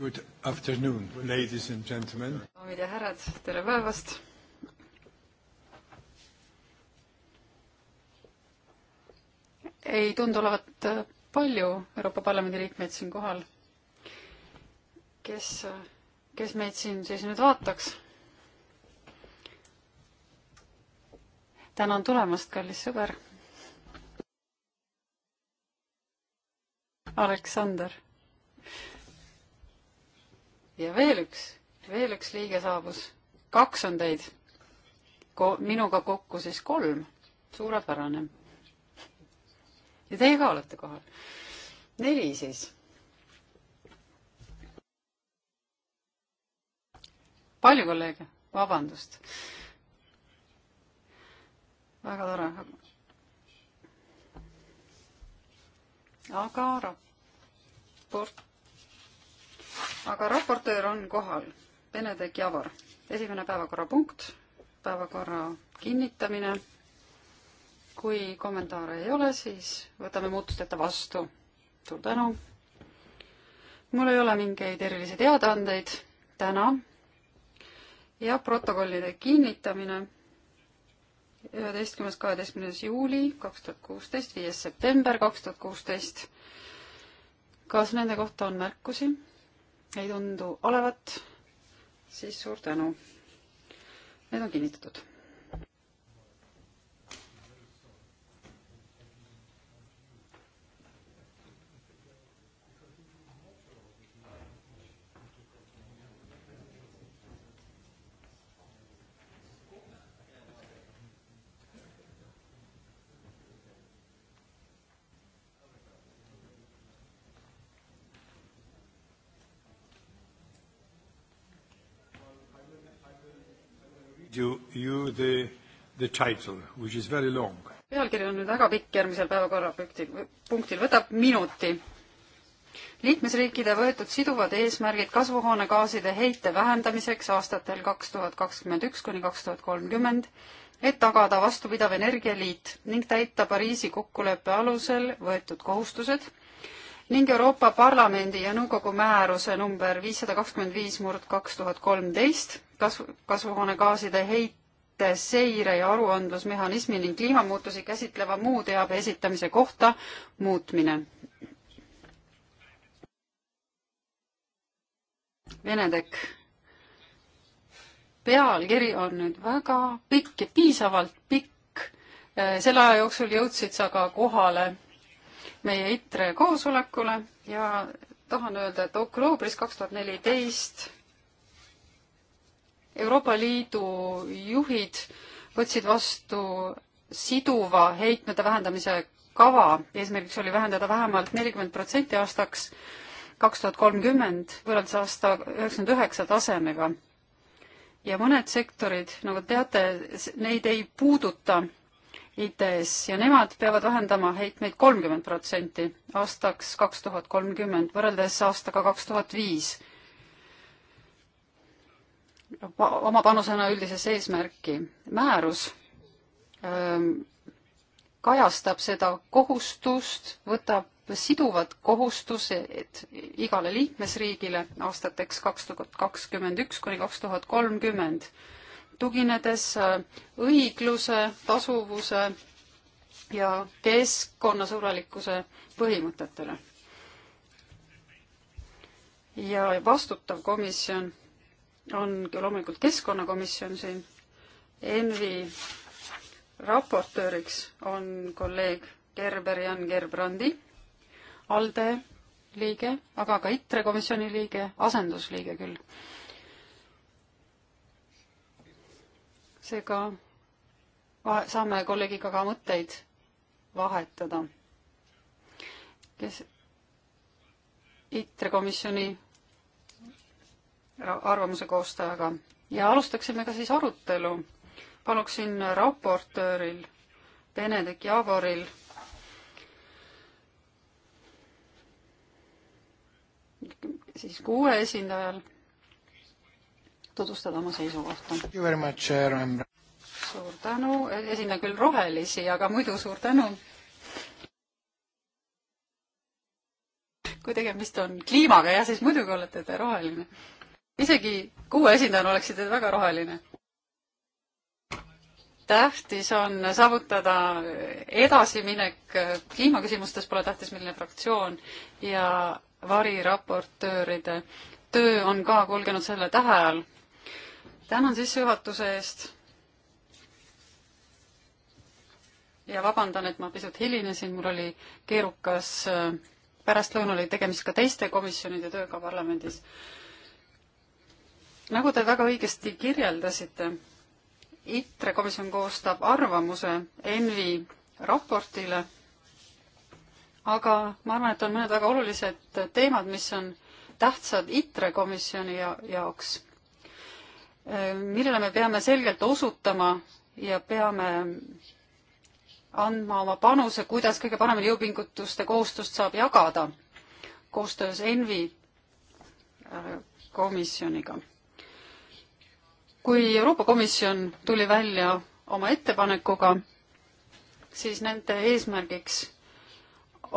Good afternoon, ladies and gentlemen. daamid ja härrad, tere päevast! ei tundu olevat äh, palju Euroopa Parlamendi liikmeid siin kohal. kes, äh, kes meid siin siis nüüd vaataks? tänan tulemast, kallis sõber. Aleksander ja veel üks, veel üks liige saabus. kaks on teid Ko. minuga kokku siis kolm. suurepärane. ja teie ka olete kohal. neli siis. palju kolleege, vabandust. väga tore. aga raport aga raportöör on kohal. Benedek Javor, esimene päevakorrapunkt, päevakorra kinnitamine. kui kommentaare ei ole, siis võtame muutusteta vastu. suur tänu. mul ei ole mingeid erilisi teadaandeid täna. ja protokollide kinnitamine üheteistkümnes, kaheteistkümnes juuli kaks tuhat kuusteist, viies september kaks tuhat kuusteist. kas nende kohta on märkusi? ei tundu olevat, siis suur tänu. Need on kinnitatud you, you the, the title, which is very long. pealkiri on nüüd väga pikk järgmisel päevakorrapunktil, punktil võtab minuti. liikmesriikide võetud siduvad eesmärgid kasvuhoonegaaside heite vähendamiseks aastatel kaks tuhat kakskümmend üks kuni kaks tuhat kolmkümmend, et tagada vastupidav energialiit ning täita Pariisi kokkuleppe alusel võetud kohustused ning Euroopa Parlamendi ja Nõukogu määruse number viissada kakskümmend viis murd kaks tuhat kolmteist kasvu, kasvuhoonegaaside heite seire ja aruandlusmehhanismi ning kliimamuutusi käsitleva muu teabe esitamise kohta muutmine. Venedek. pealkiri on nüüd väga pikk ja piisavalt pikk. Äh, selle aja jooksul jõudsid sa ka kohale meie ITRE koosolekule ja tahan öelda, et oktoobris kaks tuhat neliteist Euroopa Liidu juhid võtsid vastu siduva heitmete vähendamise kava, eesmärgiks oli vähendada vähemalt nelikümmend protsenti aastaks kaks tuhat kolmkümmend võrreldes aasta üheksakümmend üheksa tasemega. ja mõned sektorid, nagu teate, neid ei puuduta ITS ja nemad peavad vähendama heitmeid kolmkümmend protsenti aastaks kaks tuhat kolmkümmend võrreldes aastaga kaks tuhat viis oma panusena üldisesse eesmärki. määrus öö, ähm, kajastab seda kohustust, võtab siduvad kohustused igale liikmesriigile aastateks kaks tuhat kakskümmend üks kuni kaks tuhat kolmkümmend, tuginedes äh, õigluse, tasuvuse ja keskkonnasõbralikkuse põhimõtetele. ja vastutav komisjon on loomulikult Keskkonnakomisjon siin. ENVI raportööriks on kolleeg Gerber Jan Gerbrandi, ALDE liige, aga ka ITRE komisjoni liige, asendusliige küll. seega saame kolleegiga ka mõtteid vahetada. kes ITRE komisjoni arvamuse koostajaga ja alustaksime ka siis arutelu. paluksin raportööril Benedek Javoril siis kuue esindajal tutvustada oma seisukohta. suur tänu, esindan küll rohelisi, aga muidu suur tänu. kui tegemist on kliimaga, jah, siis muidugi olete te roheline isegi kuue esindajana oleksid väga roheline. tähtis on saavutada edasiminek, kliimaküsimustes pole tähtis, milline fraktsioon ja variraportööride töö on ka kulgenud selle tähe all. tänan sissejuhatuse eest. ja vabandan, et ma pisut hilinesin, mul oli keerukas, äh, pärastlõunal oli tegemist ka teiste komisjonide tööga parlamendis nagu te väga õigesti kirjeldasite, ITRE komisjon koostab arvamuse ENVI raportile, aga ma arvan, et on mõned väga olulised teemad, mis on tähtsad ITRE komisjoni ja, jaoks, millele me peame selgelt osutama ja peame andma oma panuse, kuidas kõige paremini jõupingutuste kohustust saab jagada koostöös ENVI äh, komisjoniga kui Euroopa Komisjon tuli välja oma ettepanekuga, siis nende eesmärgiks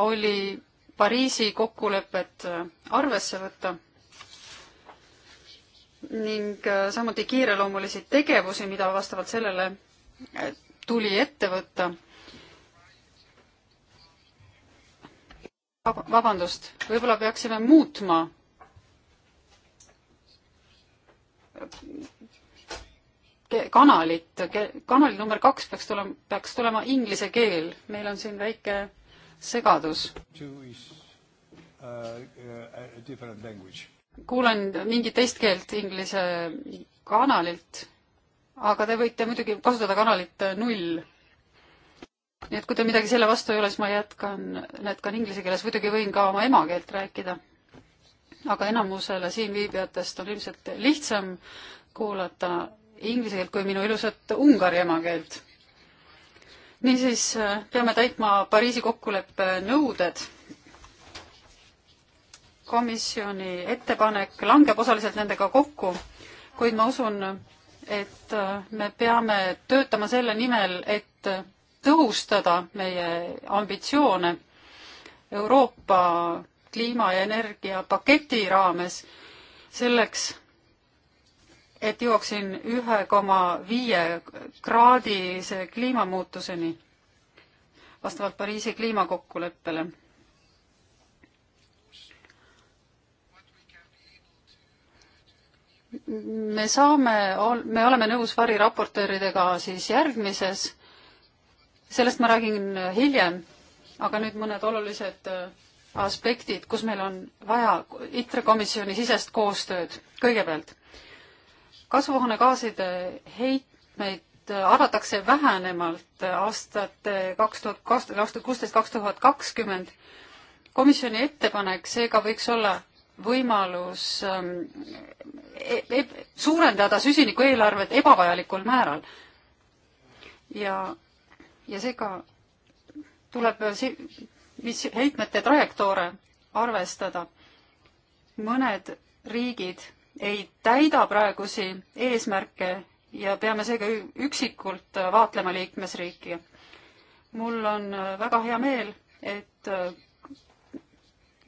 oli Pariisi kokkulepet arvesse võtta ning äh, samuti kiireloomulisi tegevusi, mida vastavalt sellele äh, tuli ette võtta. vabandust, võib-olla peaksime muutma kanalit, kanali number kaks peaks tulema, peaks tulema inglise keel, meil on siin väike segadus. Uh, uh, kuulen mingit teist keelt inglise kanalilt, aga te võite muidugi kasutada kanalit äh, null. nii et kui teil midagi selle vastu ei ole, siis ma jätkan, jätkan inglise keeles, muidugi võin ka oma emakeelt rääkida. aga enamusele siinviibijatest on ilmselt lihtsam kuulata inglise keelt kui minu ilusat ungari emakeelt. niisiis äh, peame täitma Pariisi kokkuleppe nõuded. komisjoni ettepanek langeb osaliselt nendega kokku, kuid ma usun, et äh, me peame töötama selle nimel, et tõhustada meie ambitsioone Euroopa kliima- ja energiapaketi raames selleks, et jõuaksin ühe koma viie kraadise kliimamuutuseni vastavalt Pariisi kliimakokkuleppele. me saame, me oleme nõus variraportööridega siis järgmises, sellest ma räägin hiljem, aga nüüd mõned olulised äh, aspektid, kus meil on vaja ITRE komisjoni sisest koostööd kõigepealt kasvuhoonegaaside heitmeid arvatakse vähenemalt aastate kaks tuhat, kaks tuhat kuusteist, kaks tuhat kakskümmend. komisjoni ettepanek seega võiks olla võimalus ähm, e e suurendada süsiniku eelarvet ebavajalikul määral. ja, ja seega tuleb si mis heitmete trajektoore arvestada. mõned riigid ei täida praegusi eesmärke ja peame seega üksikult vaatlema liikmesriiki. mul on äh, väga hea meel, et äh,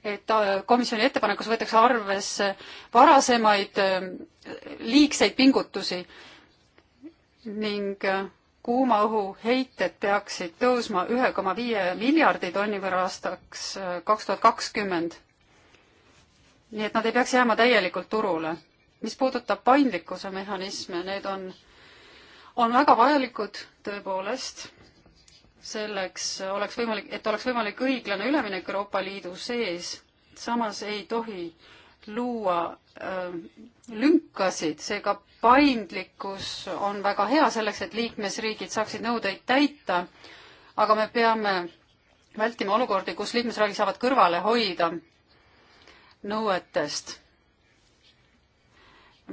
et äh, komisjoni ettepanekus võetakse arvesse varasemaid liigseid pingutusi ning kuuma õhu heited peaksid tõusma ühe koma viie miljardi tonni võrra aastaks kaks tuhat kakskümmend nii et nad ei peaks jääma täielikult turule. mis puudutab paindlikkuse mehhanisme, need on, on väga vajalikud tõepoolest, selleks oleks võimalik, et oleks võimalik õiglane üleminek Euroopa Liidu sees, samas ei tohi luua äh, lünkasid, seega paindlikkus on väga hea selleks, et liikmesriigid saaksid nõudeid täita, aga me peame vältima olukordi, kus liikmesriigid saavad kõrvale hoida nõuetest,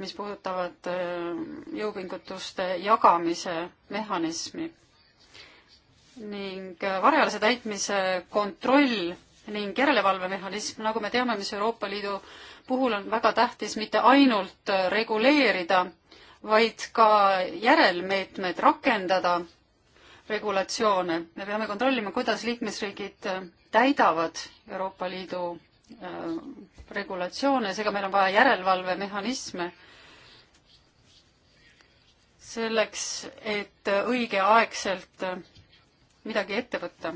mis puudutavad äh, jõupingutuste jagamise mehhanismi ning äh, varajase täitmise kontroll ning järelevalvemehhanism, nagu me teame, mis Euroopa Liidu puhul on väga tähtis mitte ainult äh, reguleerida, vaid ka järelmeetmed rakendada regulatsioone. me peame kontrollima, kuidas liikmesriigid täidavad Euroopa Liidu Äh, regulatsioone, seega meil on vaja järelevalvemehhanisme selleks, et õigeaegselt midagi ette võtta.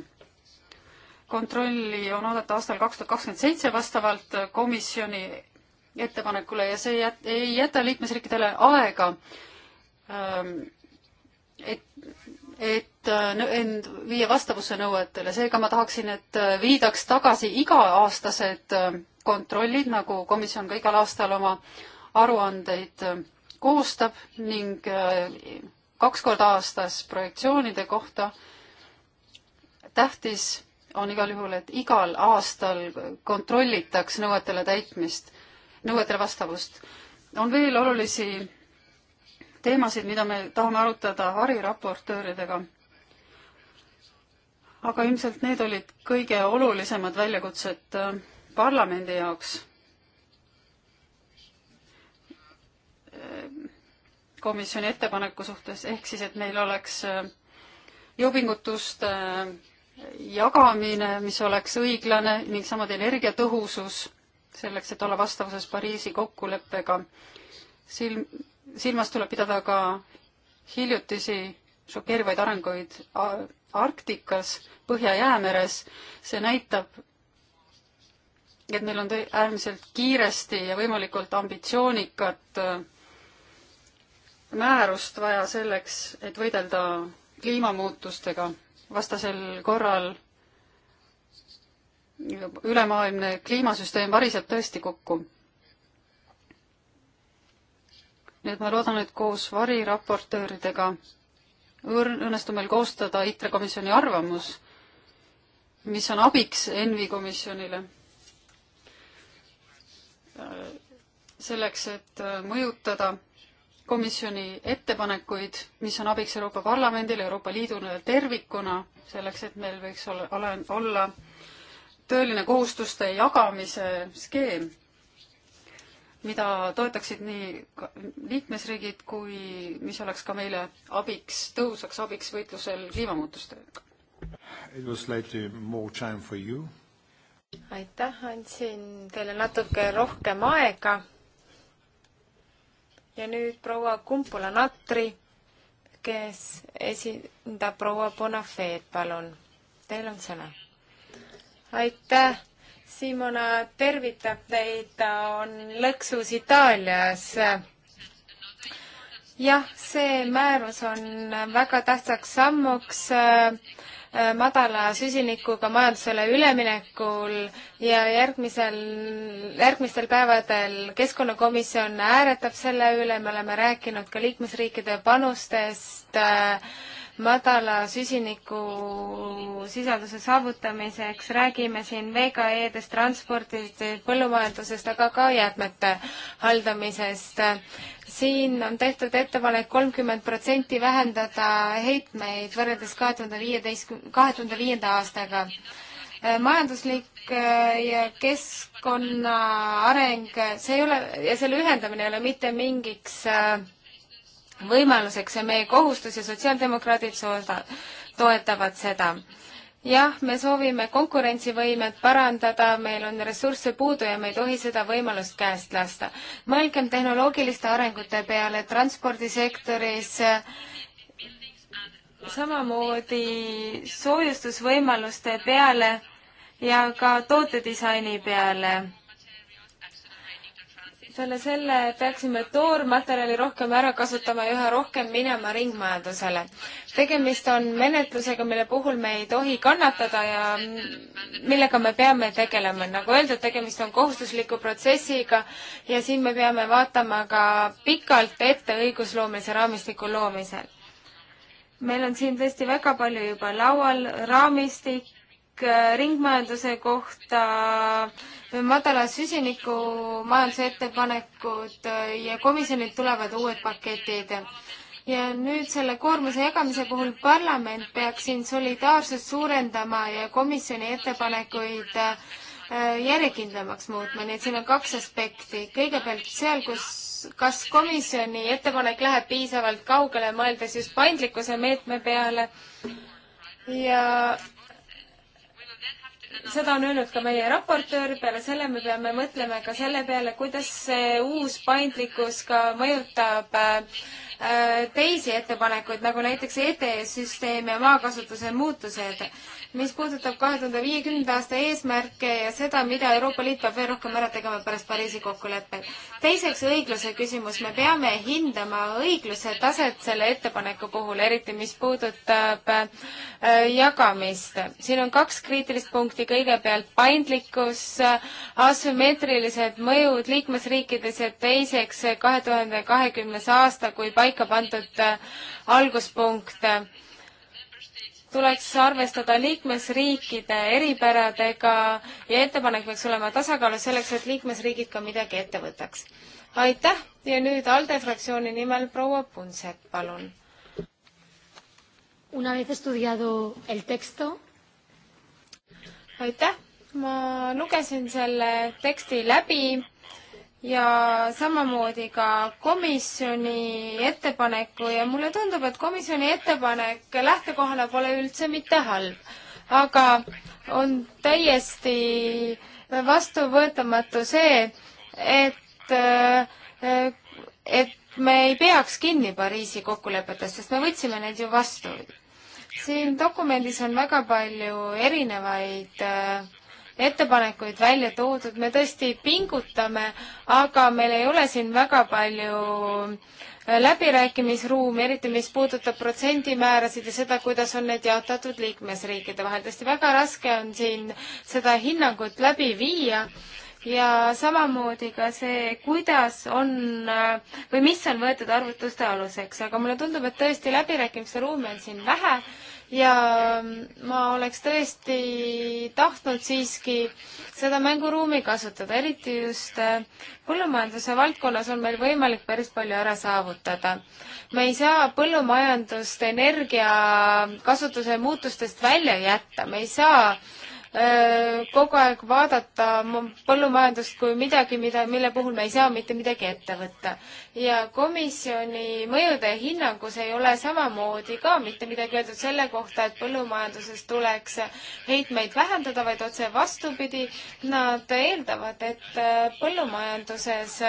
kontrolli on oodata aastal kaks tuhat kakskümmend seitse vastavalt komisjoni ettepanekule ja see jät-, ei jäta liikmesriikidele aega, ähm, et et äh, end viia vastavusse nõuetele, seega ma tahaksin, et äh, viidaks tagasi iga-aastased äh, kontrollid, nagu komisjon ka igal aastal oma aruandeid koostab ning kaks korda aastas projektsioonide kohta. tähtis on igal juhul, et igal aastal kontrollitaks nõuetele täitmist, nõuetele vastavust. on veel olulisi teemasid, mida me tahame arutada variraportööridega. aga ilmselt need olid kõige olulisemad väljakutsed äh, parlamendi jaoks. Äh, komisjoni ettepaneku suhtes, ehk siis, et meil oleks äh, jõupingutuste jagamine, mis oleks õiglane ning samuti energiatõhusus selleks, et olla vastavuses Pariisi kokkuleppega. silm, silmas tuleb pidada ka hiljutisi šokeerivaid arenguid Arktikas, Põhja-Jäämeres, see näitab, et meil on äärmiselt kiiresti ja võimalikult ambitsioonikat äh, määrust vaja selleks, et võidelda kliimamuutustega. vastasel korral ülemaailmne kliimasüsteem variseb tõesti kokku nii et ma loodan, et koos variraportööridega õnnestub meil koostada ITRE komisjoni arvamus, mis on abiks ENVI komisjonile. selleks, et äh, mõjutada komisjoni ettepanekuid, mis on abiks Euroopa Parlamendile, Euroopa Liidule tervikuna, selleks et meil võiks olla, olla tõeline kohustuste jagamise skeem mida toetaksid nii liikmesriigid kui mis oleks ka meile abiks, tõhusaks abiks võitlusel kliimamuutustega. aitäh, andsin teile natuke rohkem aega. ja nüüd proua Kumpula Natri, kes esindab proua Bonafeed, palun, teil on sõna. aitäh Simona tervitab teid, ta on lõksus Itaalias. jah, see määrus on väga tähtsaks sammuks äh, madala süsinikuga majandusele üleminekul ja järgmisel, järgmistel päevadel Keskkonnakomisjon hääletab selle üle, me oleme rääkinud ka liikmesriikide panustest äh, madala süsinikusisalduse saavutamiseks, räägime siin VKE-dest, transpordist, põllumajandusest, aga ka jäätmete haldamisest. siin on tehtud ettepanek kolmkümmend protsenti vähendada heitmeid võrreldes kahe tuhande viieteistkümne, kahe tuhande viienda aastaga majanduslik äh, ja keskkonna areng, see ei ole, ja selle ühendamine ei ole mitte mingiks äh, võimaluseks ja meie kohustus ja sotsiaaldemokraadid sooda, toetavad seda jah, me soovime konkurentsivõimet parandada, meil on ressursse puudu ja me ei tohi seda võimalust käest lasta. mõelgem tehnoloogiliste arengute peale transpordisektoris, samamoodi soojustusvõimaluste peale ja ka tootedisaini peale peale selle peaksime toormaterjali rohkem ära kasutama ja üha rohkem minema ringmajandusele. tegemist on menetlusega, mille puhul me ei tohi kannatada ja millega me peame tegelema. nagu öeldud, tegemist on kohustusliku protsessiga ja siin me peame vaatama ka pikalt ette õigusloomelise raamistiku loomisel. meil on siin tõesti väga palju juba laual, raamistik, Äh, ringmajanduse kohta, äh, madala süsiniku majanduse ettepanekud äh, ja komisjonilt tulevad uued paketid. ja nüüd selle koormuse jagamise puhul parlament peaks siin solidaarsust suurendama ja komisjoni ettepanekuid järjekindlamaks muutma, nii et siin on kaks aspekti. kõigepealt seal, kus, kas komisjoni ettepanek läheb piisavalt kaugele, mõeldes just paindlikkuse meetme peale ja seda on öelnud ka meie raportöör, peale selle me peame mõtlema ka selle peale, kuidas see uus paindlikkus ka mõjutab äh, Äh, teisi ettepanekuid, nagu näiteks ETS-süsteem ja maakasutuse muutused, mis puudutab kahe tuhande viiekümnenda aasta eesmärke ja seda, mida Euroopa Liit peab veel rohkem ära tegema pärast Pariisi kokkulepet. teiseks, õigluse küsimus. me peame hindama õigluse taset selle ettepaneku puhul, eriti mis puudutab äh, jagamist. siin on kaks kriitilist punkti, kõigepealt paindlikkus, asümmeetrilised mõjud liikmesriikides ja teiseks kahe tuhande kahekümnes aasta, kui paindlikkus paika pandud äh, alguspunkte tuleks arvestada liikmesriikide eripäradega ja ettepanek peaks olema tasakaalus selleks, et liikmesriigid ka midagi ette võtaks. aitäh ja nüüd ALDE fraktsiooni nimel proua Punset, palun. Una vez estudiado el texto. aitäh, ma lugesin selle teksti läbi ja samamoodi ka komisjoni ettepaneku ja mulle tundub, et komisjoni ettepanek lähtekohana pole üldse mitte halb, aga on täiesti vastuvõetamatu see, et, äh, et me ei peaks kinni Pariisi kokkulepetest, sest me võtsime need ju vastu. siin dokumendis on väga palju erinevaid äh, ettepanekuid välja toodud, me tõesti pingutame, aga meil ei ole siin väga palju äh, läbirääkimisruumi, eriti mis puudutab protsendimäärasid ja seda, kuidas on need jaotatud liikmesriikide vahel. tõesti väga raske on siin seda hinnangut läbi viia ja samamoodi ka see, kuidas on äh, või mis on võetud arvutuste aluseks, aga mulle tundub, et tõesti läbirääkimiste ruumi on siin vähe ja ma oleks tõesti tahtnud siiski seda mänguruumi kasutada, eriti just äh, põllumajanduse valdkonnas on meil võimalik päris palju ära saavutada. me ei saa põllumajandust energiakasutuse muutustest välja jätta, me ei saa äh, kogu aeg vaadata põllumajandust kui midagi, mida, mille puhul me ei saa mitte midagi ette võtta. ja komisjoni mõjude hinnangus ei ole samamoodi ka mitte midagi öeldud selle kohta, et põllumajanduses tuleks heitmeid vähendada, vaid otse vastupidi, nad eeldavad, et põllumajanduses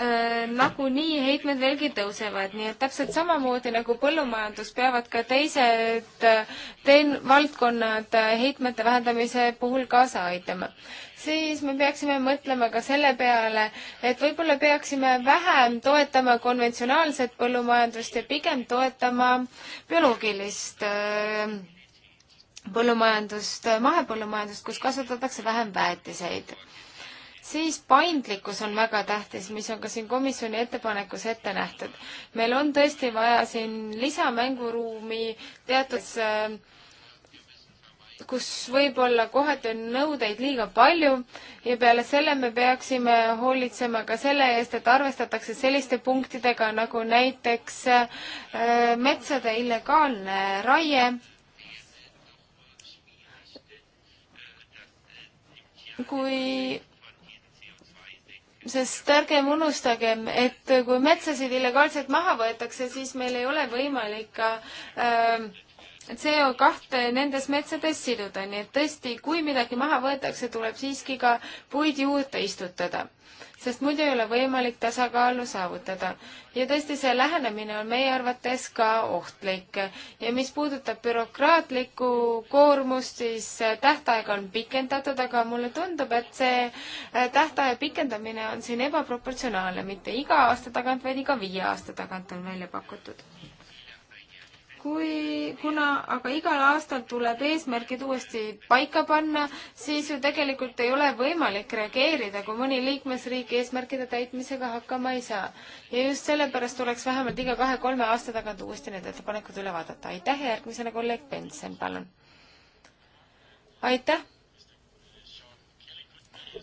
Äh, nagunii heitmed veelgi tõusevad, nii et täpselt samamoodi nagu põllumajandus, peavad ka teised äh, teen-, valdkonnad äh, heitmete vähendamise puhul kaasa aitama. siis me peaksime mõtlema ka selle peale, et võib-olla peaksime vähem toetama konventsionaalset põllumajandust ja pigem toetama bioloogilist põllumajandust, mahepõllumajandust, kus kasvatatakse vähem väetiseid siis paindlikkus on väga tähtis, mis on ka siin komisjoni ettepanekus ette nähtud. meil on tõesti vaja siin lisamänguruumi teatud, äh, kus võib-olla kohati on nõudeid liiga palju ja peale selle me peaksime hoolitsema ka selle eest, et arvestatakse selliste punktidega nagu näiteks äh, metsade illegaalne raie kui sest ärgem unustagem, et kui metsasid illegaalselt maha võetakse, siis meil ei ole võimalik ka äh, CO kahte nendes metsades siduda, nii et tõesti, kui midagi maha võetakse, tuleb siiski ka puid juurde istutada sest muidu ei ole võimalik tasakaalu saavutada. ja tõesti, see lähenemine on meie arvates ka ohtlik. ja mis puudutab bürokraatlikku koormust, siis tähtaega on pikendatud, aga mulle tundub, et see äh, tähtaja pikendamine on siin ebaproportsionaalne, mitte iga aasta tagant, vaid iga viie aasta tagant on välja pakutud kui, kuna aga igal aastal tuleb eesmärgid uuesti paika panna, siis ju tegelikult ei ole võimalik reageerida, kui mõni liikmesriik eesmärkide täitmisega hakkama ei saa. ja just sellepärast tuleks vähemalt iga kahe-kolme aasta tagant uuesti need ettepanekud üle vaadata. aitäh ja järgmisena kolleeg Benson, palun. aitäh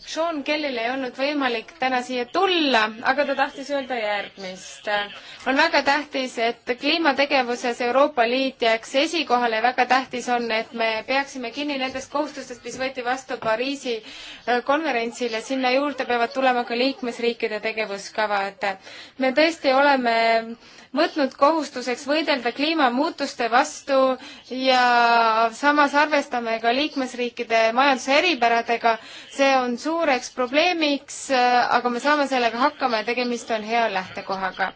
Sean Kellil ei olnud võimalik täna siia tulla, aga ta tahtis öelda järgmist. on väga tähtis, et kliimategevuses Euroopa Liit jääks esikohale ja väga tähtis on, et me peaksime kinni nendest kohustustest, mis võeti vastu Pariisi äh, konverentsil ja sinna juurde peavad tulema ka liikmesriikide tegevuskavad. me tõesti oleme võtnud kohustuseks võidelda kliimamuutuste vastu ja samas arvestame ka liikmesriikide majanduse eripäradega. see on suureks probleemiks, aga me saame sellega hakkama ja tegemist on hea lähtekohaga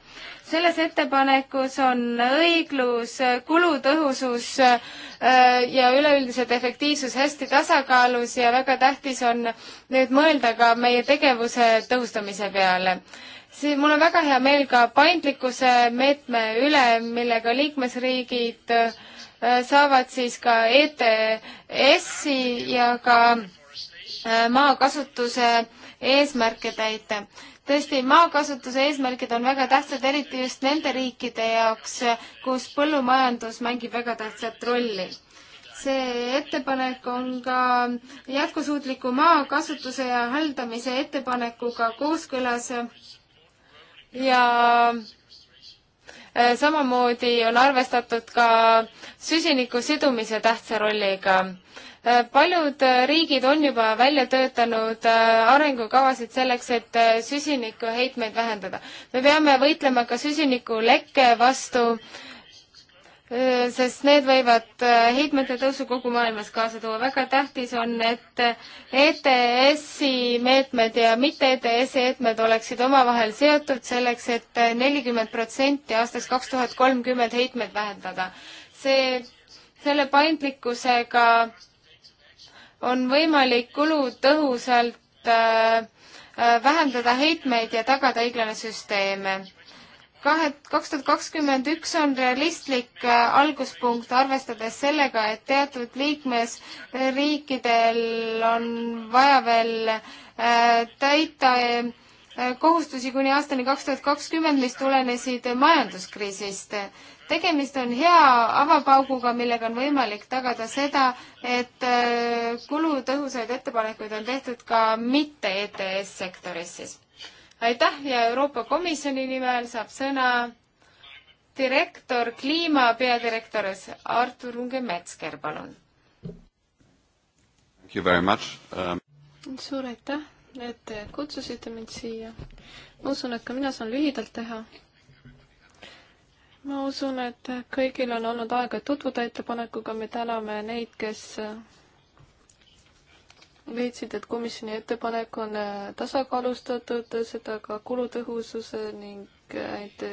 selles ettepanekus on õiglus, kulutõhusus äh, ja üleüldiselt efektiivsus hästi tasakaalus ja väga tähtis on nüüd mõelda ka meie tegevuse tõhustamise peale siin mul on väga hea meel ka paindlikkuse meetme üle, millega liikmesriigid äh, saavad siis ka ETS-i ja ka äh, maakasutuse eesmärke täita tõesti, maakasutuse eesmärgid on väga tähtsad, eriti just nende riikide jaoks, kus põllumajandus mängib väga tähtsat rolli. see ettepanek on ka jätkusuutliku maakasutuse ja haldamise ettepanekuga kooskõlas ja äh, samamoodi on arvestatud ka süsiniku sidumise tähtsa rolliga. Äh, paljud äh, riigid on juba välja töötanud arengukavasid selleks, et süsinikuheitmeid vähendada. me peame võitlema ka süsinikulekke vastu Äh, sest need võivad äh, heitmete tõusu kogu maailmas kaasa tuua. väga tähtis on, et äh, ETS-i meetmed ja mitte ETS-i meetmed oleksid omavahel seotud selleks et, et nelikümmend protsenti aastaks kaks tuhat kolmkümmend heitmed vähendada. see, selle paindlikkusega on võimalik kulutõhusalt äh, vähendada heitmeid ja tagada õiglane süsteem kahe, kaks tuhat kakskümmend üks on realistlik äh, alguspunkt, arvestades sellega, et teatud liikmesriikidel on vaja veel äh, täita äh, kohustusi kuni aastani kaks tuhat kakskümmend, mis tulenesid majanduskriisist. tegemist on hea avapauguga, millega on võimalik tagada seda, et kulutõhusaid ettepanekuid on tehtud ka mitte ETS sektoris siis aitäh ja Euroopa Komisjoni nimel saab sõna direktor, kliima peadirektoris Artur Unge-Metsker, palun. Um... suur aitäh, et kutsusite mind siia. ma usun, et ka mina saan lühidalt teha ma usun, et kõigil on olnud aega tutvuda ettepanekuga, me täname neid, kes leidsid, et komisjoni ettepanek on äh, tasakaalustatud, seda ka kulutõhususe ning äh,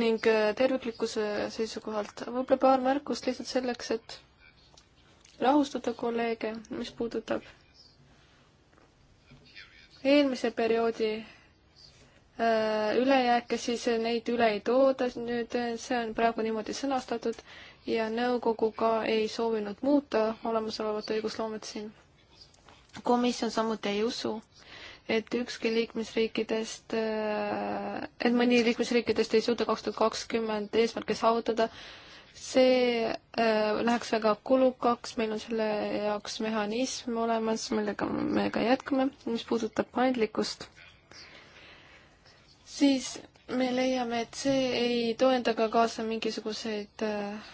ning äh, terviklikkuse seisukohalt. võib-olla paar märkust lihtsalt selleks, et rahustada kolleege, mis puudutab eelmise perioodi ülejääke, siis neid üle ei tooda, nüüd see on praegu niimoodi sõnastatud ja nõukogu ka ei soovinud muuta olemasolevat õigusloomet siin. komisjon samuti ei usu, et ükski liikmesriikidest, äh, et mõni liikmesriikidest ei suuda kaks tuhat kakskümmend eesmärke saavutada see äh, läheks väga kulukaks, meil on selle jaoks mehhanism olemas, millega me ka jätkame, mis puudutab paindlikkust, siis me leiame, et see ei toenda ka kaasa mingisuguseid äh,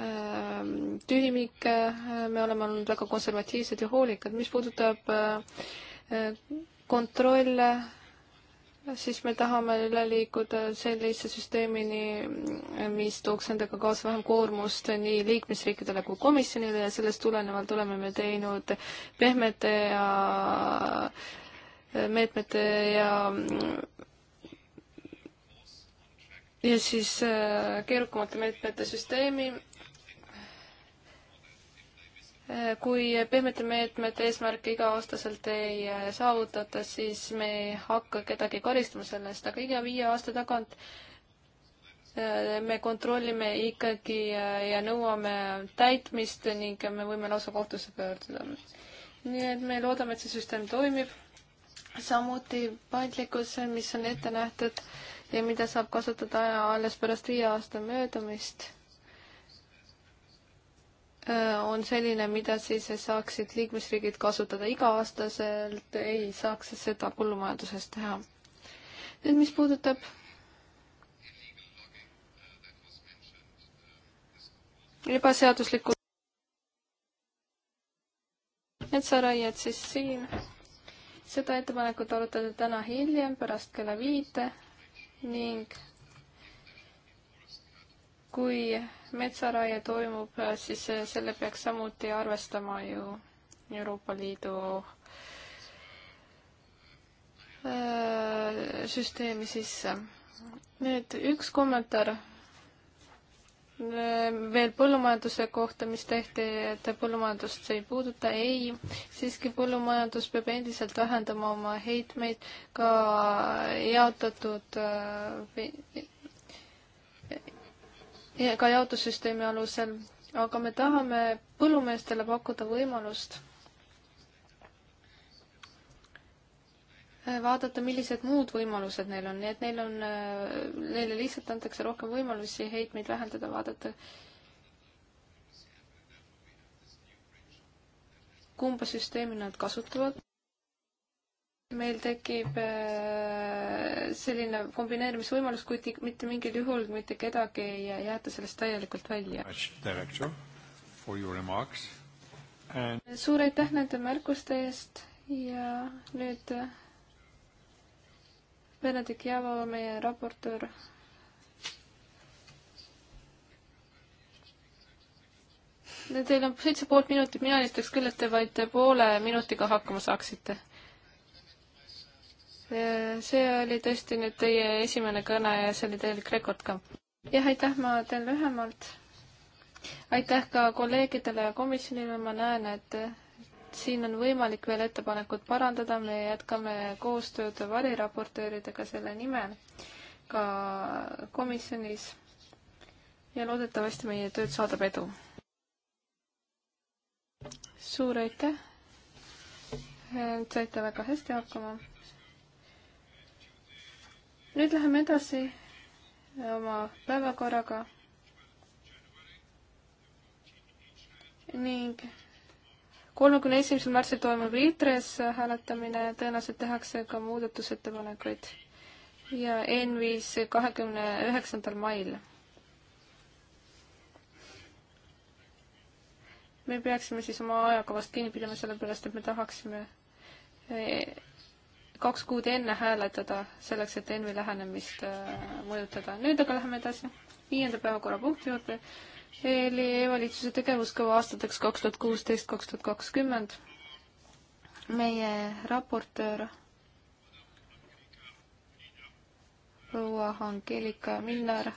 Ehm, tühimik, eh, me oleme olnud väga konservatiivsed ja hoolikad, mis puudutab eh, kontrolle, siis me tahame üle liikuda sellise süsteemini, eh, mis tooks endaga kaasa vähem koormust nii liikmesriikidele kui komisjonile ja sellest tulenevalt oleme me teinud pehmete ja meetmete ja ja siis keerukamate meetmete süsteemi kui pehmete meetmete eesmärke iga-aastaselt ei äh, saavutata, siis me ei hakka kedagi karistama selle eest, aga iga viie aasta tagant äh, me kontrollime ikkagi äh, ja nõuame täitmist ning me võime lausa kohtusse pöörduda. nii et me loodame, et see süsteem toimib. samuti paindlikkus, mis on ette nähtud ja mida saab kasutada alles pärast viie aasta möödumist Äh, on selline, mida siis saaksid liikmesriigid kasutada iga-aastaselt, ei saaks seda põllumajanduses teha. nüüd, mis puudutab ebaseaduslikku metsaraiet, siis siin seda ettepanekut arutati täna hiljem pärast kella viite ning kui metsaraie toimub, äh, siis äh, selle peaks samuti arvestama ju Euroopa Liidu äh, süsteemi sisse. nüüd üks kommentaar veel põllumajanduse kohta, mis tehti, et põllumajandust see ei puuduta, ei, siiski põllumajandus peab endiselt vähendama oma heitmeid ka jaotatud ka jaotussüsteemi alusel, aga me tahame põllumeestele pakkuda võimalust vaadata, millised muud võimalused neil on, nii et neil on, neile lihtsalt antakse rohkem võimalusi heitmeid vähendada, vaadata, kumba süsteemi nad kasutavad meil tekib äh, selline kombineerimisvõimalus, kuid mitte mingil juhul mitte kedagi ei jäeta sellest täielikult välja. suur aitäh nende märkuste eest ja nüüd äh, Benedik Javo, meie raportöör. Teil on seitse poolt minutit, mina eelistaks küll, et te vaid poole minutiga hakkama saaksite see oli tõesti nüüd teie esimene kõne ja see oli täielik rekord ka. jah, aitäh, ma teen lühemalt. aitäh ka kolleegidele ja komisjonile, ma näen, et siin on võimalik veel ettepanekut parandada, me jätkame koostööd variraportööridega selle nimel ka komisjonis ja loodetavasti meie tööd saadab edu. suur aitäh, saite väga hästi hakkama nüüd läheme edasi oma päevakorraga. ning kolmekümne esimesel märtsil toimub Liitres hääletamine, tõenäoliselt tehakse ka muudatusettepanekuid ja ENV-s kahekümne üheksandal mail. me peaksime siis oma ajakavast kinni pidama, sellepärast et me tahaksime kaks kuud enne hääletada, selleks et ENMi lähenemist äh, mõjutada. nüüd aga läheme edasi viienda päevakorrapunkti juurde. EL-i e-valitsuse tegevuskava aastateks kaks tuhat kuusteist, kaks tuhat kakskümmend. meie raportöör proua Angelika Minnar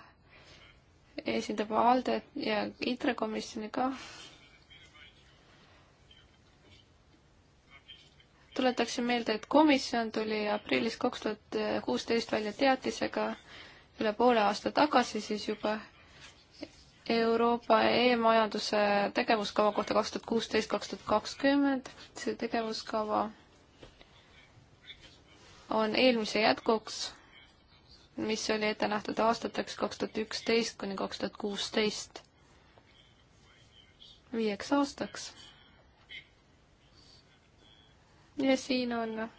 esindab ALDE ja ITRE komisjoni ka tuletaksin meelde, et komisjon tuli aprillis kaks tuhat kuusteist välja teatisega üle poole aasta tagasi siis juba Euroopa e-majanduse tegevuskava kohta kaks tuhat kuusteist, kaks tuhat kakskümmend. see tegevuskava on eelmise jätkuks, mis oli ette nähtud aastateks kaks tuhat üksteist kuni kaks tuhat kuusteist, viieks aastaks ja siin on äh,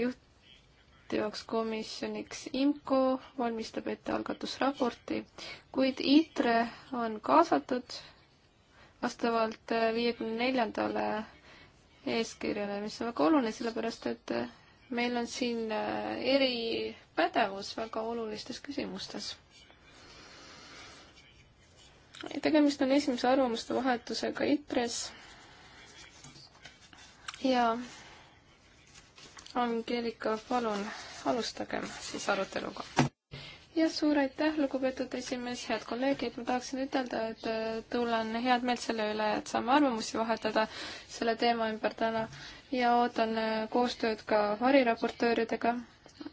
juhtivaks komisjoniks IMCO, valmistab ette algatusraporti, kuid ITRE on kaasatud vastavalt äh, viiekümne neljandale eeskirjale, mis on väga oluline, sellepärast et äh, meil on siin eripädevus väga olulistes küsimustes. tegemist on esimese arvamuste vahetusega ITRE-s ja Angeelika, palun alustagem siis aruteluga. jah, suur aitäh, lugupeetud esimees, head kolleegid, ma tahaksin ütelda, et äh, tulen head meelt selle üle, et saame arvamusi vahetada selle teema ümber täna ja ootan äh, koostööd ka variraportööridega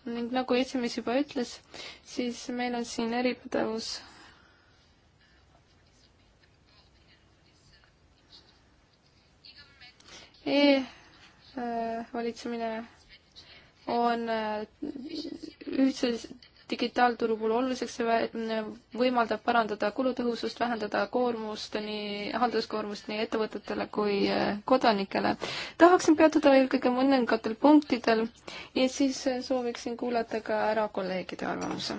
ning nagu esimees juba ütles, siis meil on siin eripädevus e Äh, valitsemine on äh, ühtse digitaalturu puhul oluliseks, see võimaldab parandada kulutõhusust, vähendada koormust nii, halduskoormust nii ettevõtetele kui äh, kodanikele. tahaksin peatuda eelkõige mõningatel punktidel ja siis sooviksin kuulata ka ära kolleegide arvamuse.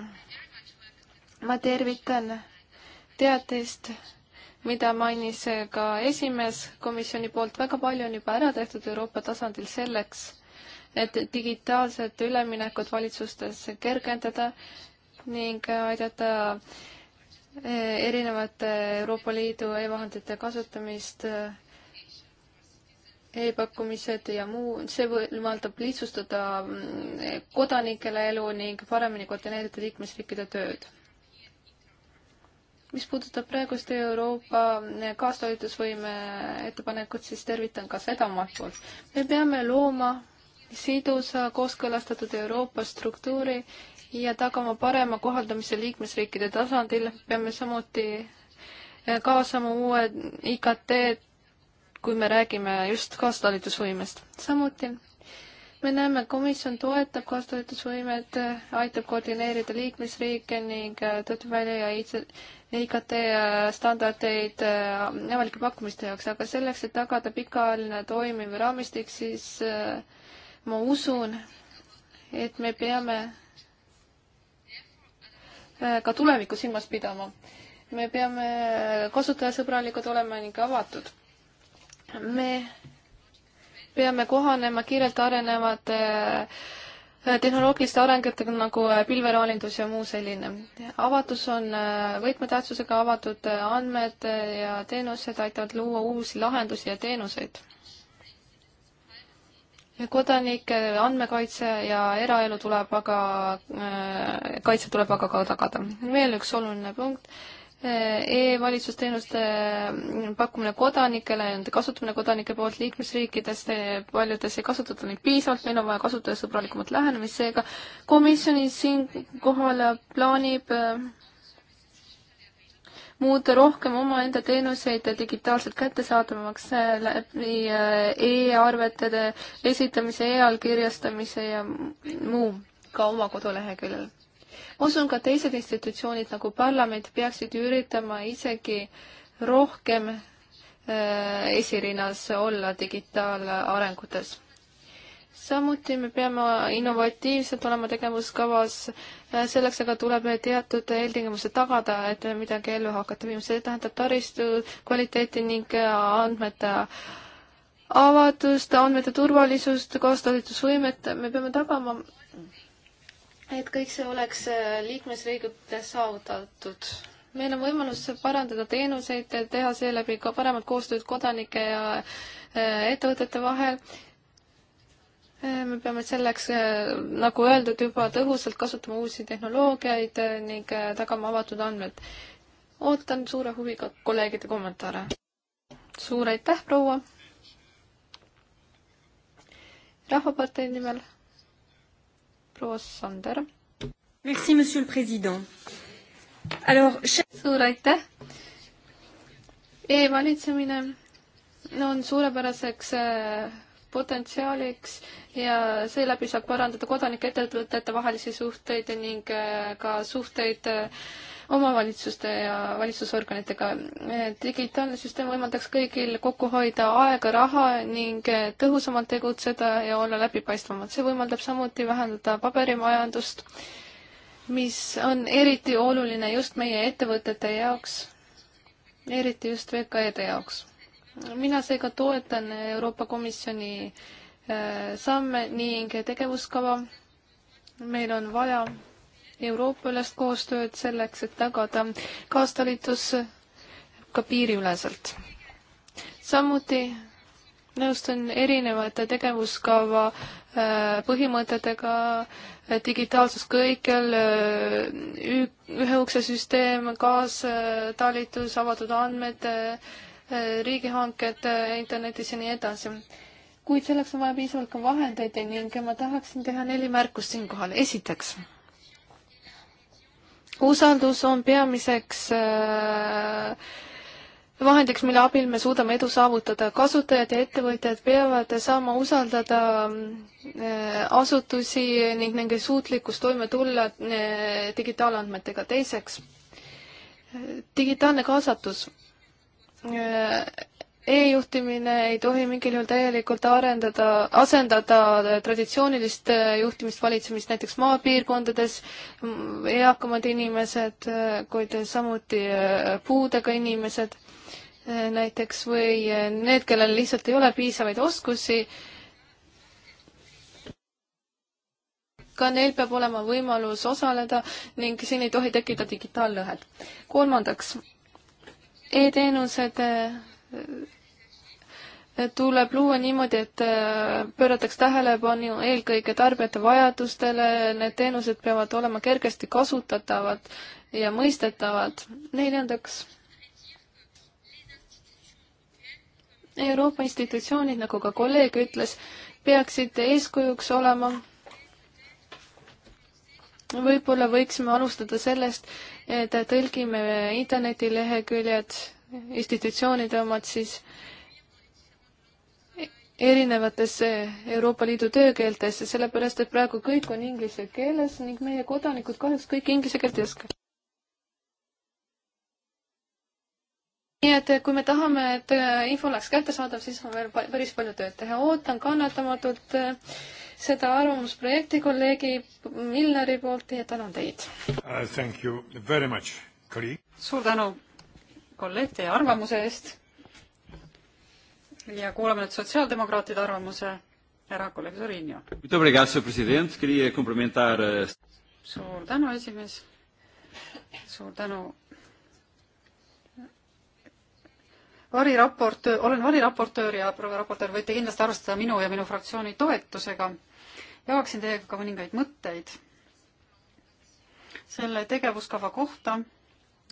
ma tervitan teatest mida mainis ka esimees komisjoni poolt, väga palju on juba ära tehtud Euroopa tasandil selleks, et digitaalset üleminekut valitsustes kergendada ning aidata eh, erinevate Euroopa Liidu e-vahendite kasutamist eh, e-pakkumised ja muu, see võimaldab lihtsustada mm, kodanikele elu ning paremini koordineerida liikmesriikide tööd mis puudutab praegust Euroopa kaastoitusvõime ettepanekut, siis tervitan ka seda omalt poolt. me peame looma sidusa kooskõlastatud Euroopa struktuuri ja tagama parema kohaldamise liikmesriikide tasandil, peame samuti eh, kaasama uue IKT, kui me räägime just kaastalitusvõimest. samuti me näeme, komisjon toetab koostöötusvõimet, aitab koordineerida liikmesriike ning äh, töötab välja IKT äh, standardeid äh, avalike pakkumiste jaoks, aga selleks, et tagada pikaajaline toimiv raamistik, siis ma usun, et me peame ka tulevikku silmas pidama. me peame kasutajasõbralikud olema ning avatud. me peame kohanema kiirelt arenevate äh, tehnoloogiliste arengutega nagu äh, pilveraalindus ja muu selline. avatus on äh, võtmetähtsusega avatud andmed ja teenused aitavad luua uusi lahendusi ja teenuseid. kodanike andmekaitse ja eraelu tuleb aga, kaitse tuleb aga ka tagada. veel üks oluline punkt e-valitsusteenuste pakkumine kodanikele, nende kasutamine kodanike poolt liikmesriikides, paljudes ei kasutata neid piisavalt, meil on vaja kasutajasõbralikumat lähenemist, seega komisjon siinkohal plaanib äh, muuta rohkem omaenda teenuseid digitaalselt kättesaadavamaks äh, läbi äh, e-arvetede esitamise e, e-allkirjastamise ja muu ka oma koduleheküljel ma usun, ka teised institutsioonid nagu parlament peaksid üritama isegi rohkem äh, esirinnas olla digitaalarengutes. samuti me peame innovatiivselt olema tegevuskavas, äh, selleks aga tuleb teatud eeltingimused tagada, et midagi ellu hakata viima, see tähendab taristu kvaliteeti ning äh, andmete avatust, andmete turvalisust, kaastalitusvõimet, me peame tagama, et kõik see oleks äh, liikmesriigides saavutatud. meil on võimalus parandada teenuseid, teha seeläbi ka paremat koostööd kodanike ja äh, ettevõtete vahel. Äh, me peame selleks, nagu öeldud, juba tõhusalt kasutama uusi tehnoloogiaid ning tagama avatud andmed. ootan suure huviga kolleegide kommentaare. suur aitäh, proua! rahvapartei nimel proua Sander. Merci, monsieur president. suur aitäh. e-valitsemine on suurepäraseks äh, potentsiaaliks ja seeläbi saab parandada kodanike ettevõtete vahelisi suhteid ning äh, ka suhteid äh, omavalitsuste ja valitsusorganitega. digitaalne süsteem võimaldaks kõigil kokku hoida aega, raha ning tõhusamalt tegutseda ja olla läbipaistvamad. see võimaldab samuti vähendada paberimajandust, mis on eriti oluline just meie ettevõtete jaoks, eriti just VKE-de jaoks. mina seega toetan Euroopa Komisjoni äh, samme ning tegevuskava. meil on vaja Euroopa-ülest koostööd selleks, et tagada kaastalitus ka piiriüleselt. samuti nõustun erinevate tegevuskava äh, põhimõtetega, äh, digitaalsus kõikjal, äh, ühe ukse süsteem, kaastalitus, avatud andmed, riigihanked internetis ja nii edasi. kuid selleks on vaja piisavalt ka vahendeid ning ma tahaksin teha neli märkust siinkohal. esiteks usaldus on peamiseks äh, vahendiks, mille abil me suudame edu saavutada. kasutajad ja ettevõtjad peavad saama usaldada äh, asutusi ning nende suutlikkust toime tulla äh, digitaalandmetega. teiseks, digitaalne kaasatus E-juhtimine ei tohi mingil juhul täielikult arendada, asendada traditsioonilist juhtimist, valitsemist näiteks maapiirkondades, eakamad inimesed, kuid samuti puudega inimesed näiteks või need, kellel lihtsalt ei ole piisavaid oskusi. ka neil peab olema võimalus osaleda ning siin ei tohi tekkida digitaallõhet. kolmandaks e, e-teenused tuleb luua niimoodi, et äh, pöörataks tähelepanu eelkõige tarbijate vajadustele, need teenused peavad olema kergesti kasutatavad ja mõistetavad. neljandaks, Euroopa institutsioonid, nagu ka kolleeg ütles, peaksid eeskujuks olema. võib-olla võiksime alustada sellest, et tõlgime internetileheküljed institutsioonide omad, siis erinevates Euroopa Liidu töökeeltes, sellepärast et praegu kõik on inglise keeles ning meie kodanikud kahjuks kõik inglise keelt ei oska. nii et kui me tahame, et äh, info oleks kättesaadav, siis on veel päris palju tööd teha. ootan kannatamatult äh, seda arvamusprojekti kolleegi Milleri poolt ja tänan teid uh,. suur tänu kolleeg teie arvamuse eest. ja kuulame nüüd sotsiaaldemokraatide arvamuse ära kolleeg Sorinio. Eh, suur tänu, esimees. suur tänu. variraportöör, olen variraportöör ja proua raportöör, võite kindlasti arvestada minu ja minu fraktsiooni toetusega. jagaksin teiega ka mõningaid mõtteid selle tegevuskava kohta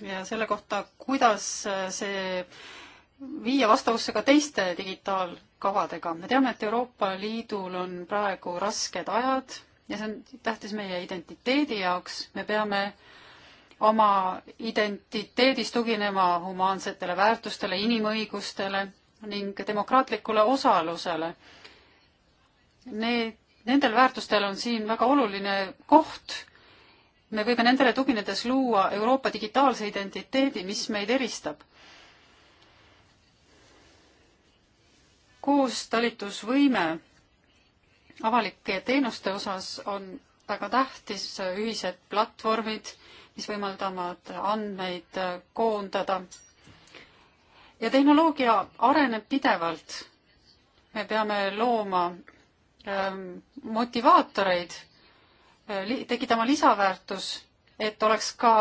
ja selle kohta, kuidas äh, see viia vastavusse ka teiste digitaalkavadega. me teame, et Euroopa Liidul on praegu rasked ajad ja see on tähtis meie identiteedi jaoks, me peame oma identiteedis tuginema humaansetele väärtustele, inimõigustele ning demokraatlikule osalusele. Need, nendel väärtustel on siin väga oluline koht me võime nendele tuginedes luua Euroopa digitaalse identiteedi, mis meid eristab. koostalitusvõime avalike teenuste osas on väga tähtis, ühised platvormid, mis võimaldavad andmeid koondada. ja tehnoloogia areneb pidevalt. me peame looma ähm, motivaatoreid Äh, tekitama lisaväärtus, et oleks ka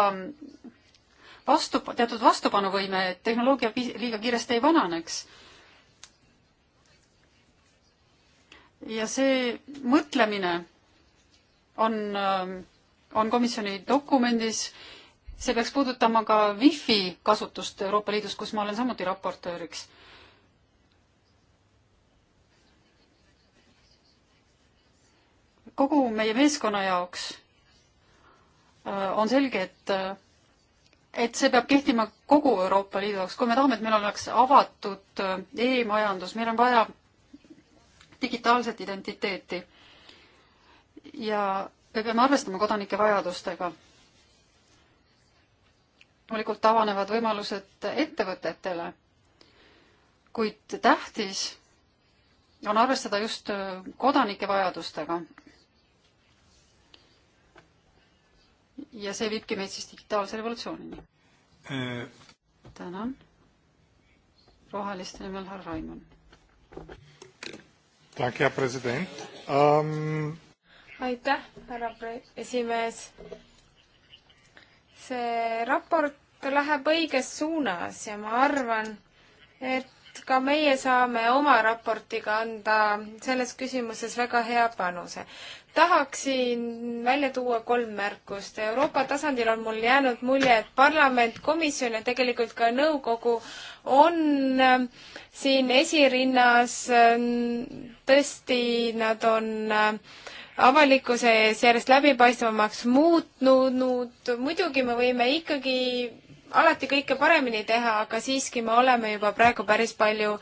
vastu, teatud vastupanuvõime, et tehnoloogia liiga kiiresti ei vananeks. ja see mõtlemine on, äh, on komisjoni dokumendis, see peaks puudutama ka wifi kasutust Euroopa Liidus, kus ma olen samuti raportööriks kogu meie meeskonna jaoks äh, on selge, et, äh, et see peab kehtima kogu Euroopa Liidu jaoks, kui me tahame, et meil oleks avatud äh, e-majandus, meil on vaja digitaalset identiteeti. ja me peame arvestama kodanike vajadustega. loomulikult avanevad võimalused ettevõtetele, kuid tähtis on arvestada just kodanike vajadustega ja see viibki meid siis digitaalse revolutsioonini äh.. tänan. roheliste nimel härra Raimond. Um... aitäh, härra esimees. see raport läheb õiges suunas ja ma arvan, et ka meie saame oma raportiga anda selles küsimuses väga hea panuse tahaksin välja tuua kolm märkust. Euroopa tasandil on mul jäänud mulje, et parlament, komisjon ja tegelikult ka nõukogu on ähm, siin esirinnas, ähm, tõesti, nad on ähm, avalikkuse ees järjest läbipaistvamaks muutnud, muidugi me võime ikkagi alati kõike paremini teha, aga siiski me oleme juba praegu päris palju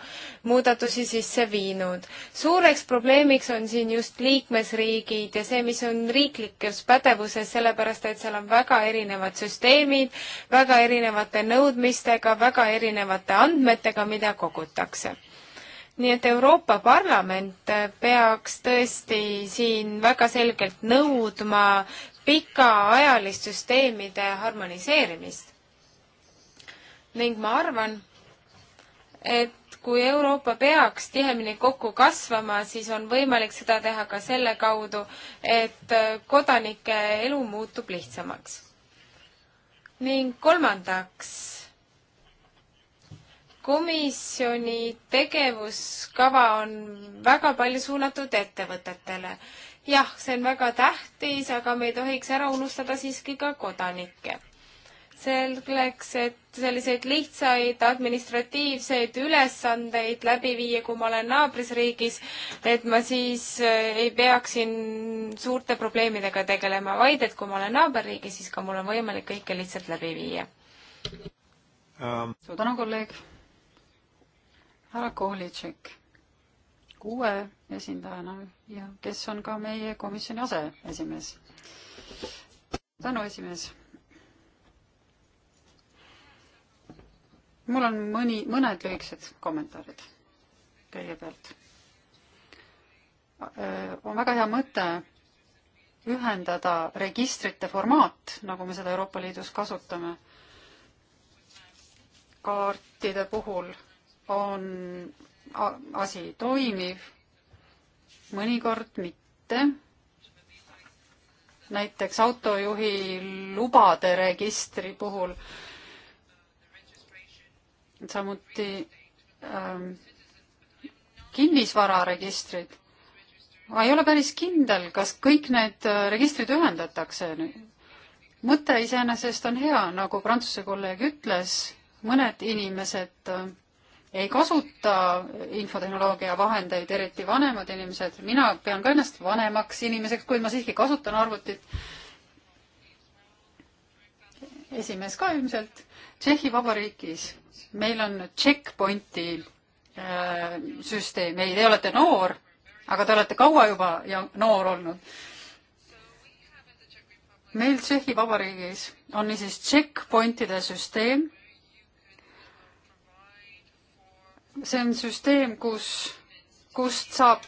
muudatusi sisse viinud. suureks probleemiks on siin just liikmesriigid ja see, mis on riiklikus pädevuses, sellepärast et seal on väga erinevad süsteemid, väga erinevate nõudmistega, väga erinevate andmetega, mida kogutakse nii et Euroopa Parlament peaks tõesti siin väga selgelt nõudma pikaajalist süsteemide harmoniseerimist ning ma arvan, et kui Euroopa peaks tihemini kokku kasvama, siis on võimalik seda teha ka selle kaudu, et äh, kodanike elu muutub lihtsamaks. ning kolmandaks, komisjoni tegevuskava on väga palju suunatud ettevõtetele. jah, see on väga tähtis, aga me ei tohiks ära unustada siiski ka kodanikke selleks, et selliseid lihtsaid administratiivseid ülesandeid läbi viia, kui ma olen naabrisriigis, et ma siis eh, ei peaks siin suurte probleemidega tegelema, vaid et kui ma olen naaberriigis, siis ka mul on võimalik kõike lihtsalt läbi viia um.. suur tänu, kolleeg. härra Kohlitšek, kuue esindajana ja kes on ka meie komisjoni aseesimees. tänu, esimees mul on mõni, mõned lühikesed kommentaarid kõigepealt. Äh, on väga hea mõte ühendada registrite formaat, nagu me seda Euroopa Liidus kasutame. kaartide puhul on asi toimiv, mõnikord mitte. näiteks autojuhi lubade registri puhul äh, samuti ähm, kinnisvararegistrid. ma ei ole päris kindel, kas kõik need äh, registrid ühendatakse. mõte iseenesest on hea, nagu Prantsuse kolleeg ütles, mõned inimesed äh, ei kasuta infotehnoloogia vahendeid, eriti vanemad inimesed. mina pean ka ennast vanemaks inimeseks, kuid ma siiski kasutan arvutit esimees ka ilmselt, Tšehhi Vabariigis meil on checkpointi äh, süsteem, ei, te olete noor, aga te olete kaua juba ja noor olnud. meil Tšehhi Vabariigis on niisiis checkpointide süsteem. see on süsteem, kus, kust saab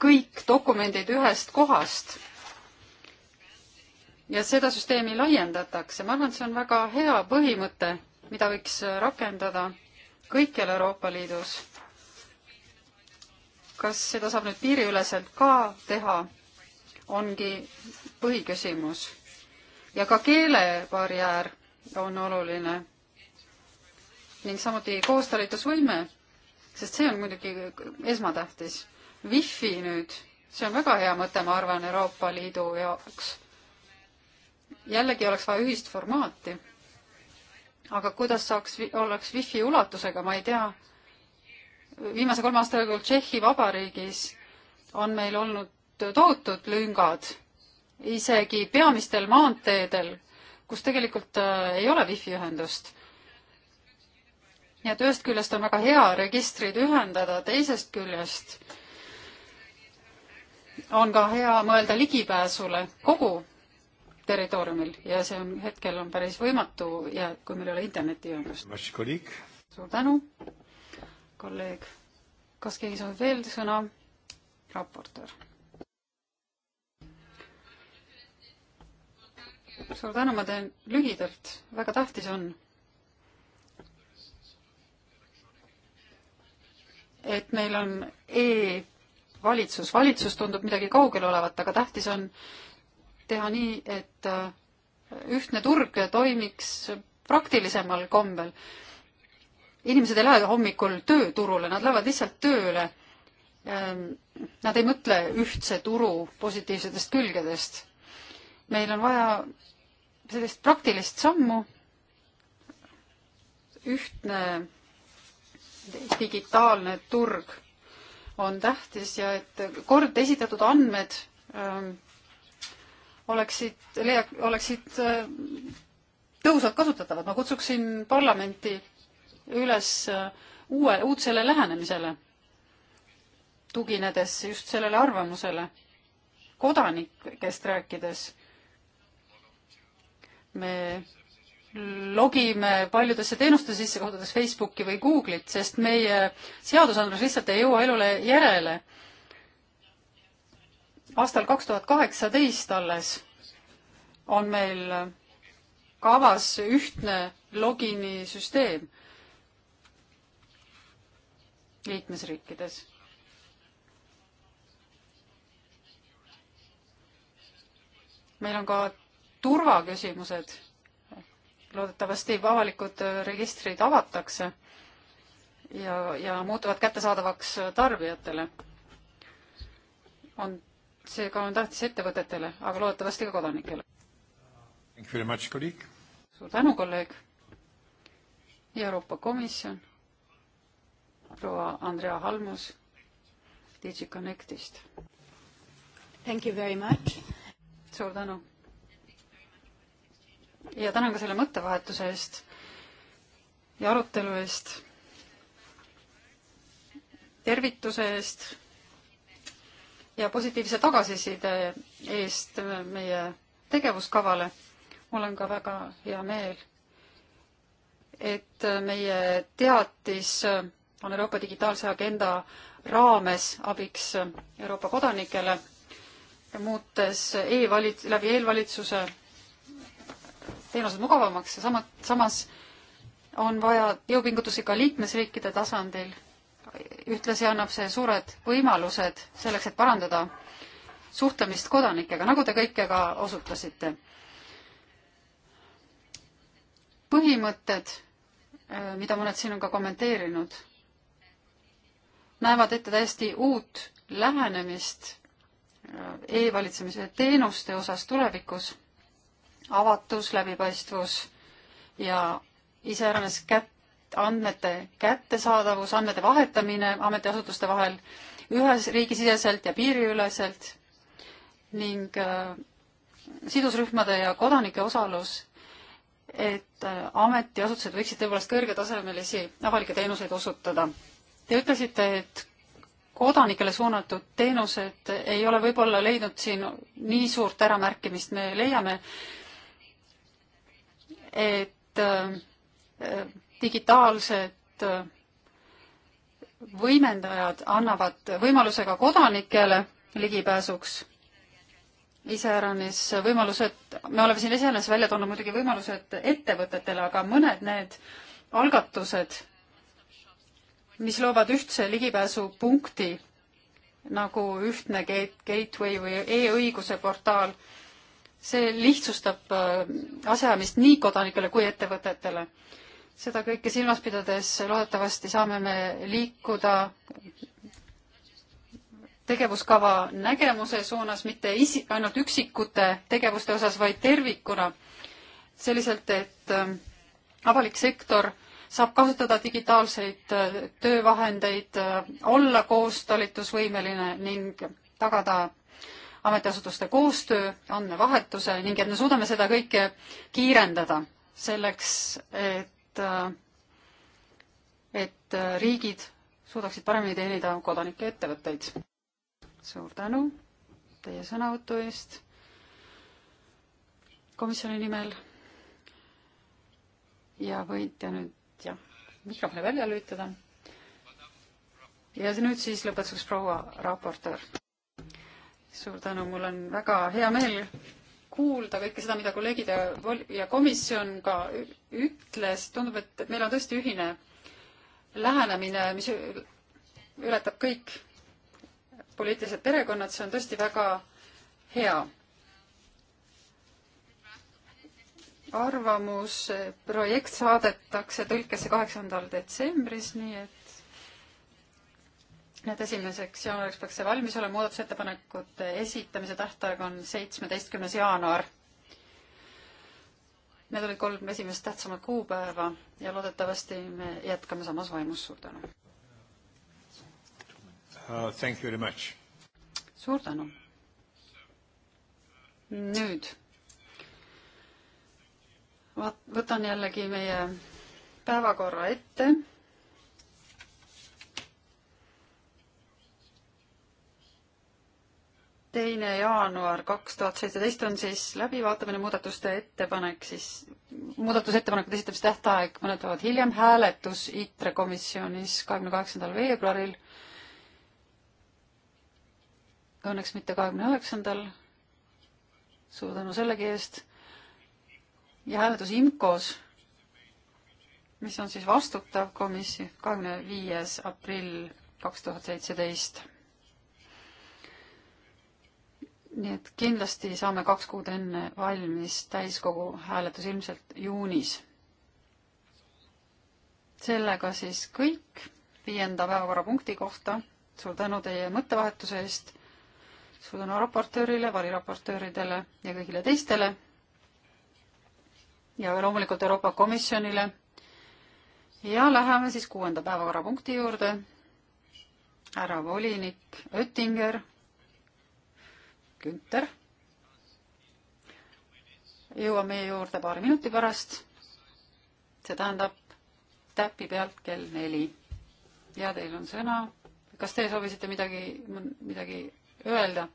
kõik dokumendid ühest kohast ja seda süsteemi laiendatakse. ma arvan, et see on väga hea põhimõte, mida võiks rakendada kõikjal Euroopa Liidus. kas seda saab nüüd piiriüleselt ka teha, ongi põhiküsimus. ja ka keelebarjäär on oluline ning samuti koostalitusvõime, sest see on muidugi esmatähtis. Wi-Fi nüüd, see on väga hea mõte, ma arvan, Euroopa Liidu jaoks jällegi oleks vaja ühist formaati. aga kuidas saaks, oleks wifi ulatusega, ma ei tea, viimase kolme aasta jooksul Tšehhi Vabariigis on meil olnud tohutud lüngad, isegi peamistel maanteedel, kus tegelikult äh, ei ole wifi ühendust. nii et ühest küljest on väga hea registrid ühendada, teisest küljest on ka hea mõelda ligipääsule kogu territooriumil ja see on, hetkel on päris võimatu ja kui meil ei ole internetiühendust. suur tänu, kolleeg. kas keegi soovib veel sõna? raportöör. suur tänu, ma teen lühidalt, väga tähtis on et meil on e-valitsus, valitsus tundub midagi kaugel olevat, aga tähtis on, teha nii, et äh, ühtne turg toimiks praktilisemal kombel. inimesed ei lähe hommikul tööturule, nad lähevad lihtsalt tööle. Ähm, nad ei mõtle ühtse turu positiivsetest külgedest. meil on vaja sellist praktilist sammu, ühtne digitaalne turg on tähtis ja et kord esitatud andmed ähm, oleksid, leiak-, oleksid äh, tõhusalt kasutatavad. ma kutsuksin parlamenti üles äh, uue, uudsele lähenemisele, tuginedes just sellele arvamusele, kodanikest rääkides. me logime paljudesse teenuste sisse, kasutades Facebooki või Google'it, sest meie seadusandlus lihtsalt ei jõua elule järele aastal kaks tuhat kaheksateist alles on meil kavas ühtne logini süsteem liikmesriikides. meil on ka turvaküsimused. loodetavasti avalikud registrid avatakse ja, ja muutuvad kättesaadavaks tarbijatele. on seega on tähtis ettevõtetele, aga loodetavasti ka kodanikele. suur tänu, kolleeg. Euroopa Komisjon, proua Andrea Halmus DigiConnectist. Thank you very much. suur tänu. ja tänan ka selle mõttevahetuse eest ja arutelu eest, tervituse eest ja positiivse tagasiside eest meie tegevuskavale. mul on ka väga hea meel, et meie teatis on Euroopa digitaalse agenda raames abiks Euroopa kodanikele, muutes e-valit-, läbi eelvalitsuse teenused mugavamaks ja samat-, samas on vaja jõupingutusi ka liikmesriikide tasandil ühtlasi annab see suured võimalused selleks, et parandada suhtlemist kodanikega, nagu te kõike ka osutasite. põhimõtted, äh, mida mõned siin on ka kommenteerinud, näevad ette täiesti uut lähenemist äh, e-valitsemise teenuste osas tulevikus. avatus, läbipaistvus ja iseäranis kätt andmete kättesaadavus, andmete vahetamine ametiasutuste vahel ühes riigisiseselt ja piiriüleselt ning äh, sidusrühmade ja kodanike osalus, et äh, ametiasutused võiksid tõepoolest kõrgetasemelisi avalikke teenuseid osutada. Te ütlesite, et kodanikele suunatud teenused ei ole võib-olla leidnud siin nii suurt äramärkimist, me leiame, et äh, digitaalsed äh, võimendajad annavad võimaluse ka kodanikele ligipääsuks iseäranis võimalused, me oleme siin iseenesest välja toonud muidugi võimalused ettevõtetele, aga mõned need algatused, mis loovad ühtse ligipääsupunkti nagu ühtne gateway või e-õiguse portaal, see lihtsustab äh, asjaajamist nii kodanikele kui ettevõtetele seda kõike silmas pidades loodetavasti saame me liikuda tegevuskava nägemuse suunas, mitte isi-, ainult üksikute tegevuste osas, vaid tervikuna. selliselt, et ähm, avalik sektor saab kasutada digitaalseid äh, töövahendeid, äh, olla koostalitusvõimeline ning tagada ametiasutuste koostöö, andmevahetuse ning et me suudame seda kõike kiirendada selleks, et et, et riigid suudaksid paremini teenida kodanikke ja ettevõtteid. suur tänu teie sõnavõtu eest komisjoni nimel. ja võite nüüd jah, mikrofoni välja lülitada. ja nüüd siis lõpetuseks proua raportöör. suur tänu, mul on väga hea meel kuulda kõike seda, mida kolleegid ja, ja komisjon ka ütles, tundub, et, et meil on tõesti ühine lähenemine, mis ületab kõik poliitilised perekonnad, see on tõesti väga hea. arvamusprojekt saadetakse tõlkesse kaheksandal detsembris, nii et nii et esimeseks jaanuariks peaks see valmis olema, muudatusettepanekute esitamise tähtaeg on seitsmeteistkümnes jaanuar. Need olid kolm esimest tähtsamat kuupäeva ja loodetavasti me jätkame samas vaimus, suur tänu uh,. Thank you very much. suur tänu. nüüd võtan jällegi meie päevakorra ette teine jaanuar kaks tuhat seitseteist on siis läbivaatamine muudatuste ettepanek, siis muudatusettepanekute esitamise tähtaeg mõned päevad hiljem, hääletus ITRE komisjonis kahekümne kaheksandal veebruaril. Õnneks mitte kahekümne üheksandal. suur tänu sellegi eest. ja hääletus IMCO-s, mis on siis vastutav komisjon, kahekümne viies aprill kaks tuhat seitseteist nii et kindlasti saame kaks kuud enne valmis täiskogu hääletus ilmselt juunis. sellega siis kõik viienda päevakorrapunkti kohta. suur tänu teie mõttevahetuse eest. suur tänu raportöörile, variraportööridele ja kõigile teistele. ja loomulikult Euroopa Komisjonile. ja läheme siis kuuenda päevakorrapunkti juurde. härra volinik Oettinger Günter. jõuame meie juurde paari minuti pärast. see tähendab täpi pealt kell neli. ja teil on sõna. kas te soovisite midagi, midagi öelda?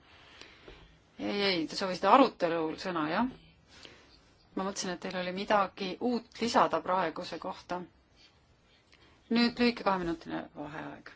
ei, ei, te soovisite arutelul sõna, jah? ma mõtlesin, et teil oli midagi uut lisada praeguse kohta. nüüd lühike kaheminutiline vaheaeg.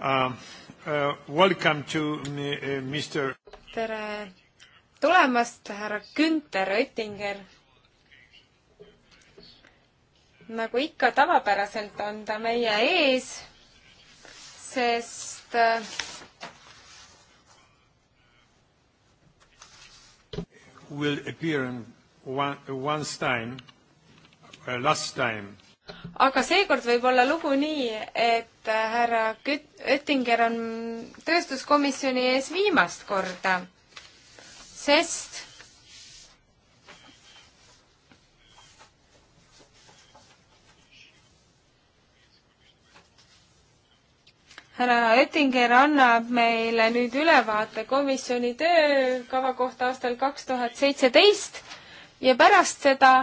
Uh, uh, welcome to uh, Mr. tere tulemast, härra Günther Oettinger. nagu ikka tavapäraselt on ta meie ees, sest uh, will appear in one, once time, uh, last time aga seekord võib olla lugu nii, et uh, härra Küt-, Oettinger on tööstuskomisjoni ees viimast korda, sest härra Oettinger annab meile nüüd ülevaate komisjoni töökava kohta aastal kaks tuhat seitseteist ja pärast seda,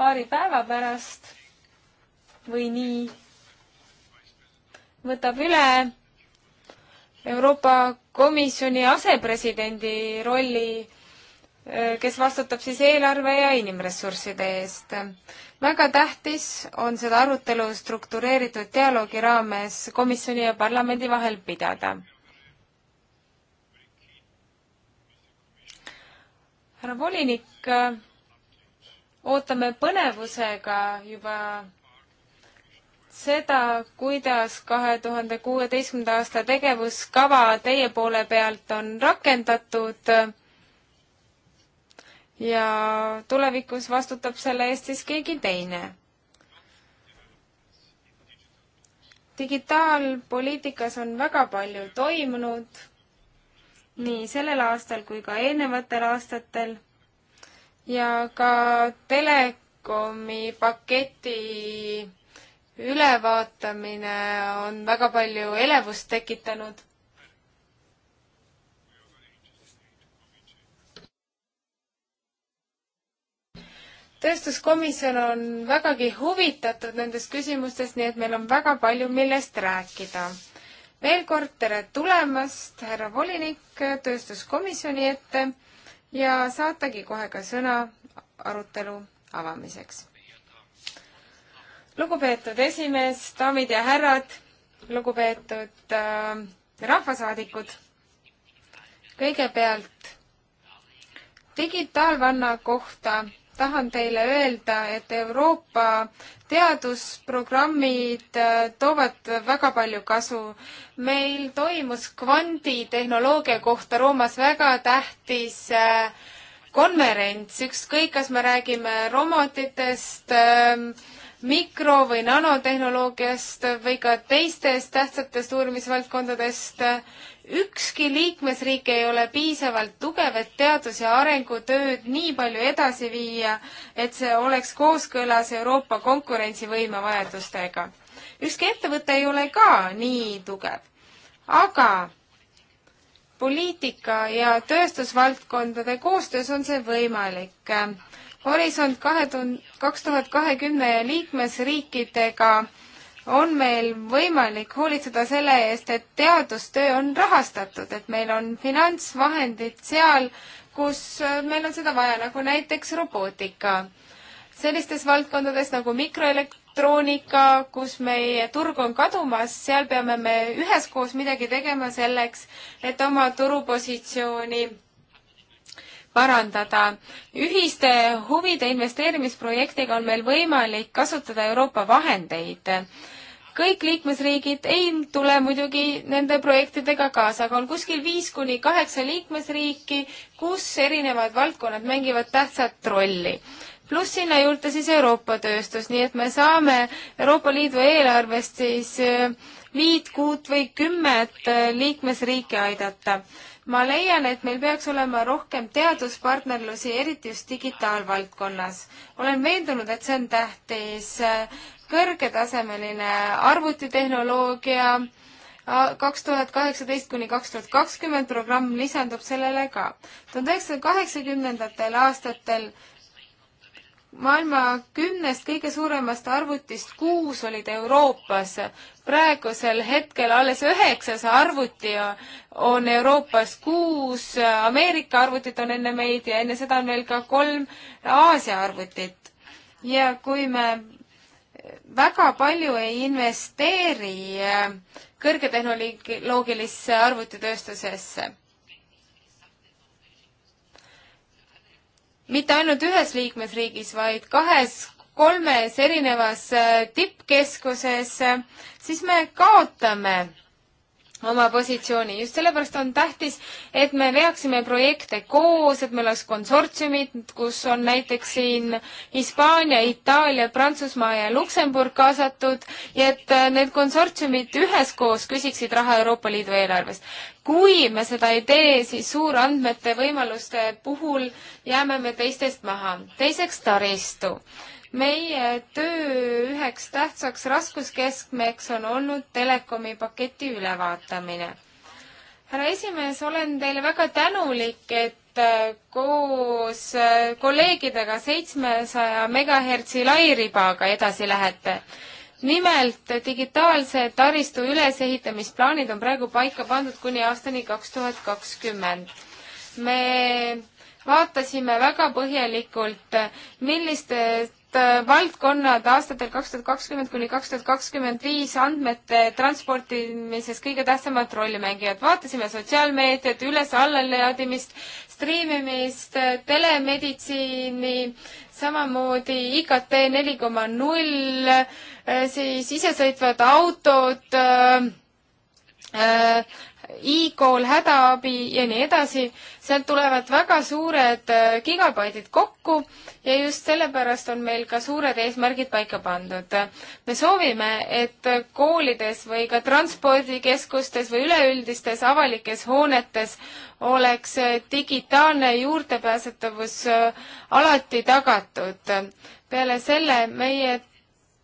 paari päeva pärast või nii võtab üle Euroopa Komisjoni asepresidendi rolli, äh, kes vastutab siis eelarve ja inimressursside eest. väga tähtis on seda arutelu struktureeritud dialoogi raames komisjoni ja parlamendi vahel pidada. härra volinik, äh, ootame põnevusega juba seda, kuidas kahe tuhande kuueteistkümnenda aasta tegevuskava teie poole pealt on rakendatud ja tulevikus vastutab selle eest siis keegi teine. digitaalpoliitikas on väga palju toimunud nii sellel aastal kui ka eelnevatel aastatel ja ka telekomi paketi ülevaatamine on väga palju elevust tekitanud. tööstuskomisjon on vägagi huvitatud nendest küsimustest, nii et meil on väga palju, millest rääkida. veel kord tere tulemast, härra volinik, tööstuskomisjoni ette ja saategi kohe ka sõna arutelu avamiseks lugupeetud esimees, daamid ja härrad, lugupeetud äh, rahvasaadikud. kõigepealt digitaalvanna kohta tahan teile öelda, et Euroopa teadusprogrammid äh, toovad väga palju kasu. meil toimus kvanditehnoloogia kohta Roomas väga tähtis äh, konverents, ükskõik, kas me räägime robotitest, ähm, mikro- või nanotehnoloogiast või ka teistest tähtsatest uurimisvaldkondadest. ükski liikmesriik ei ole piisavalt tugev, et teadus- ja arengutööd nii palju edasi viia, et see oleks kooskõlas Euroopa konkurentsivõime vajadustega. ükski ettevõte ei ole ka nii tugev. aga poliitika ja tööstusvaldkondade koostöös on see võimalik Horisont kahe tuhande, kaks tuhat kahekümne ja liikmesriikidega on meil võimalik hoolitseda selle eest, et teadustöö on rahastatud, et meil on finantsvahendid seal, kus äh, meil on seda vaja, nagu näiteks robootika. sellistes valdkondades nagu mikroelektroonika, kus meie turg on kadumas, seal peame me üheskoos midagi tegema selleks, et oma turupositsiooni parandada. ühiste huvide investeerimisprojektiga on meil võimalik kasutada Euroopa vahendeid kõik liikmesriigid ei tule muidugi nende projektidega kaasa, aga on kuskil viis kuni kaheksa liikmesriiki, kus erinevad valdkonnad mängivad tähtsat rolli. pluss sinna juurde siis Euroopa tööstus, nii et me saame Euroopa Liidu eelarvest siis äh, viit, kuut või kümmet äh, liikmesriiki aidata ma leian, et meil peaks olema rohkem teaduspartnerlusi, eriti just digitaalvaldkonnas. olen veendunud, et see on tähtis. kõrgetasemeline arvutitehnoloogia, kaks tuhat kaheksateist kuni kaks tuhat kakskümmend programm lisandub sellele ka. tuhande üheksasaja kaheksakümnendatel aastatel maailma kümnest kõige suuremast arvutist kuus olid Euroopas. praegusel hetkel alles üheksas arvuti on Euroopas, kuus Ameerika arvutit on enne meid ja enne seda on veel ka kolm Aasia arvutit. ja kui me väga palju ei investeeri kõrgetehnoloogilisse arvutitööstusesse mitte ainult ühes liikmesriigis, vaid kahes, kolmes erinevas äh, tippkeskuses, äh, siis me kaotame oma positsiooni. just sellepärast on tähtis, et me veaksime projekte koos, et meil oleks konsortsiumid, kus on näiteks siin Hispaania, Itaalia, Prantsusmaa ja Luksemburg kaasatud ja et äh, need konsortsiumid üheskoos küsiksid raha Euroopa Liidu eelarvest. kui me seda ei tee, siis suurandmete võimaluste puhul jääme me teistest maha. teiseks taristu meie töö üheks tähtsaks raskuskeskmeks on olnud telekomi paketi ülevaatamine. härra esimees, olen teile väga tänulik, et äh, koos äh, kolleegidega seitsmesaja megahertsi lairibaga edasi lähete. nimelt digitaalse taristu ülesehitamisplaanid on praegu paika pandud kuni aastani kaks tuhat kakskümmend. me vaatasime väga põhjalikult, millistes Äh, valdkonnad aastatel kaks tuhat kakskümmend kuni kaks tuhat kakskümmend viis andmete transportimises kõige tähtsamat rolli mängivad. vaatasime sotsiaalmeediat, üles-alla laadimist, striimimist, telemeditsiini, samamoodi IKT neli koma null, äh, siis isesõitvad autod äh,, äh, e-kool, hädaabi ja nii edasi, sealt tulevad väga suured äh, gigabaidid kokku ja just sellepärast on meil ka suured eesmärgid paika pandud. me soovime, et koolides või ka transpordikeskustes või üleüldistes avalikes hoonetes oleks äh, digitaalne juurdepääsetavus äh, alati tagatud. peale selle meie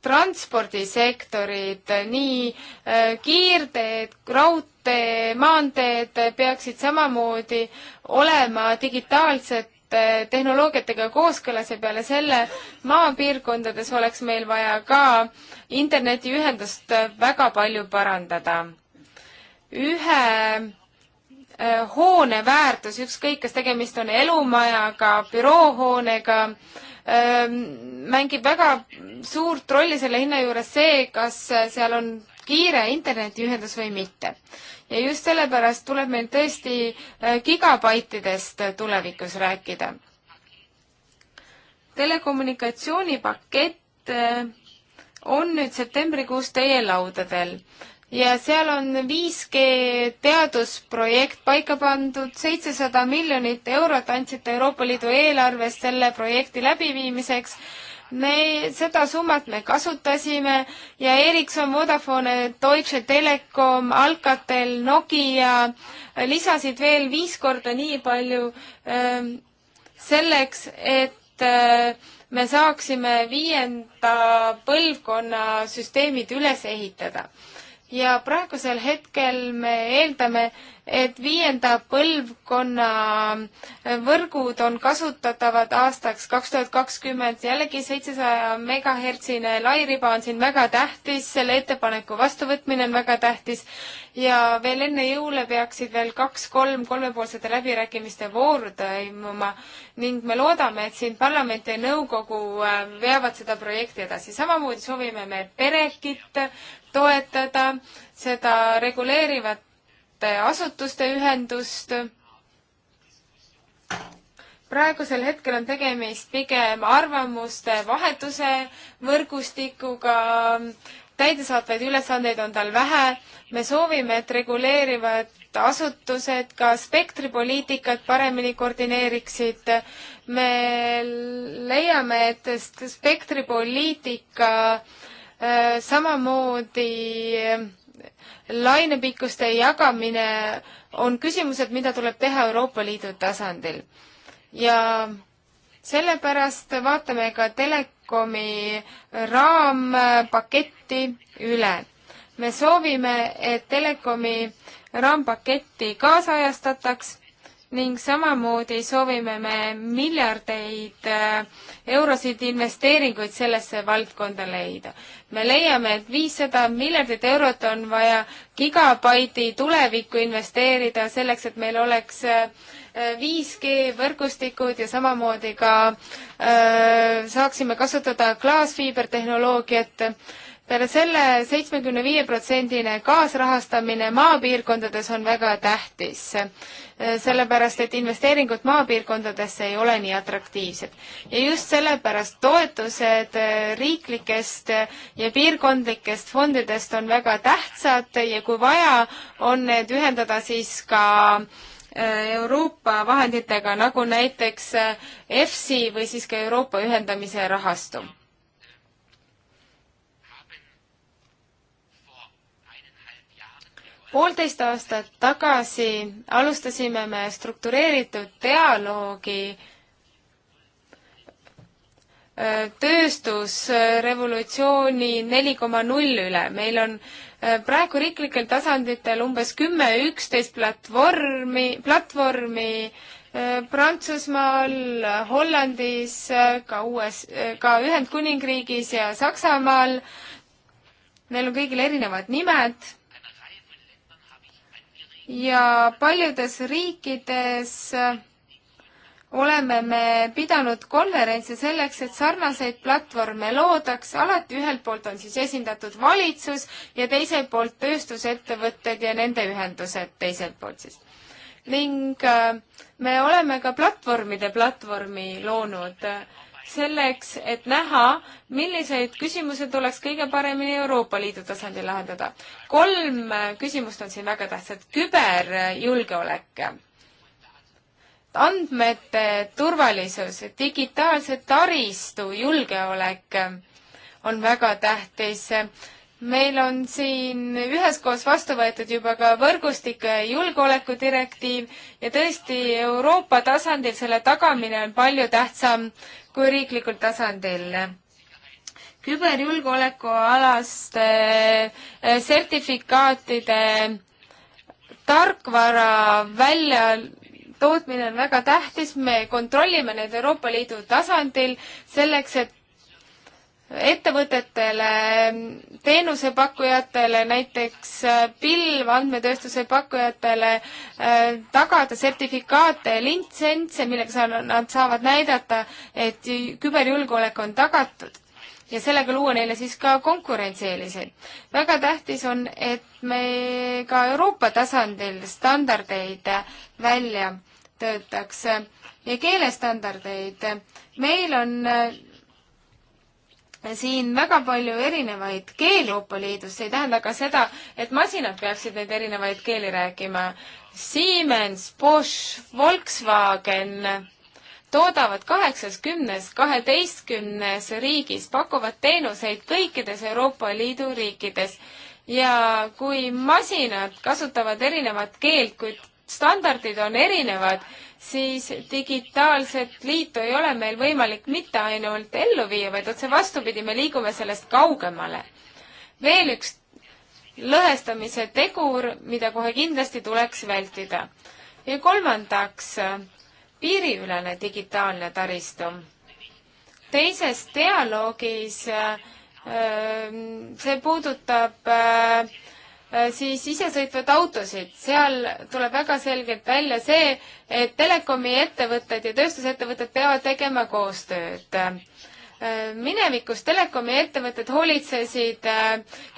transpordisektorid, nii kiirteed, raud-, raudtee, eh, maanteed peaksid samamoodi olema digitaalsed eh, tehnoloogiatega kooskõlas ja peale selle maapiirkondades oleks meil vaja ka internetiühendust väga palju parandada. ühe eh, hoone väärtus, ükskõik, kas tegemist on elumajaga, büroohoonega, ehm, mängib väga suurt rolli selle hinna juures see, kas seal on kiire internetiühendus või mitte ja just sellepärast tuleb meil tõesti äh, gigabaitidest äh, tulevikus rääkida. telekommunikatsioonipakett äh, on nüüd septembrikuus teie laudadel ja seal on 5G teadusprojekt paika pandud, seitsesada miljonit eurot andsite Euroopa Liidu eelarvest selle projekti läbiviimiseks me, seda summat me kasutasime ja Ericsson, Vodafone, Deutsche Telekom, Alcatel, Nokia lisasid veel viis korda nii palju ähm, selleks, et äh, me saaksime viienda põlvkonna süsteemid üles ehitada ja praegusel hetkel me eeldame, et viienda põlvkonna võrgud on kasutatavad aastaks kaks tuhat kakskümmend. jällegi seitsesaja megahertsine lairiba on siin väga tähtis, selle ettepaneku vastuvõtmine on väga tähtis ja veel enne jõule peaksid veel kaks-kolm kolmepoolsete läbirääkimiste vooru toimuma ning me loodame, et siin parlament ja nõukogu äh, veavad seda projekti edasi. samamoodi soovime me perekit, toetada seda reguleerivate asutuste ühendust. praegusel hetkel on tegemist pigem arvamuste vahetuse võrgustikuga, täidesaatvaid ülesandeid on tal vähe, me soovime, et reguleerivad asutused ka spektripoliitikat paremini koordineeriksid. me leiame, et spektripoliitika äh, Äh, samamoodi äh, lainepikkuste jagamine on küsimused, mida tuleb teha Euroopa Liidu tasandil. ja sellepärast vaatame ka telekomi raampaketti üle. me soovime, et telekomi raampaketti kaasajastataks ning samamoodi soovime me miljardeid äh, eurosid investeeringuid sellesse valdkonda leida. me leiame, et viissada miljardit eurot on vaja gigabaiti tulevikku investeerida selleks, et meil oleks 5G äh, võrgustikud ja samamoodi ka äh, saaksime kasutada klaasfiibertehnoloogiat peale selle seitsmekümne viie protsendine kaasrahastamine maapiirkondades on väga tähtis, eh, sellepärast et investeeringud maapiirkondadesse ei ole nii atraktiivsed. ja just sellepärast toetused eh, riiklikest eh, ja piirkondlikest fondidest on väga tähtsad ja kui vaja, on need ühendada siis ka Euroopa vahenditega, nagu näiteks EFSI või siis ka Euroopa ühendamise rahastu poolteist aastat tagasi alustasime me struktureeritud dialoogi äh, tööstusrevolutsiooni neli koma null üle. meil on äh, praegu riiklikel tasanditel umbes kümme, üksteist platvormi, platvormi äh, Prantsusmaal, Hollandis, ka US, ka Ühendkuningriigis ja Saksamaal. Neil on kõigil erinevad nimed ja paljudes riikides äh, oleme me pidanud konverentse selleks, et sarnaseid platvorme loodaks, alati ühelt poolt on siis esindatud valitsus ja teiselt poolt tööstusettevõtted ja nende ühendused teiselt poolt siis. ning äh, me oleme ka platvormide platvormi loonud selleks, et näha, milliseid küsimusi tuleks kõige paremini Euroopa Liidu tasandil lahendada. kolm küsimust on siin väga tähtsad. küberjulgeolek, andmete turvalisus, digitaalse taristu julgeolek on väga tähtis meil on siin üheskoos vastu võetud juba ka võrgustike julgeolekudirektiiv ja tõesti Euroopa tasandil selle tagamine on palju tähtsam kui riiklikul tasandil küberjulgeolekualaste eh, sertifikaatide tarkvara välja tootmine on väga tähtis, me kontrollime need Euroopa Liidu tasandil selleks, et ettevõtetele, teenusepakkujatele, näiteks äh, pilvandmetööstuse pakkujatele äh, tagada sertifikaate ja litsentse, millega nad saavad näidata, et küberjulgeolek on tagatud ja sellega luua neile siis ka konkurentsieeliseid. väga tähtis on, et me ka Euroopa tasandil standardeid välja töötaks ja keelestandardeid. meil on äh, siin väga palju erinevaid keeli Euroopa Liidus, see ei tähenda ka seda, et masinad peaksid neid erinevaid keeli rääkima. Siemens, Bosch, Volkswagen toodavad kaheksas, kümnes, kaheteistkümnes riigis, pakuvad teenuseid kõikides Euroopa Liidu riikides. ja kui masinad kasutavad erinevat keelt, kuid standardid on erinevad, siis digitaalset liitu ei ole meil võimalik mitte ainult ellu viia, vaid otse vastupidi, me liigume sellest kaugemale. veel üks lõhestamise tegur, mida kohe kindlasti tuleks vältida. ja kolmandaks, piiriülene digitaalne taristu. teises dialoogis äh, see puudutab äh, Äh, siis isesõitvaid autosid, seal tuleb väga selgelt välja see, et telekomi ettevõtted ja tööstusettevõtted peavad tegema koostööd. Äh, minevikus telekomi ettevõtted hoolitsesid äh,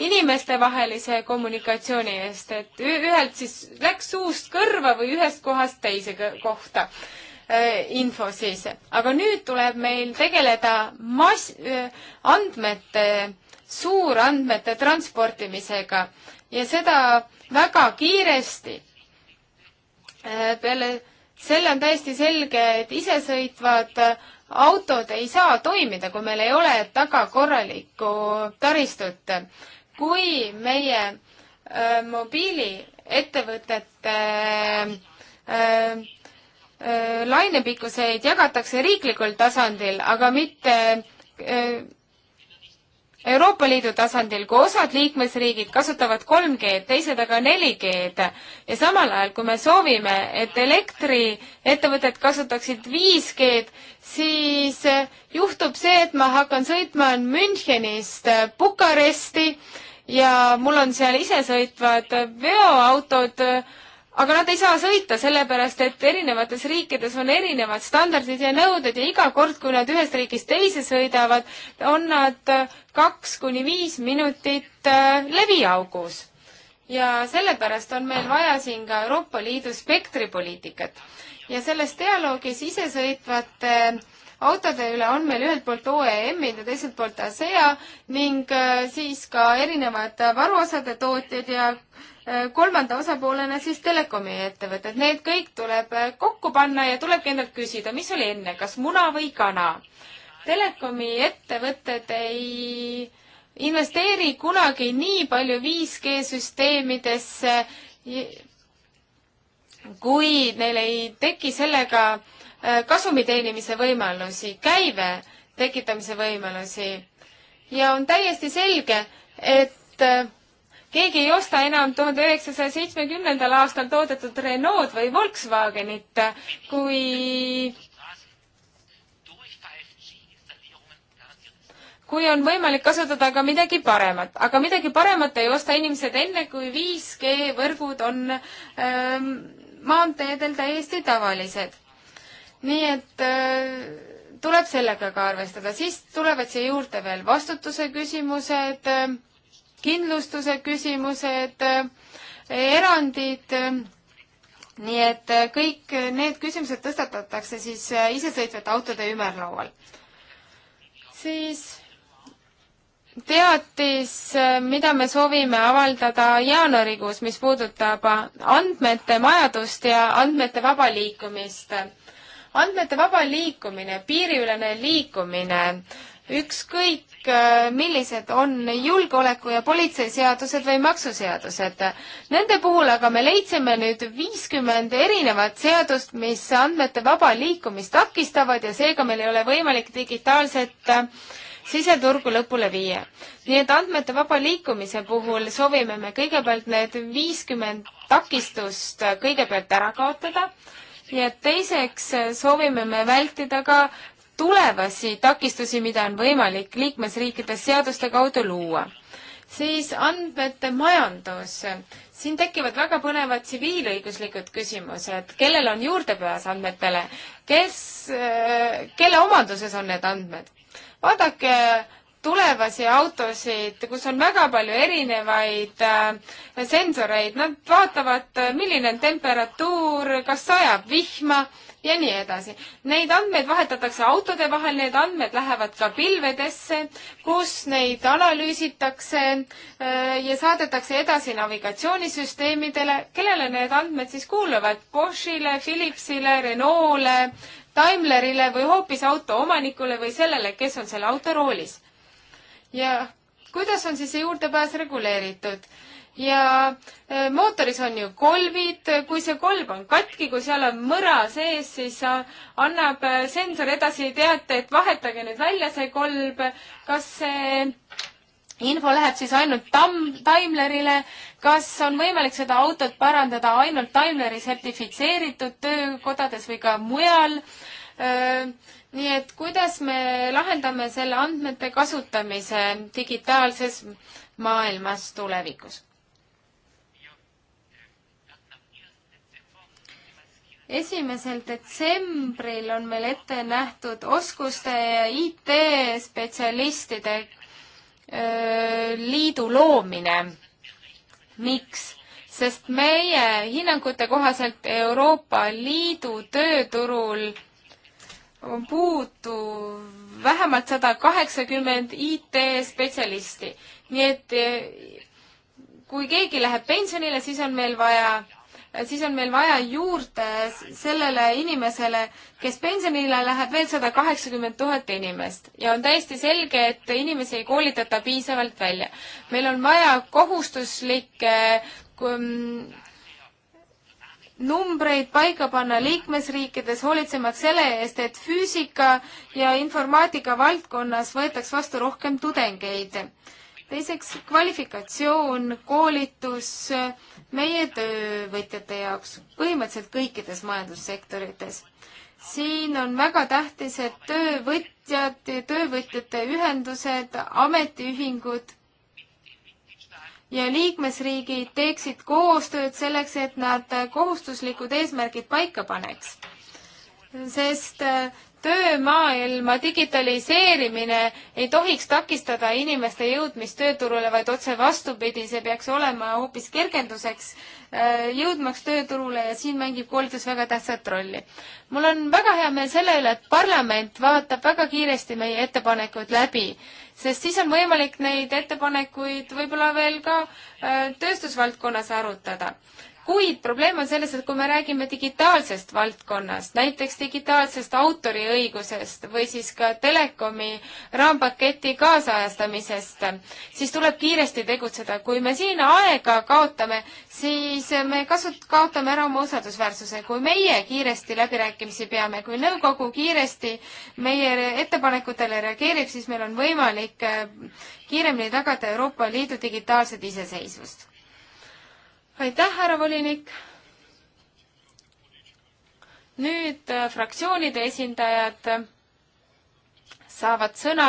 inimestevahelise kommunikatsiooni eest, et ühelt siis läks suust kõrva või ühest kohast teise kohta info siis. aga nüüd tuleb meil tegeleda mass, andmete, suurandmete transportimisega ja seda väga kiiresti. Äh, peale selle on täiesti selge, et isesõitvad äh, autod ei saa toimida, kui meil ei ole taga korralikku taristut. kui meie äh, mobiiliettevõtete äh, äh, lainepikkuseid jagatakse riiklikul tasandil, aga mitte äh, Euroopa Liidu tasandil, kui osad liikmesriigid kasutavad 3G-d, teised aga 4G-d ja samal ajal, kui me soovime, et elektriettevõtted kasutaksid 5G-d, siis eh, juhtub see, et ma hakkan sõitma Münchenist eh, Bukaresti ja mul on seal isesõitvad veoautod, eh, aga nad ei saa sõita, sellepärast et erinevates riikides on erinevad standardid ja nõuded ja iga kord, kui nad ühest riigist teise sõidavad, on nad kaks kuni viis minutit äh, leviaugus. ja sellepärast on meil vaja siin ka Euroopa Liidu spektripoliitikat. ja selles dialoogis isesõitvate autode üle on meil ühelt poolt OEM-id ja teiselt poolt ASEA ning äh, siis ka erinevad varuosade tootjad ja kolmanda osapoolena siis telekomi ettevõtted, need kõik tuleb äh, kokku panna ja tulebki endalt küsida, mis oli enne, kas muna või kana. telekomi ettevõtted ei investeeri kunagi nii palju 5G süsteemidesse, kui neil ei teki sellega äh, kasumi teenimise võimalusi, käive tekitamise võimalusi. ja on täiesti selge, et äh, keegi ei osta enam tuhande üheksasaja seitsmekümnendal aastal toodetud Renault või Volkswagenit, kui kui on võimalik kasutada ka midagi paremat, aga midagi paremat ei osta inimesed enne, kui 5G võrgud on ähm, maanteedel täiesti tavalised. nii et äh, tuleb sellega ka arvestada, siis tulevad siia juurde veel vastutuse küsimused äh,, kindlustuse küsimused, erandid, nii et kõik need küsimused tõstatatakse siis isesõitvate autode ümarlaual. siis teatis, mida me soovime avaldada jaanuarikuus, mis puudutab andmete majadust ja andmete vaba liikumist. andmete vaba liikumine, piiriülene liikumine, ükskõik Äh, millised on julgeoleku- ja politseiseadused või maksuseadused. Nende puhul aga me leidsime nüüd viiskümmend erinevat seadust, mis andmete vaba liikumist takistavad ja seega meil ei ole võimalik digitaalset äh, siseturgu lõpule viia. nii et andmete vaba liikumise puhul soovime me kõigepealt need viiskümmend takistust äh, kõigepealt ära kaotada ja teiseks soovime me vältida ka tulevasi takistusi, mida on võimalik liikmesriikides seaduste kaudu luua. siis andmete majandus. siin tekivad väga põnevad tsiviilõiguslikud küsimused, kellel on juurdepääs andmetele, kes, äh, kelle omanduses on need andmed? vaadake tulevasi autosid, kus on väga palju erinevaid äh, sensoreid, nad vaatavad, milline on temperatuur, kas sajab vihma ja nii edasi. Neid andmeid vahetatakse autode vahel, need andmed lähevad ka pilvedesse, kus neid analüüsitakse äh, ja saadetakse edasi navigatsioonisüsteemidele, kellele need andmed siis kuuluvad, Boschile, Philipsile, Renault'le, Daimlerile või hoopis auto omanikule või sellele, kes on selle auto roolis. ja kuidas on siis see juurdepääs reguleeritud? ja äh, mootoris on ju kolvid, kui see kolb on katki, kui seal on mõra sees, siis annab äh, sensor edasi teate, et vahetage nüüd välja see kolb, kas see info läheb siis ainult tam-, Daimlerile, kas on võimalik seda autot parandada ainult Daimleri sertifitseeritud töökodades või ka mujal, äh, nii et kuidas me lahendame selle andmete kasutamise digitaalses maailmas tulevikus? esimesel detsembril on meil ette nähtud oskuste ja IT-spetsialistide liidu loomine. miks? sest meie hinnangute kohaselt Euroopa Liidu tööturul on puudu vähemalt sada kaheksakümmend IT-spetsialisti. nii et kui keegi läheb pensionile, siis on meil vaja siis on meil vaja juurde sellele inimesele, kes pensionile läheb, veel sada kaheksakümmend tuhat inimest ja on täiesti selge, et inimesi ei koolitata piisavalt välja. meil on vaja kohustuslikke numbreid paika panna liikmesriikides, hoolitsemaks selle eest, et füüsika ja informaatika valdkonnas võetaks vastu rohkem tudengeid. teiseks kvalifikatsioon, koolitus äh, meie töövõtjate jaoks, põhimõtteliselt kõikides majandussektorites. siin on väga tähtis, et töövõtjad, töövõtjate ühendused, ametiühingud ja liikmesriigid teeksid koostööd selleks, et nad kohustuslikud eesmärgid paika paneks. sest töömaailma digitaliseerimine ei tohiks takistada inimeste jõudmist tööturule, vaid otse vastupidi, see peaks olema hoopis kergenduseks äh, jõudmaks tööturule ja siin mängib koolitus väga tähtsat rolli. mul on väga hea meel selle üle, et parlament vaatab väga kiiresti meie ettepanekud läbi, sest siis on võimalik neid ettepanekuid võib-olla veel ka äh, tööstusvaldkonnas arutada kuid probleem on selles, et kui me räägime digitaalsest valdkonnast, näiteks digitaalsest autoriõigusest või siis ka telekomi raampaketi kaasajastamisest, siis tuleb kiiresti tegutseda. kui me siin aega kaotame, siis me kasut-, kaotame ära oma usaldusväärsuse. kui meie kiiresti läbirääkimisi peame, kui nõukogu kiiresti meie ettepanekutele reageerib, siis meil on võimalik äh, kiiremini tagada Euroopa Liidu digitaalset iseseisvust aitäh, härra volinik. nüüd äh, fraktsioonide esindajad saavad sõna.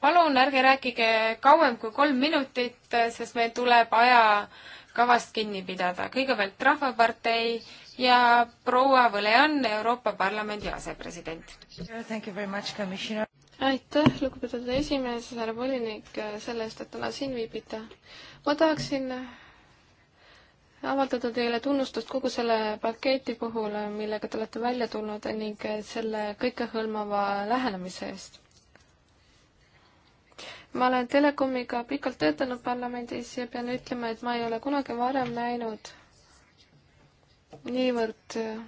palun ärge rääkige kauem kui kolm minutit, äh, sest meil tuleb ajakavast kinni pidada. kõigepealt Rahvapartei ja proua Võleann, Euroopa Parlamendi asepresident. aitäh, lugupeetud esimees, härra volinik, äh, selle eest, et täna siin viibite. ma tahaksin avaldada teile tunnustust kogu selle paketi puhul, millega te olete välja tulnud ning selle kõikehõlmava lähenemise eest. ma olen Telekomiga pikalt töötanud parlamendis ja pean ütlema, et ma ei ole kunagi varem näinud niivõrd äh,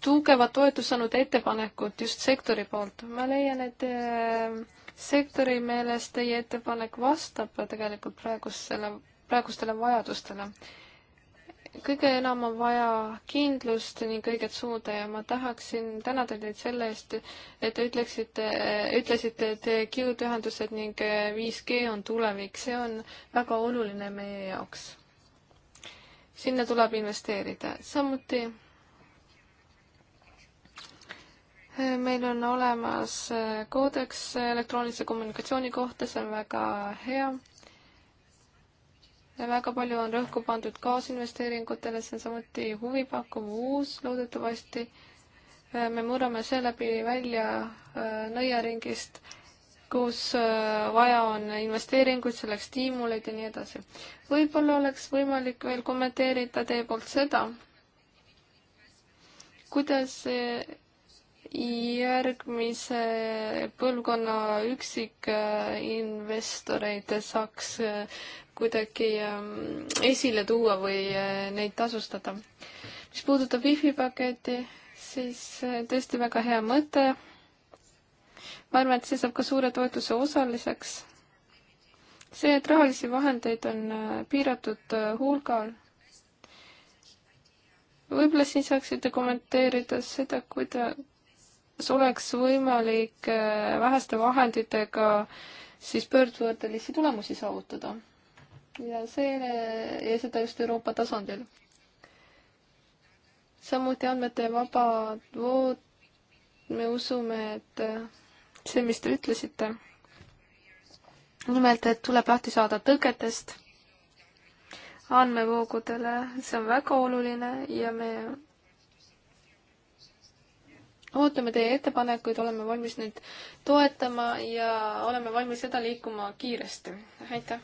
tugevat toetust saanud ettepanekut just sektori poolt. ma leian, et äh, sektori meelest teie ettepanek vastab tegelikult praegusele, praegustele vajadustele. kõige enam on vaja kindlust ning õiget suunda ja ma tahaksin tänada teid selle eest, et te ütleksite, ütlesite, et kiudühendused ning 5G on tulevik, see on väga oluline meie jaoks. sinna tuleb investeerida, samuti meil on olemas äh, koodeks elektroonilise kommunikatsiooni kohta, see on väga hea. väga palju on rõhku pandud kaasinvesteeringutele, see on samuti huvipakkuv uus loodetavasti. Äh, me murrame seeläbi välja äh, nõiaringist kus vaja on investeeringuid, selleks stiimuleid ja nii edasi. võib-olla oleks võimalik veel kommenteerida teie poolt seda, kuidas järgmise põlvkonna üksikinvestoreid saaks äh, kuidagi ähm, esile tuua või äh, neid tasustada. mis puudutab wifi paketi, siis äh, tõesti väga hea mõte. ma arvan, et see saab ka suure toetuse osaliseks. see, et rahalisi vahendeid on piiratud hulgal võib-olla siin saaksite kommenteerida seda, kuida-, kas oleks võimalik äh, väheste vahenditega siis pöördvõrdelisi tulemusi saavutada. ja see, ja seda just Euroopa tasandil. samuti andmete vaba vood, me usume, et äh, see, mis te ütlesite, nimelt, et tuleb lahti saada tõketest andmevoogudele, see on väga oluline ja me ootame teie ettepanekuid, oleme valmis neid toetama ja oleme valmis seda liikuma kiiresti. aitäh!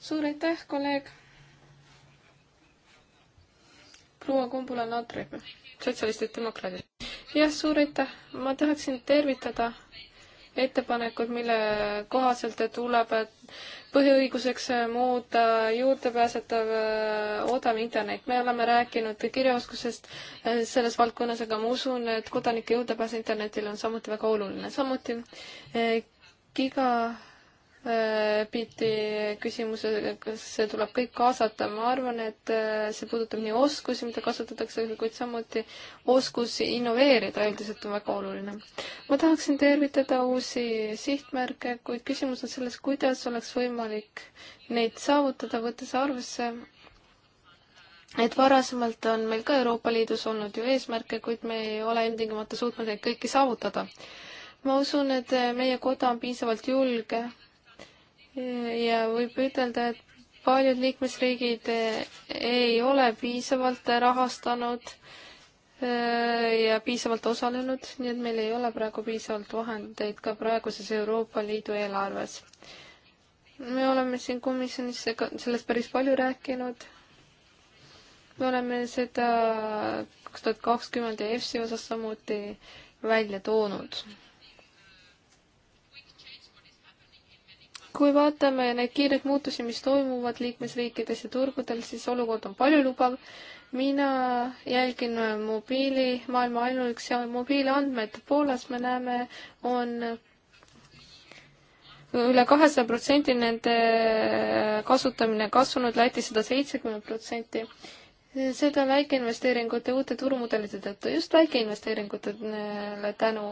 suur aitäh, kolleeg! proua Kumbula-Natrep, sotsialistid, demokraadid. jah, suur aitäh! ma tahaksin tervitada ettepanekud, mille kohaselt tuleb põhiõiguseks äh, muuta juurdepääsetav äh, odav internet. me oleme rääkinud kirjaoskusest äh, selles valdkonnas, aga ma usun, et kodanike juurdepääs internetile on samuti väga oluline. samuti giga Äh, pidi küsimusega, kas see tuleb kõik kaasata, ma arvan, et äh, see puudutab nii oskusi, mida kasutatakse, kuid samuti oskus innoveerida üldiselt on väga oluline. ma tahaksin tervitada uusi sihtmärke, kuid küsimus on selles, kuidas oleks võimalik neid saavutada, võttes arvesse et varasemalt on meil ka Euroopa Liidus olnud ju eesmärke, kuid me ei ole ilmtingimata suutnud neid kõiki saavutada. ma usun, et äh, meie koda on piisavalt julge ja võib ütelda, et paljud liikmesriigid eh, ei ole piisavalt rahastanud eh, ja piisavalt osalenud, nii et meil ei ole praegu piisavalt vahendeid ka praeguses Euroopa Liidu eelarves. me oleme siin komisjonis sellest päris palju rääkinud. me oleme seda kaks tuhat kakskümmend ja EFSi osas samuti välja toonud kui vaatame neid kiireid muutusi, mis toimuvad liikmesriikides ja turgudel, siis olukord on paljulubav. mina jälgin mobiilimaailma ainuüksi mobiiliandmed. Poolas me näeme, on üle kahesaja protsendi nende kasutamine kasvanud, Lätis sada seitsekümmend protsenti seda väikeinvesteeringute uute turumudelite tõttu, just väikeinvesteeringutele tänu,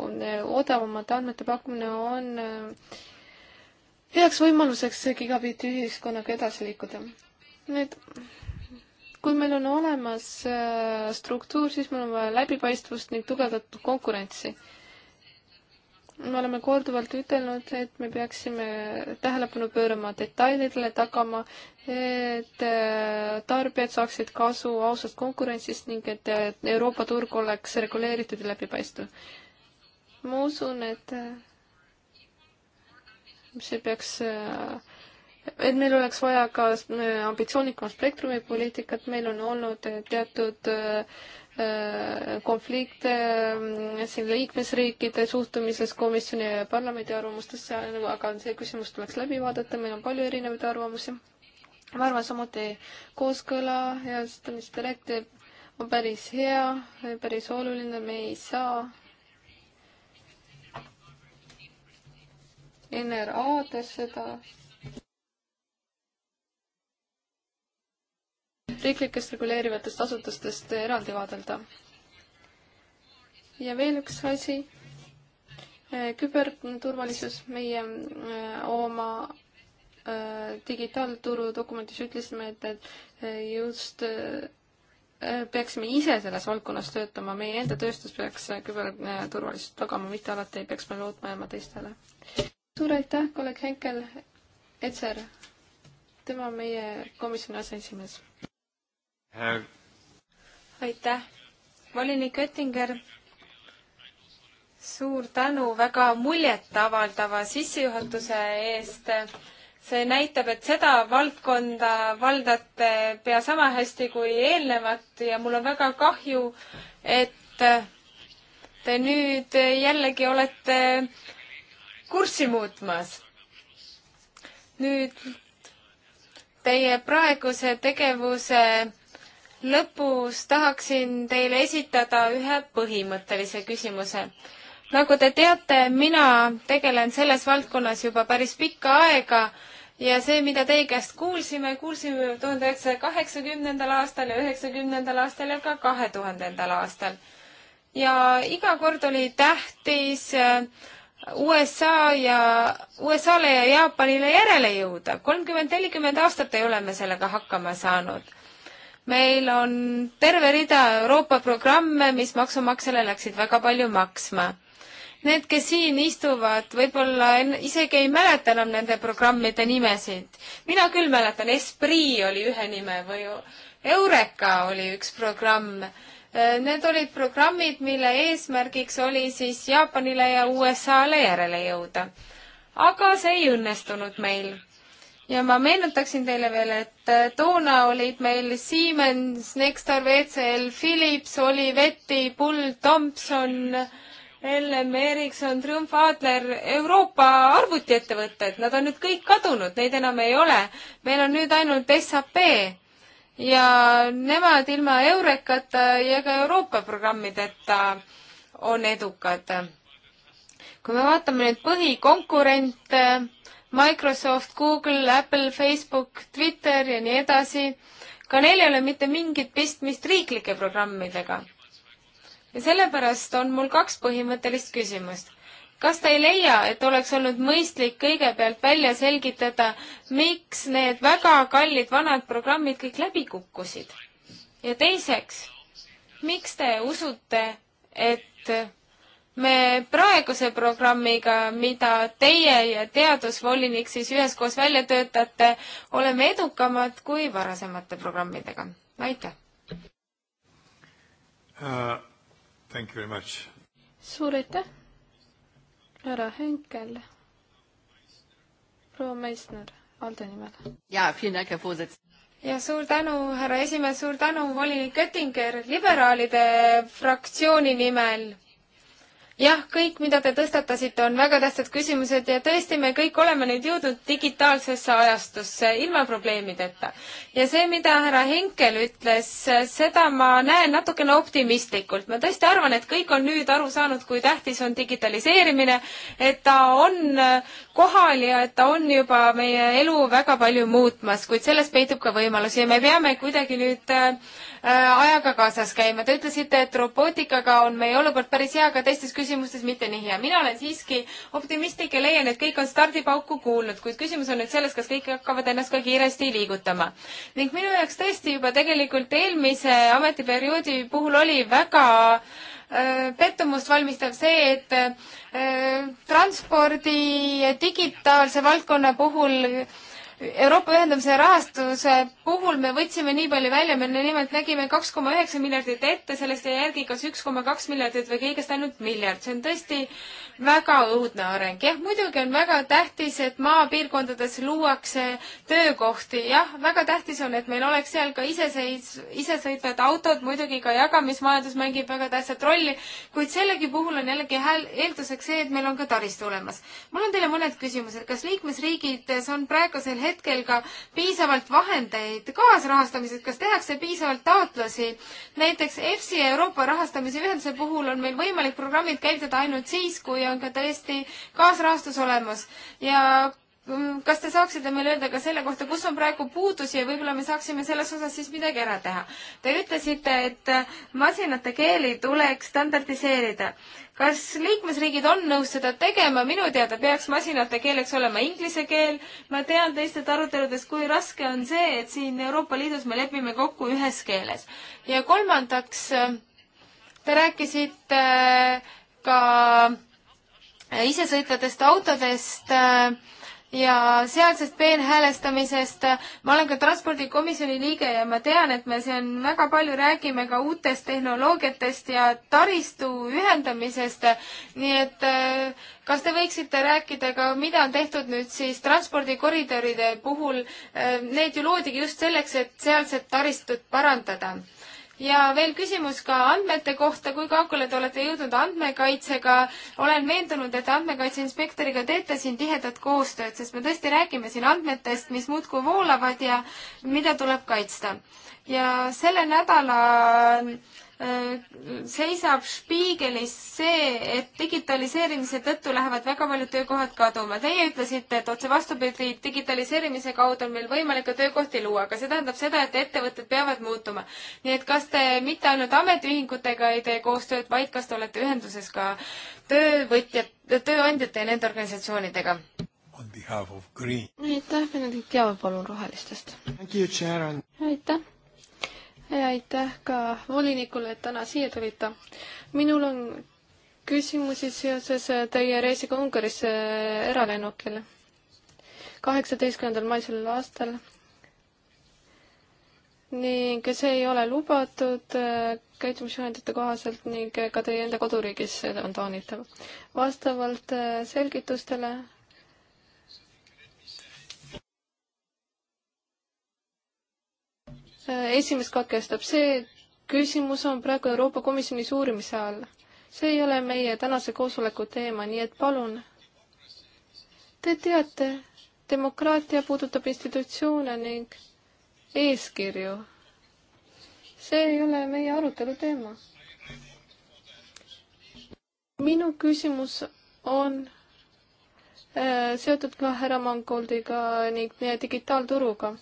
odavamate andmete pakkumine on äh, heaks võimaluseks gigabiiti ühiskonnaga edasi liikuda. nüüd, kui meil on olemas äh, struktuur, siis meil on vaja läbipaistvust ning tugevdatud konkurentsi. me oleme korduvalt ütelnud, et me peaksime tähelepanu pöörama detailidele, tagama, et äh, tarbijad saaksid kasu ausast konkurentsist ning et äh, Euroopa turg oleks reguleeritud ja läbipaistv. ma usun, et see peaks, äh, et meil oleks vaja ka äh, ambitsioonikam spektrumi poliitikat, meil on olnud äh, teatud konflikte siin liikmesriikide suhtumises komisjoni ja parlamendi arvamustesse, aga see küsimus tuleks läbi vaadata, meil on palju erinevaid arvamusi. ma arvan samuti kooskõla heastamisdirekt on päris hea, päris oluline, me ei saa NRA-des seda riiklikest reguleerivatest asutustest eraldi vaadelda. ja veel üks asi, eh, küberturvalisus, meie eh, oma eh, digitaalturu dokumendis ütlesime, et, et just peaksime ise selles valdkonnas töötama, meie enda tööstus peaks küberturvalisust tagama, mitte alati ei peaks me lootma jääma teistele suur aitäh, kolleeg Henkel Etser. tema on meie komisjoni aseesimees. Äh. aitäh, volinik Oettinger. suur tänu väga muljetavaldava sissejuhatuse eest see näitab, et seda valdkonda valdate pea sama hästi kui eelnevat ja mul on väga kahju, et te nüüd jällegi olete kurssi muutmas. nüüd teie praeguse tegevuse lõpus tahaksin teile esitada ühe põhimõttelise küsimuse. nagu te teate, mina tegelen selles valdkonnas juba päris pikka aega ja see, mida teie käest kuulsime, kuulsime tuhande üheksasaja kaheksakümnendal aastal ja üheksakümnendal aastal ja ka kahe tuhandendal aastal. ja iga kord oli tähtis USA ja, USA-le ja Jaapanile järele jõuda. kolmkümmend, nelikümmend aastat ei ole me sellega hakkama saanud. meil on terve rida Euroopa programme, mis maksumaksjale läksid väga palju maksma need, kes siin istuvad, võib-olla isegi ei mäleta enam nende programmide nimesid. mina küll mäletan, Esprit oli ühe nime või Eureka oli üks programm Äh, need olid programmid, mille eesmärgiks oli siis Jaapanile ja USA-le järele jõuda. aga see ei õnnestunud meil. ja ma meenutaksin teile veel, et äh, toona olid meil Siemens, Nextar, WCL, Philips, Olivetti, Bull, Thompson, LM Ericsson, Triumph Adler, Euroopa arvutiettevõtted, nad on nüüd kõik kadunud, neid enam ei ole. meil on nüüd ainult SAP ja nemad ilma Eurekata ja ka Euroopa programmideta on edukad. kui me vaatame neid põhikonkurente, Microsoft, Google, Apple, Facebook, Twitter ja nii edasi, ka neil ei ole mitte mingit pistmist riiklike programmidega. ja sellepärast on mul kaks põhimõttelist küsimust kas te ei leia, et oleks olnud mõistlik kõigepealt välja selgitada, miks need väga kallid vanad programmid kõik läbi kukkusid? ja teiseks, miks te usute, et me praeguse programmiga, mida teie ja teadusvolinik siis üheskoos välja töötate, oleme edukamad kui varasemate programmidega? aitäh uh,! suur aitäh! härra Henkel, proua Meissner, Alde nimel. jaa, ja suur tänu, härra esimees, suur tänu, volinik Oettinger, liberaalide fraktsiooni nimel jah, kõik, mida te tõstatasite, on väga tähtsad küsimused ja tõesti, me kõik oleme nüüd jõudnud digitaalsesse ajastusse ilma probleemideta. ja see, mida härra Henkel ütles, seda ma näen natukene optimistlikult. ma tõesti arvan, et kõik on nüüd aru saanud, kui tähtis on digitaliseerimine, et ta on kohal ja et ta on juba meie elu väga palju muutmas, kuid selles peitub ka võimalusi ja me peame kuidagi nüüd äh, ajaga kaasas käima. Te ütlesite, et robootikaga on meie olukord päris hea, aga teistes küsimustes mitte nii hea. mina olen siiski optimistlik ja leian, et kõik on stardipauku kuulnud, kuid küsimus on nüüd selles, kas kõik hakkavad ennast ka kiiresti liigutama. ning minu jaoks tõesti juba tegelikult eelmise ametiperioodi puhul oli väga äh, Äh, pettumust valmistav see, et äh, transpordi digitaalse valdkonna puhul Euroopa ühendamise rahastuse puhul me võtsime nii palju välja, me nimelt nägime kaks koma üheksa miljardit ette, sellest jäi järgi kas üks koma kaks miljardit või kõigest ainult miljard, see on tõesti väga õudne areng. jah, muidugi on väga tähtis, et maapiirkondades luuakse töökohti, jah, väga tähtis on, et meil oleks seal ka iseseis-, isesõitvad autod, muidugi ka jagamismajandus mängib väga tähtsat rolli, kuid sellegi puhul on jällegi hääl, eelduseks see, et meil on ka taristu olemas. mul on teile mõned küsimused, kas liikmesriigid on praegusel hetkel hetkel ka piisavalt vahendeid kaasrahastamiseks, kas tehakse piisavalt taotlusi? näiteks EFSI Euroopa Rahastamise Ühenduse puhul on meil võimalik programmid käivitada ainult siis, kui on ka tõesti kaasrahastus olemas ja Mm, kas te saaksite meile öelda ka selle kohta, kus on praegu puudusi ja võib-olla me saaksime selles osas siis midagi ära teha? Te ütlesite, et äh, masinate keeli tuleks standardiseerida. kas liikmesriigid on nõus seda tegema? minu teada peaks masinate keeleks olema inglise keel. ma tean teistest aruteludest, kui raske on see, et siin Euroopa Liidus me lepime kokku ühes keeles. ja kolmandaks, äh, te rääkisite äh, ka isesõitvatest autodest äh, ja sealsest peenhäälestamisest. Äh, ma olen ka transpordikomisjoni liige ja ma tean, et me siin väga palju räägime ka uutest tehnoloogiatest ja taristu ühendamisest. nii et äh, kas te võiksite rääkida ka, mida on tehtud nüüd siis transpordikoridoride puhul? Äh, need ju loodigi just selleks, et sealset taristut parandada ja veel küsimus ka andmete kohta, kui kaugele te olete jõudnud andmekaitsega. olen veendunud, et andmekaitse inspektoriga teete siin tihedat koostööd, sest me tõesti räägime siin andmetest, mis muudkui voolavad ja mida tuleb kaitsta. ja selle nädala seisab spiigelis see, et digitaliseerimise tõttu lähevad väga paljud töökohad kaduma. Teie ütlesite, et otse vastupidi, digitaliseerimise kaudu on meil võimalik ka töökohti luua, aga see tähendab seda, et ettevõtted peavad muutuma. nii et kas te mitte ainult ametiühingutega ei tee koostööd, vaid kas te olete ühenduses ka töövõtjad, tööandjate ja nende organisatsioonidega? aitäh, Benedikt Jaave, palun Rohelistest! aitäh! ja aitäh ka volinikule, et täna siia tulite. minul on küsimusi seoses äh, teie reisiga Ungarisse äh, eralennukil. kaheksateistkümnendal mail sellel aastal. ning see ei ole lubatud äh, käitumisjuhendite kohaselt ning ka teie enda koduriigis on taunitav. vastavalt selgitustele Äh, esimest katkestab see, küsimus on praegu Euroopa Komisjonis uurimise all. see ei ole meie tänase koosoleku teema, nii et palun. Te teate, demokraatia puudutab institutsioone ning eeskirju. see ei ole meie arutelu teema. minu küsimus on äh, seotud ka härra Mangoldiga ning digitaalturuga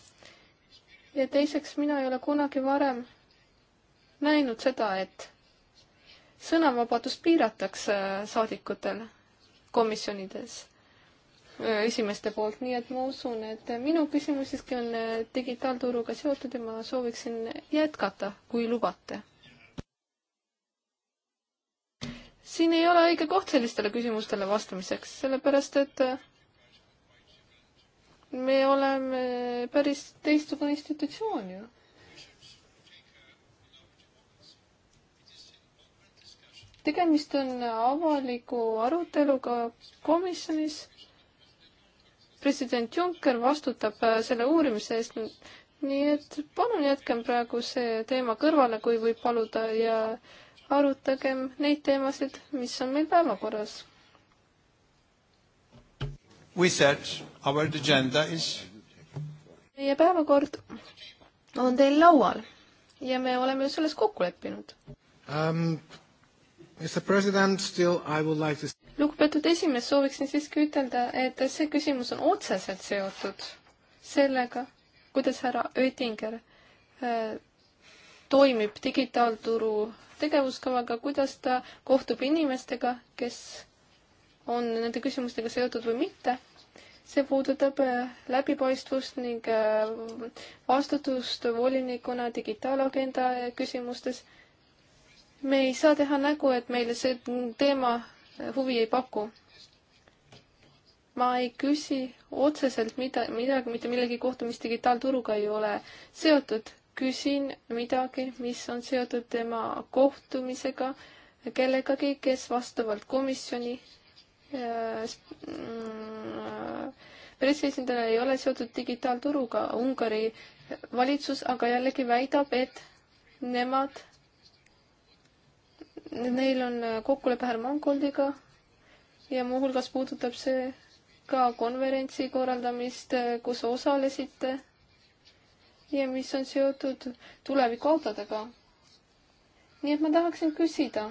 ja teiseks, mina ei ole kunagi varem näinud seda, et sõnavabadust piiratakse äh, saadikutel komisjonides äh, esimeeste poolt, nii et ma usun, et minu küsimus siiski on äh, digitaalturuga seotud ja ma sooviksin jätkata, kui lubate. siin ei ole õige koht sellistele küsimustele vastamiseks, sellepärast et me oleme päris teistsugune institutsioon ju. tegemist on avaliku aruteluga komisjonis. president Juncker vastutab äh, selle uurimise eest. nii et palun jätkem praegu see teema kõrvale, kui võib paluda ja arutagem neid teemasid, mis on meil päevakorras We said our agenda is meie päevakord on teil laual ja me oleme selles kokku leppinud um,. Like to... lugupeetud esimees, sooviksin siiski ütelda, et see küsimus on otseselt seotud sellega, kuidas härra Oettinger äh, toimib digitaalturu tegevuskavaga, kuidas ta kohtub inimestega, kes on nende küsimustega seotud või mitte. see puudutab äh, läbipaistvust ning äh, vastutust volinikuna digitaalagenda äh, küsimustes. me ei saa teha nägu, et meile see teema huvi ei paku. ma ei küsi otseselt mida, midagi, mitte millegi kohta, mis digitaalturuga ei ole seotud. küsin midagi, mis on seotud tema kohtumisega kellegagi, kes vastavalt komisjoni Äh, mm, äh, pressiesindaja ei ole seotud digitaalturuga. Ungari valitsus aga jällegi väidab, et nemad, neil on kokkulepe Hermangoldiga ja muuhulgas puudutab see ka konverentsi korraldamist, äh, kus osalesite ja mis on seotud tulevikuautodega. nii et ma tahaksin küsida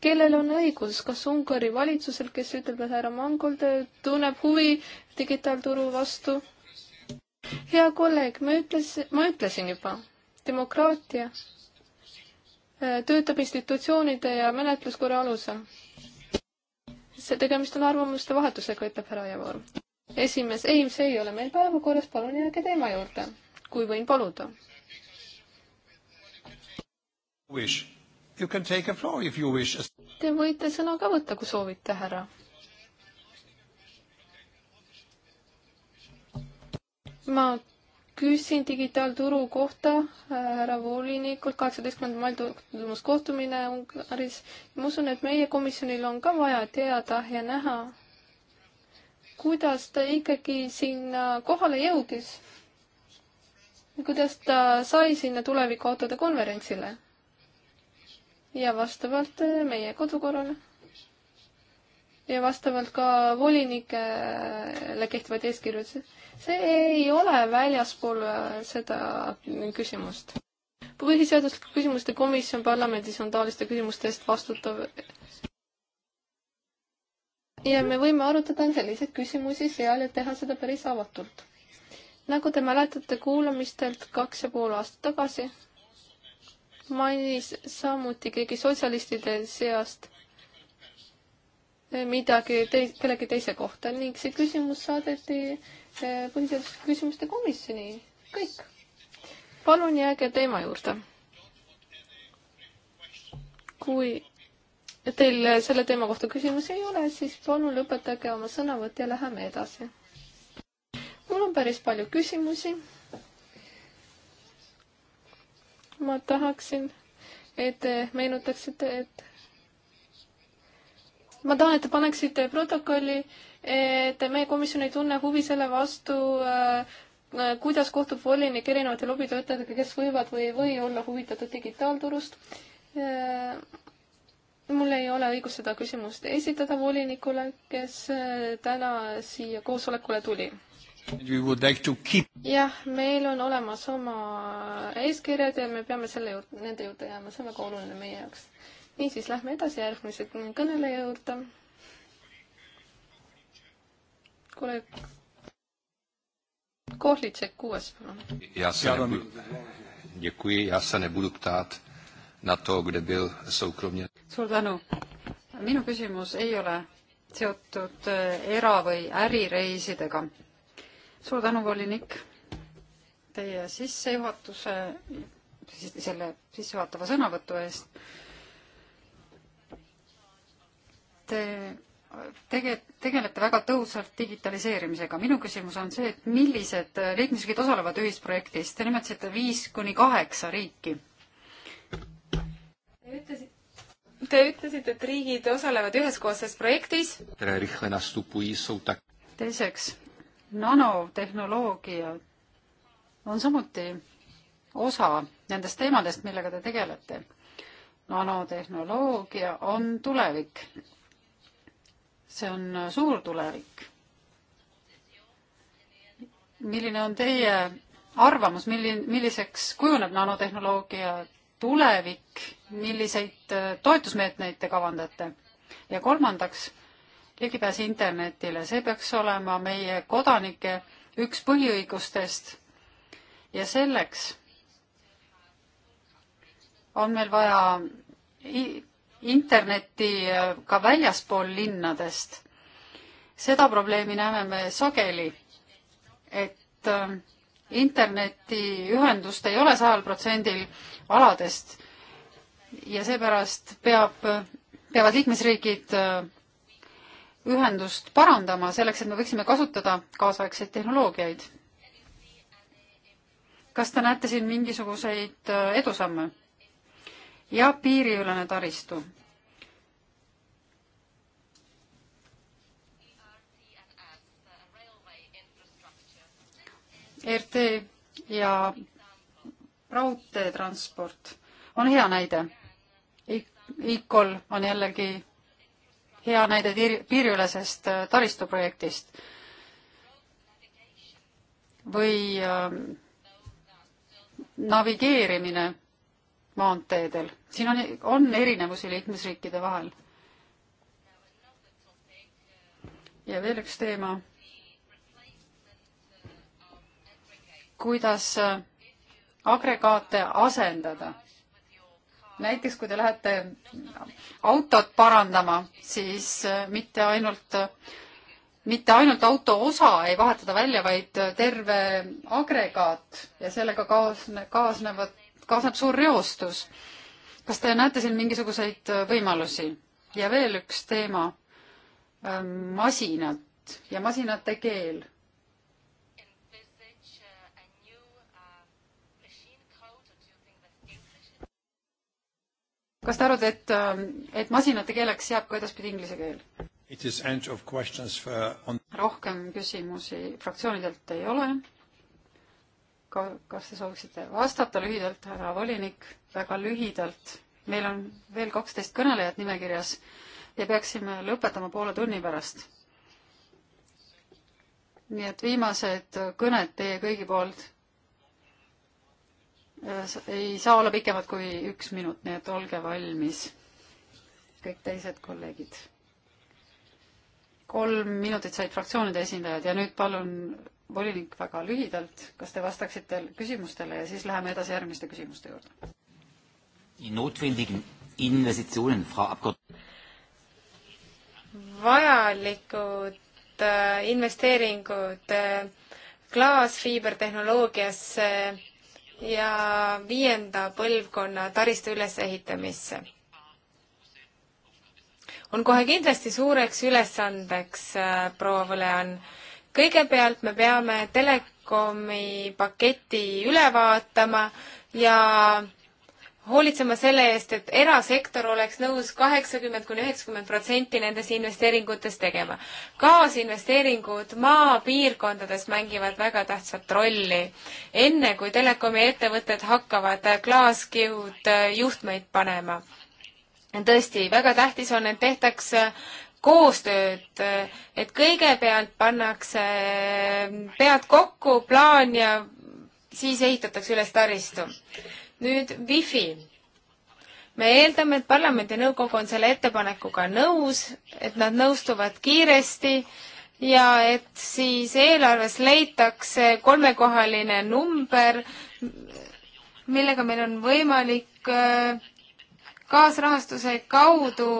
kellel on õigus, kas Ungari valitsusel, kes ütleb, et härra Mangold tunneb huvi digitaalturu vastu? hea kolleeg, ma ütlesin, ma ütlesin juba, demokraatia äh, töötab institutsioonide ja menetluskorra alusel. see tegemist on arvamuste vahetusega, ütleb härra Javor. esimees, ei, see ei ole meil päevakorras, palun jääge teema juurde, kui võin paluda. Wish You can take a floor if you wish. Te võite sõna ka võtta, kui soovite, härra. ma küsin digitaalturu kohta härra volinikult, kaheksateistkümnendal mail toimus kohtumine Ungaris. ma usun, et meie komisjonil on ka vaja teada ja näha, kuidas ta ikkagi sinna kohale jõudis. kuidas ta sai sinna tulevikuautode konverentsile ja vastavalt eh, meie kodukorrale ja vastavalt ka volinikele kehtivaid eeskirju. see ei ole väljaspool eh, seda küsimust. põhiseaduslike küsimuste komisjon parlamendis on taoliste küsimuste eest vastutav. ja me võime arutada selliseid küsimusi seal ja teha seda päris avatult. nagu te mäletate kuulamistelt kaks ja pool aastat tagasi mainis samuti keegi sotsialistide seast midagi tei-, kellegi teise kohta ning see küsimus saadeti eh, põhiseadusküsimuste komisjoni, kõik. palun jääge teema juurde. kui teil selle teema kohta küsimusi ei ole, siis palun lõpetage oma sõnavõtt ja läheme edasi. mul on päris palju küsimusi ma tahaksin, et te meenutaksite, et ma tahan, et te paneksite protokolli, et meie komisjon ei tunne huvi selle vastu, äh, kuidas kohtub volinik erinevate lobitöötajatega, kes võivad või ei või olla huvitatud digitaalturust. Äh, mul ei ole õigust seda küsimust esitada volinikule, kes äh, täna siia koosolekule tuli jah, meil on olemas oma eeskirjad ja me peame selle juurde, nende juurde jääma, see on väga oluline meie jaoks. niisiis, lähme edasi järgmise kõneleja juurde. kuule, Kohlitšek kuues, palun. suur tänu. minu küsimus ei ole seotud eh, era- või ärireisidega suur tänu, volinik, teie sissejuhatuse, selle sissejuhatava sõnavõtu eest. Te tege-, tegelete väga tõhusalt digitaliseerimisega. minu küsimus on see, et millised liikmesriigid osalevad ühisprojektis? Te nimetasite viis kuni kaheksa riiki. Te ütlesite, Te ütlesite, et riigid osalevad üheskooses projektis. teiseks, nanotehnoloogia on samuti osa nendest teemadest, millega te tegelete. nanotehnoloogia on tulevik. see on suur tulevik. milline on teie arvamus, milline, milliseks kujuneb nanotehnoloogia tulevik, milliseid toetusmeetmeid te kavandate? ja kolmandaks ligipääs internetile, see peaks olema meie kodanike üks põhiõigustest ja selleks on meil vaja internetti äh, ka väljaspool linnadest. seda probleemi näeme me sageli, et äh, internetiühendust ei ole sajal protsendil aladest ja seepärast peab, äh, peavad liikmesriigid ühendust parandama, selleks et me võiksime kasutada kaasaegseid tehnoloogiaid. kas te näete siin mingisuguseid äh, edusamme? ja piiriülene taristu. RT ja raudteetransport on hea näide e. E-Call on jällegi hea näide piiriülesest äh, taristuprojektist või ähm, navigeerimine maanteedel. siin on, on erinevusi liikmesriikide vahel. ja veel üks teema. kuidas äh, agregaate asendada näiteks kui te lähete autot parandama, siis äh, mitte ainult, äh, mitte ainult auto osa ei vahetada välja, vaid äh, terve agregaat ja sellega kaasne-, kaasnevad, kaasneb suur reostus. kas te näete siin mingisuguseid võimalusi? ja veel üks teema, ähm, masinad ja masinate keel kas te arvate, et, äh, et masinate keeleks jääb ka edaspidi inglise keel? On... rohkem küsimusi fraktsioonidelt ei ole. ka, kas te sooviksite vastata lühidalt, härra volinik, väga lühidalt? meil on veel kaksteist kõnelejat nimekirjas ja peaksime lõpetama poole tunni pärast. nii et viimased kõned teie kõigi poolt ei saa olla pikemad kui üks minut, nii et olge valmis, kõik teised kolleegid. kolm minutit said fraktsioonide esindajad ja nüüd palun volinik väga lühidalt, kas te vastaksite küsimustele ja siis läheme edasi järgmiste küsimuste juurde. vajalikud äh, investeeringud äh, klaasfiibertehnoloogiasse ja viienda põlvkonna taristu ülesehitamisse. on kohe kindlasti suureks ülesandeks, äh, proua Võlean. kõigepealt me peame telekomi paketi üle vaatama ja hoolitsema selle eest, et erasektor oleks nõus kaheksakümmend kuni üheksakümmend protsenti nendes investeeringutes tegema. kaasinvesteeringud maapiirkondades mängivad väga tähtsat rolli. enne, kui telekomi ettevõtted hakkavad klaaskiud äh, juhtmeid panema. tõesti, väga tähtis on, et tehtaks äh, koostööd, äh, et kõigepealt pannakse pead kokku, plaan ja siis ehitatakse üles taristu nüüd Wi-Fi. me eeldame, et parlamendi nõukogu on selle ettepanekuga nõus, et nad nõustuvad kiiresti ja et siis eelarves leitakse kolmekohaline number, millega meil on võimalik äh, kaasrahastuse kaudu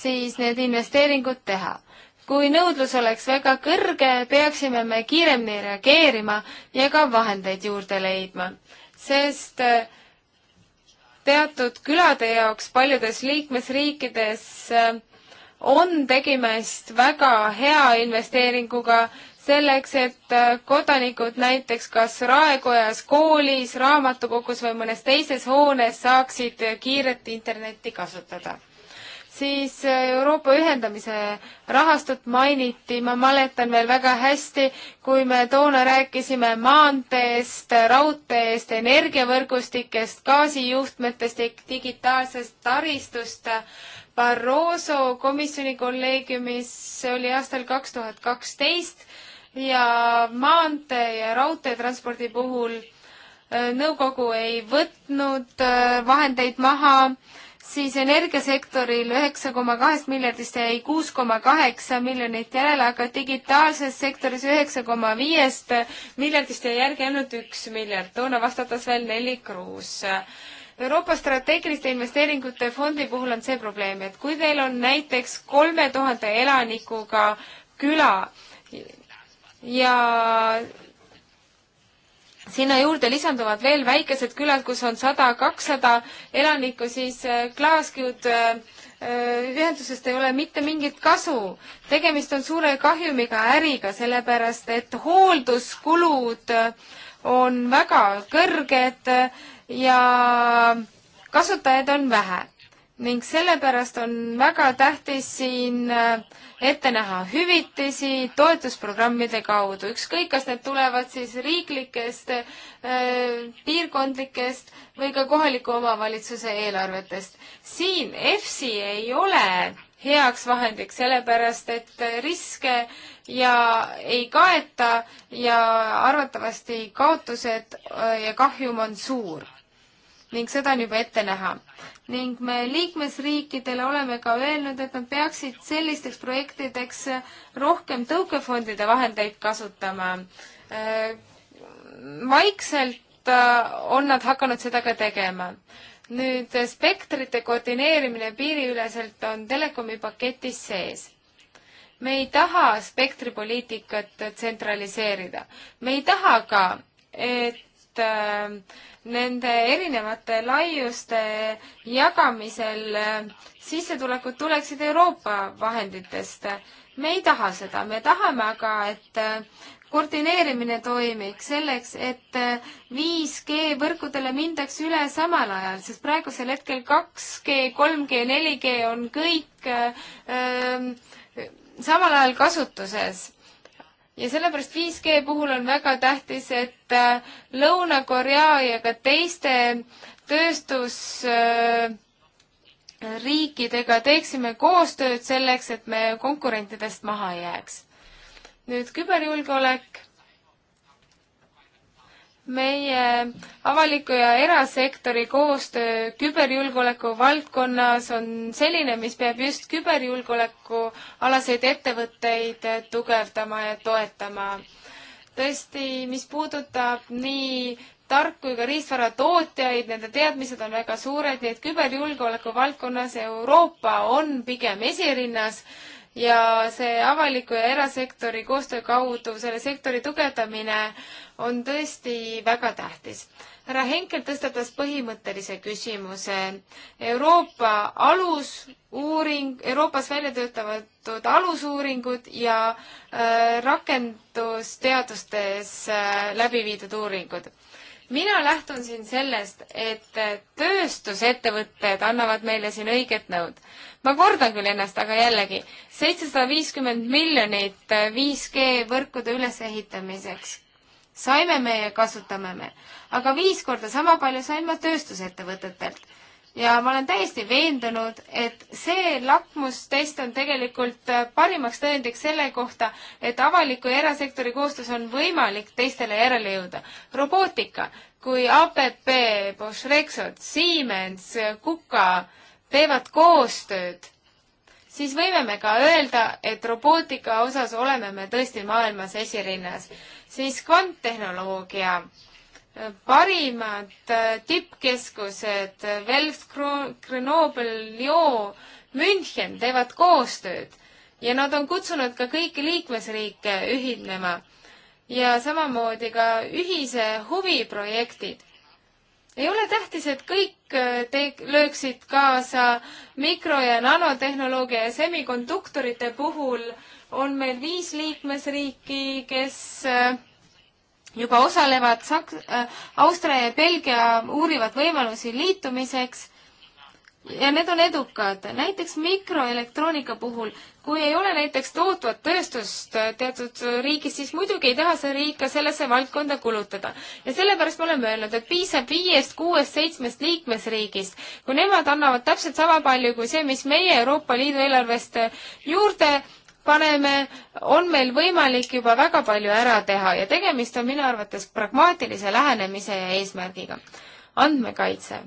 siis need investeeringud teha kui nõudlus oleks väga kõrge, peaksime me kiiremini reageerima ja ka vahendeid juurde leidma, sest äh, teatud külade jaoks paljudes liikmesriikides äh, on tegemist väga hea investeeringuga selleks, et äh, kodanikud näiteks kas raekojas, koolis, raamatukogus või mõnes teises hoones saaksid äh, kiiret internetti kasutada siis äh, Euroopa ühendamise rahastut mainiti, ma mäletan veel väga hästi, kui me toona rääkisime maanteest, raudteest, energiavõrgustikest, gaasijuhtmetest ja digitaalsest taristust. Barroso komisjoni kolleegiumis oli aastal kaks tuhat kaksteist ja maantee ja raudteetranspordi puhul äh, nõukogu ei võtnud äh, vahendeid maha siis energiasektoril üheksa koma kahest miljardist jäi kuus koma kaheksa miljonit järele, aga digitaalses sektoris üheksa koma viiest miljardist jäi järgi ainult üks miljard. toona vastatas veel Nelli Kruus. Euroopa strateegiliste investeeringute fondi puhul on see probleem, et kui teil on näiteks kolme tuhande elanikuga küla ja sinna juurde lisanduvad veel väikesed külad, kus on sada, kakssada elanikku, siis äh, klaaskiud äh, äh, ühendusest ei ole mitte mingit kasu. tegemist on suure kahjumiga äriga, sellepärast et hoolduskulud on väga kõrged ja kasutajaid on vähe ning sellepärast on väga tähtis siin äh, ette näha hüvitisi toetusprogrammide kaudu, ükskõik, kas need tulevad siis riiklikest, äh, piirkondlikest või ka kohaliku omavalitsuse eelarvetest. siin EFSI ei ole heaks vahendiks, sellepärast et äh, riske ja ei kaeta ja arvatavasti kaotused ja kahjum on suur ning seda on juba ette näha. ning me liikmesriikidele oleme ka öelnud, et nad peaksid sellisteks projektideks rohkem tõukefondide vahendeid kasutama. Äh, vaikselt äh, on nad hakanud seda ka tegema. nüüd äh, spektrite koordineerimine piiriüleselt on Telekomi paketis sees me ei taha spektripoliitikat tsentraliseerida. me ei taha ka, et Äh, nende erinevate laiuste jagamisel äh, sissetulekud tuleksid Euroopa vahenditest. me ei taha seda, me tahame aga, et äh, koordineerimine toimiks selleks, et 5G võrkudele mindaks üle samal ajal, sest praegusel hetkel 2G, 3G, 4G on kõik öö, samal ajal kasutuses ja sellepärast 5G puhul on väga tähtis, et äh, Lõuna-Korea ja ka teiste tööstusriikidega teeksime koostööd selleks, et me konkurentidest maha ei jääks. nüüd küberjulgeolek meie avaliku ja erasektori koostöö küberjulgeoleku valdkonnas on selline, mis peab just küberjulgeoleku alaseid ettevõtteid tugevdama ja toetama. tõesti, mis puudutab nii tark kui ka riistvara tootjaid, nende teadmised on väga suured, nii et küberjulgeoleku valdkonnas Euroopa on pigem esirinnas ja see avaliku ja erasektori koostöö kaudu selle sektori tugevdamine on tõesti väga tähtis. härra Henkel tõstatas põhimõttelise küsimuse. Euroopa alusuuring, Euroopas välja töötatud alusuuringud ja äh, rakendusteadustes äh, läbi viidud uuringud mina lähtun siin sellest, et tööstusettevõtted annavad meile siin õiget nõud. ma kordan küll ennast, aga jällegi, seitsesada viiskümmend miljonit 5G võrkude ülesehitamiseks saime me ja kasutame me. aga viis korda sama palju sain ma tööstusettevõtetelt ja ma olen täiesti veendunud, et see lakmustest on tegelikult äh, parimaks tõendiks selle kohta, et avaliku ja erasektori koostöös on võimalik teistele järele jõuda. robootika, kui APP, Bosch Rexot, Siemens, Kuka teevad koostööd, siis võime me ka öelda, et robootika osas oleme me tõesti maailmas esirinnas. siis kvanttehnoloogia parimad äh, tippkeskused, Velsk, Grenoble, Lyon, München teevad koostööd ja nad on kutsunud ka kõiki liikmesriike ühinema ja samamoodi ka ühise huviprojektid. ei ole tähtis, et kõik äh, te-, lööksid kaasa mikro- ja nanotehnoloogia ja semikonduktorite puhul on meil viis liikmesriiki, kes äh, juba osalevad, Saks- äh,, Austria ja Belgia uurivad võimalusi liitumiseks ja need on edukad. näiteks mikroelektroonika puhul, kui ei ole näiteks tootvat tööstust äh, teatud riigis, siis muidugi ei taha see riik ka sellesse valdkonda kulutada. ja sellepärast me oleme öelnud, et piisab viiest, kuuest, seitsmest liikmesriigist. kui nemad annavad täpselt sama palju kui see, mis meie Euroopa Liidu eelarvest äh, juurde paneme, on meil võimalik juba väga palju ära teha ja tegemist on minu arvates pragmaatilise lähenemise ja eesmärgiga. andmekaitse.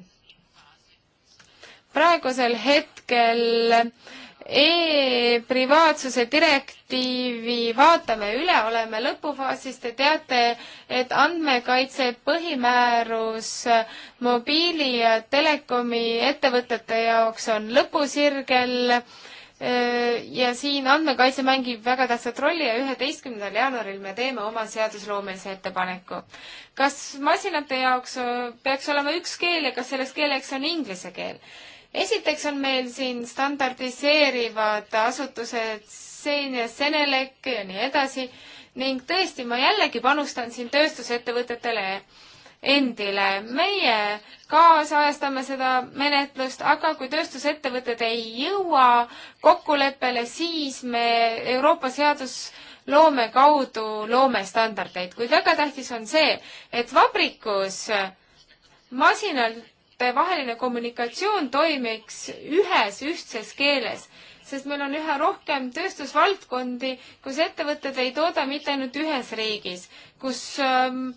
praegusel hetkel e-privaatsuse direktiivi vaatame üle, oleme lõpufaasis, te teate, et andmekaitse põhimäärus mobiili ja telekomi ettevõtete jaoks on lõpusirgel Äh, ja siin andmekaitse mängib väga tähtsat rolli ja üheteistkümnendal jaanuaril me teeme oma seadusloomelise ettepaneku. kas masinate jaoks äh, peaks olema üks keel ja kas selleks keeleks on inglise keel? esiteks on meil siin standardiseerivad asutused Sen ja Senelec ja nii edasi ning tõesti, ma jällegi panustan siin tööstusettevõtetele endile. meie kaasajastame seda menetlust, aga kui tööstusettevõtted ei jõua kokkuleppele, siis me Euroopa seadusloome kaudu loome standardeid, kuid väga tähtis on see, et vabrikus masinate vaheline kommunikatsioon toimiks ühes ühtses keeles sest meil on üha rohkem tööstusvaldkondi, kus ettevõtted ei tooda mitte ainult ühes riigis, kus ähm,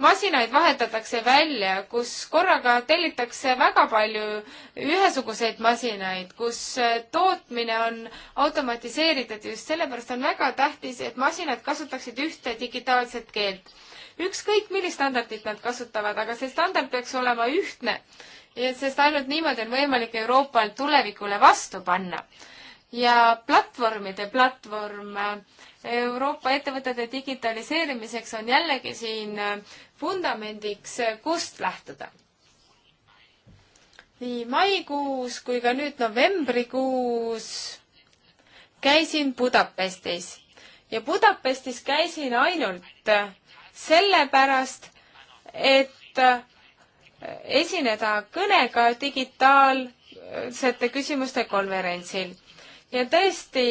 masinaid vahetatakse välja, kus korraga tellitakse väga palju ühesuguseid masinaid, kus äh, tootmine on automatiseeritud ja just sellepärast on väga tähtis, et masinad kasutaksid ühte digitaalset keelt. ükskõik, millist standardit nad kasutavad, aga see standard peaks olema ühtne. sest ainult niimoodi on võimalik Euroopal tulevikule vastu panna ja platvormide platvorm äh, Euroopa ettevõtete digitaliseerimiseks on jällegi siin äh, vundamendiks, kust lähtuda. nii maikuus kui ka nüüd novembrikuus käisin Budapestis ja Budapestis käisin ainult sellepärast, et esineda kõnega digitaalsete küsimuste konverentsil ja tõesti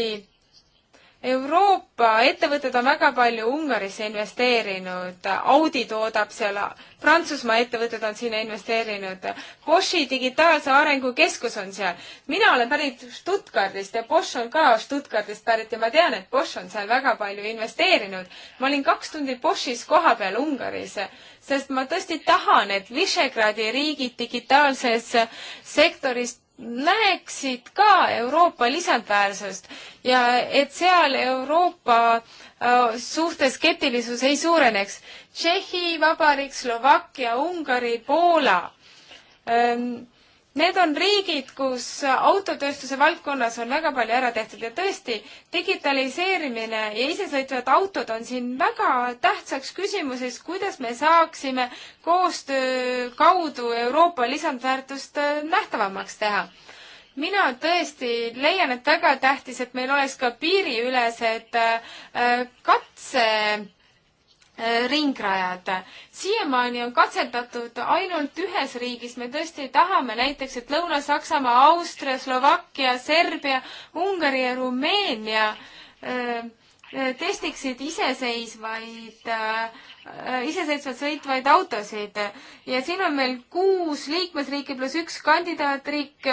Euroopa ettevõtted on väga palju Ungarisse investeerinud, Audi toodab seal, Prantsusmaa ettevõtted on sinna investeerinud, Boschi digitaalse arengukeskus on seal. mina olen pärit Stuttgardist ja Bosch on ka Stuttgardist pärit ja ma tean, et Bosch on seal väga palju investeerinud. ma olin kaks tundi Boschis kohapeal Ungaris, sest ma tõesti tahan, et Visegradi riigid digitaalses sektoris näeksid ka Euroopa lisandväärsust ja et seal Euroopa äh, suhtes skeptilisus ei suureneks. Tšehhi Vabariik, Slovakkia, Ungari, Poola ähm, Need on riigid, kus autotööstuse valdkonnas on väga palju ära tehtud ja tõesti, digitaliseerimine ja isesõitvad autod on siin väga tähtsaks küsimuses, kuidas me saaksime koostöö kaudu Euroopa lisandväärtust äh, nähtavamaks teha mina tõesti leian, et väga tähtis, et meil oleks ka piiriülesed äh, äh, katse Äh, ringrajad. siiamaani on katsetatud ainult ühes riigis, me tõesti tahame näiteks, et Lõuna-Saksamaa, Austria, Slovakkia, Serbia, Ungari ja Rumeenia öö, äh, äh, testiksid iseseisvaid äh, Äh, iseseisvalt sõitvaid autosid ja siin on meil kuus liikmesriiki pluss üks kandidaatriik,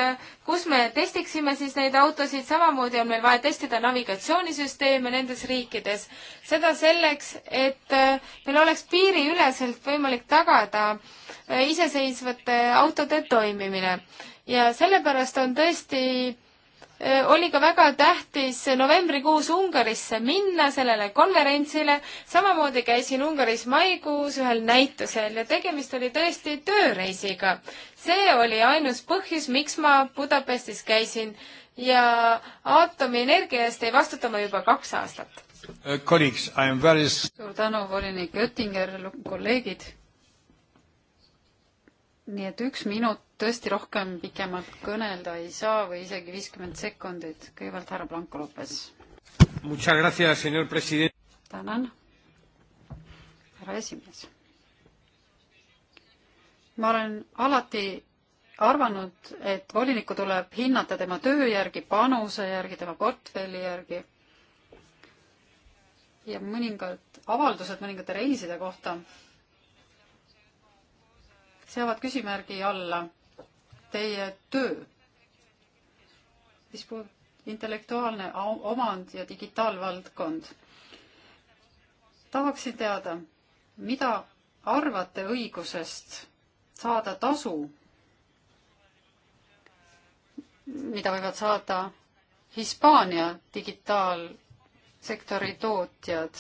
kus me testiksime siis neid autosid, samamoodi on meil vaja testida navigatsioonisüsteeme nendes riikides. seda selleks, et äh, meil oleks piiriüleselt võimalik tagada äh, iseseisvate autode toimimine ja sellepärast on tõesti oli ka väga tähtis novembrikuus Ungarisse minna sellele konverentsile. samamoodi käisin Ungaris maikuus ühel näitusel ja tegemist oli tõesti tööreisiga. see oli ainus põhjus, miks ma Budapestis käisin ja aatomienergia eest ei vastuta ma juba kaks aastat. Uh, colleagues, I am very suur tänu, volinik Oettinger, kolleegid nii et üks minut tõesti rohkem pikemalt kõnelda ei saa või isegi viiskümmend sekundit. kõigepealt härra Blanco Lopez. tänan, härra esimees. ma olen alati arvanud, et volinikku tuleb hinnata tema töö järgi, panuse järgi, tema portfelli järgi. ja mõningad avaldused mõningate reiside kohta seavad küsimärgi alla teie töö, mis puudutab intellektuaalne omand ja digitaalvaldkond. tahaksin teada, mida arvate õigusest saada tasu, mida võivad saada Hispaania digitaalsektori tootjad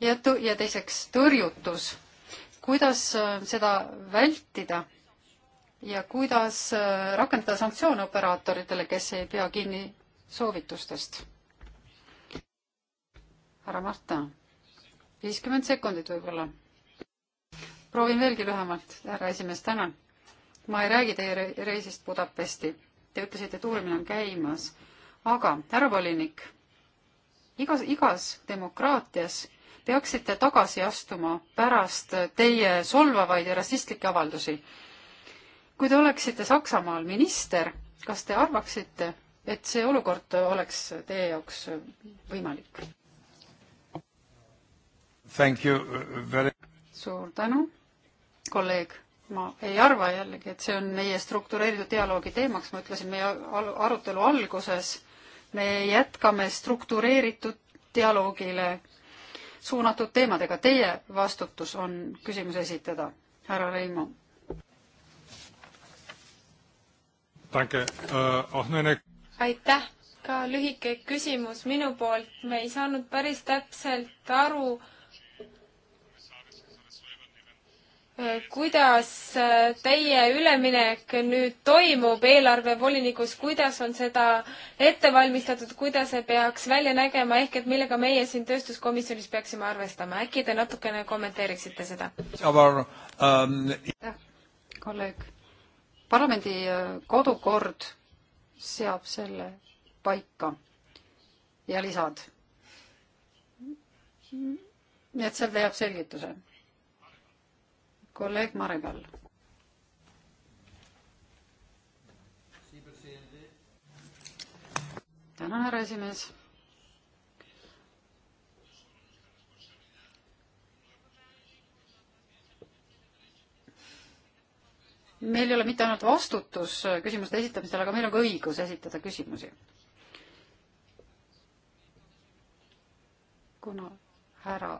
ja, ja teiseks tõrjutus kuidas äh, seda vältida ja kuidas äh, rakendada sanktsioone operaatoritele, kes ei pea kinni soovitustest? härra Marta, viiskümmend sekundit võib-olla. proovin veelgi lühemalt, härra esimees, tänan. ma ei räägi teie reisist Budapesti. Te ütlesite, et uurimine on käimas. aga härra volinik, igas, igas demokraatias peaksite tagasi astuma pärast teie solvavaid ja rassistlikke avaldusi. kui te oleksite Saksamaal minister, kas te arvaksite, et see olukord oleks teie jaoks võimalik? Very... suur tänu, kolleeg. ma ei arva jällegi, et see on meie struktureeritud dialoogi teemaks, ma ütlesin meie arutelu alguses, me jätkame struktureeritud dialoogile suunatud teemadega. Teie vastutus on küsimus esitada, härra Reimo. Äh, aitäh, ka lühike küsimus minu poolt. me ei saanud päris täpselt aru, kuidas äh, teie üleminek nüüd toimub eelarvevolinikus, kuidas on seda ette valmistatud, kuidas see peaks välja nägema, ehk et millega meie siin tööstuskomisjonis peaksime arvestama, äkki te natukene kommenteeriksite seda? Um... kolleeg, parlamendi äh, kodukord seab selle paika ja lisad. nii et seal leiab selgituse kolleeg Maripall. tänan, härra esimees. meil ei ole mitte ainult vastutus küsimuste esitamisel, aga meil on ka õigus esitada küsimusi. kuna härra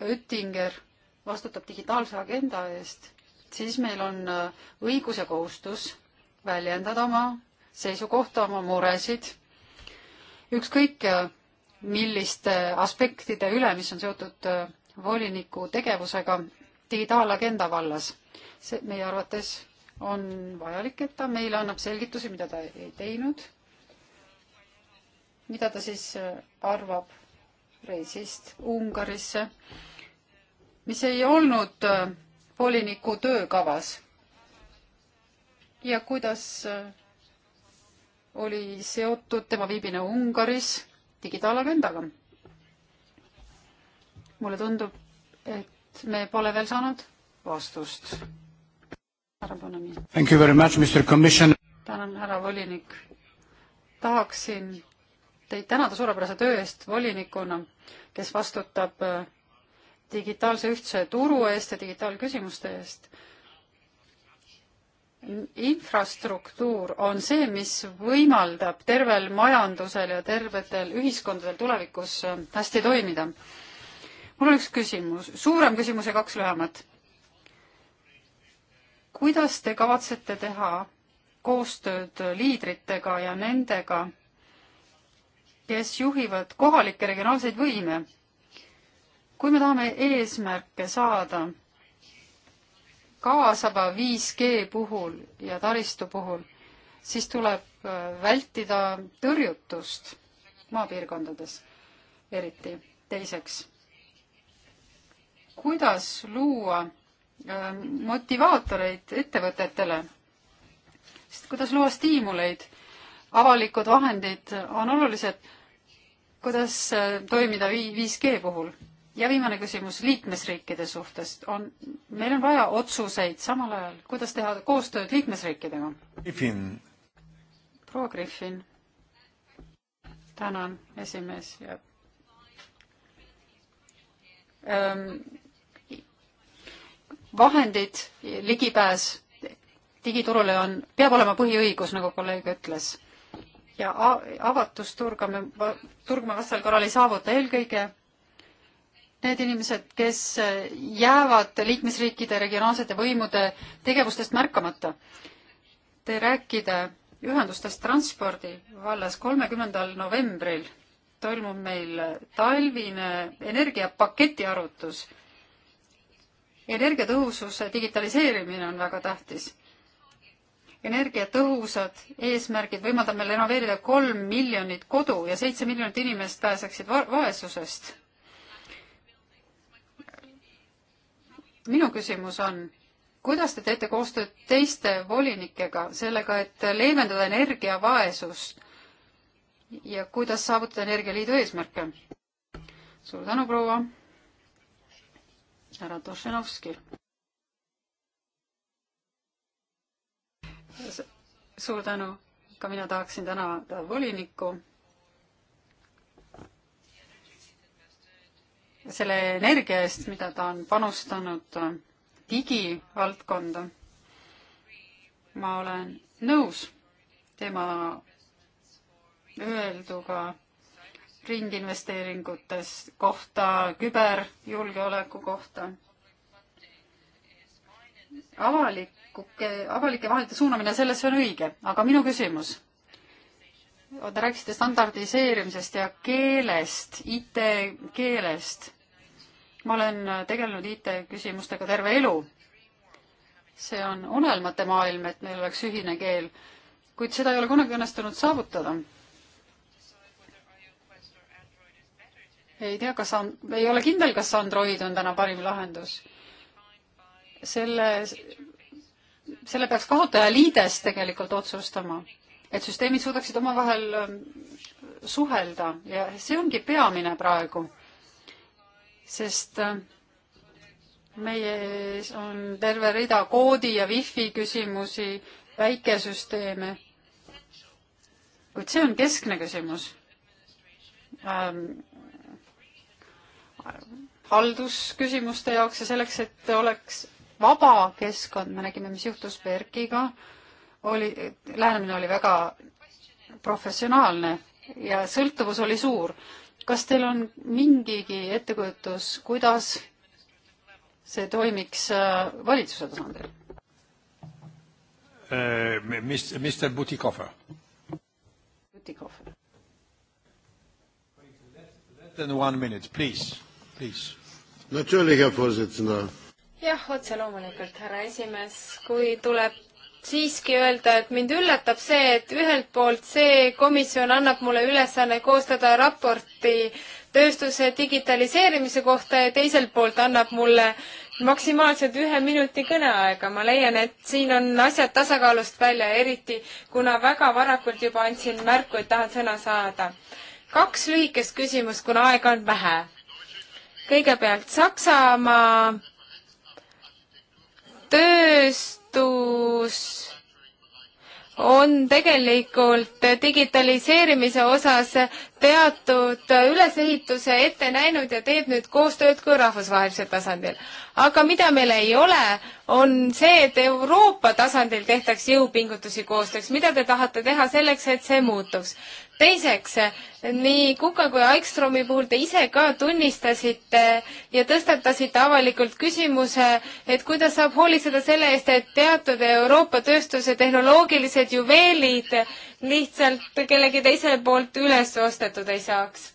Oettinger vastutab digitaalse agenda eest, siis meil on äh, õigus ja kohustus väljendada oma seisukohta, oma muresid, ükskõik äh, milliste aspektide üle, mis on seotud äh, voliniku tegevusega digitaalagenda vallas. see meie arvates on vajalik, et ta meile annab selgitusi, mida ta ei teinud, mida ta siis arvab reisist Ungarisse mis ei olnud äh, voliniku töökavas ja kuidas äh, oli seotud tema viibimine Ungaris digitaalagendaga. mulle tundub, et me pole veel saanud vastust. härra Bonami. tänan, härra volinik. tahaksin teid tänada suurepärase töö eest volinikuna, kes vastutab äh, digitaalse ühtse turu eest ja digitaalküsimuste eest. infrastruktuur on see, mis võimaldab tervel majandusel ja tervetel ühiskondadel tulevikus äh, hästi toimida. mul on üks küsimus, suurem küsimus ja kaks lühemat. kuidas te kavatsete teha koostööd liidritega ja nendega, kes juhivad kohalikke regionaalseid võime kui me tahame eesmärke saada kaasava 5G puhul ja taristu puhul, siis tuleb äh, vältida tõrjutust maapiirkondades eriti. teiseks, kuidas luua äh, motivaatoreid ettevõtetele, sest kuidas luua stiimuleid, avalikud vahendid on olulised, kuidas äh, toimida 5G puhul ja viimane küsimus liikmesriikide suhtes on, meil on vaja otsuseid samal ajal, kuidas teha koostööd liikmesriikidega. Griffin. proua Griffin. tänan, esimees ja ähm, vahendid, ligipääs digiturule on, peab olema põhiõigus, nagu kolleeg ütles. ja avatusturga me, turgu me vastasel korral ei saavuta, eelkõige need inimesed, kes jäävad liikmesriikide regionaalsete võimude tegevustest märkamata. Te rääkida ühendustest transpordi vallas kolmekümnendal novembril toimub meil talvine energiapaketi arutus. energiatõhususe digitaliseerimine on väga tähtis. energiatõhusad eesmärgid võimaldab meil renoveerida kolm miljonit kodu ja seitse miljonit inimest pääseksid vaesusest minu küsimus on, kuidas te teete koostööd teiste volinikega sellega, et leevendada energiavaesust ja kuidas saavutada Energialiidu eesmärke? suur tänu, proua härra Tošenovski. suur tänu, ka mina tahaksin tänada volinikku selle energia eest, mida ta on panustanud äh, digivaldkonda. ma olen nõus tema öelduga ringinvesteeringutes kohta, küberjulgeoleku kohta. avaliku, avalike vahendite suunamine sellesse on õige, aga minu küsimus Oh, te rääkisite standardiseerimisest ja keelest, IT-keelest. ma olen tegelenud IT-küsimustega terve elu. see on unelmate maailm, et meil oleks ühine keel, kuid seda ei ole kunagi õnnestunud saavutada. ei tea, kas on, ei ole kindel, kas Android on täna parim lahendus. selle, selle peaks kasutajaliides tegelikult otsustama et süsteemid suudaksid omavahel ähm, suhelda ja see ongi peamine praegu, sest ähm, meie ees on terve rida koodi ja wifi küsimusi, väikesüsteeme, kuid see on keskne küsimus ähm,. haldusküsimuste jaoks ja selleks, et oleks vaba keskkond, me nägime, mis juhtus PERK-iga äh,, oli, lähenemine oli väga professionaalne ja sõltuvus oli suur. kas teil on mingigi ettekujutus, kuidas see toimiks äh, valitsuse tasandil? Äh, mis-, Mr Butikofer. Butikofer. Then one minute, please, please. natürlich, Herr Vorsitzender jah, otse loomulikult, härra esimees, kui tuleb siiski öelda, et mind üllatab see, et ühelt poolt see komisjon annab mulle ülesanne koostada raporti tööstuse digitaliseerimise kohta ja teiselt poolt annab mulle maksimaalselt ühe minuti kõneaega. ma leian, et siin on asjad tasakaalust välja, eriti kuna väga varakult juba andsin märku, et tahan sõna saada. kaks lühikest küsimust, kuna aega on vähe. kõigepealt Saksamaa tööst muutus on tegelikult digitaliseerimise osas teatud ülesehituse ette näinud ja teeb nüüd koostööd ka rahvusvahelisel tasandil. aga mida meil ei ole, on see, et Euroopa tasandil tehtaks jõupingutusi koostööks. mida te tahate teha selleks, et see muutuks? teiseks, nii Kuka kui Aikstromi puhul te ise ka tunnistasite ja tõstatasite avalikult küsimuse, et kuidas saab hoolitseda selle eest, et teatud Euroopa tööstuse tehnoloogilised juveelid lihtsalt kellegi teise poolt üles ostetud ei saaks.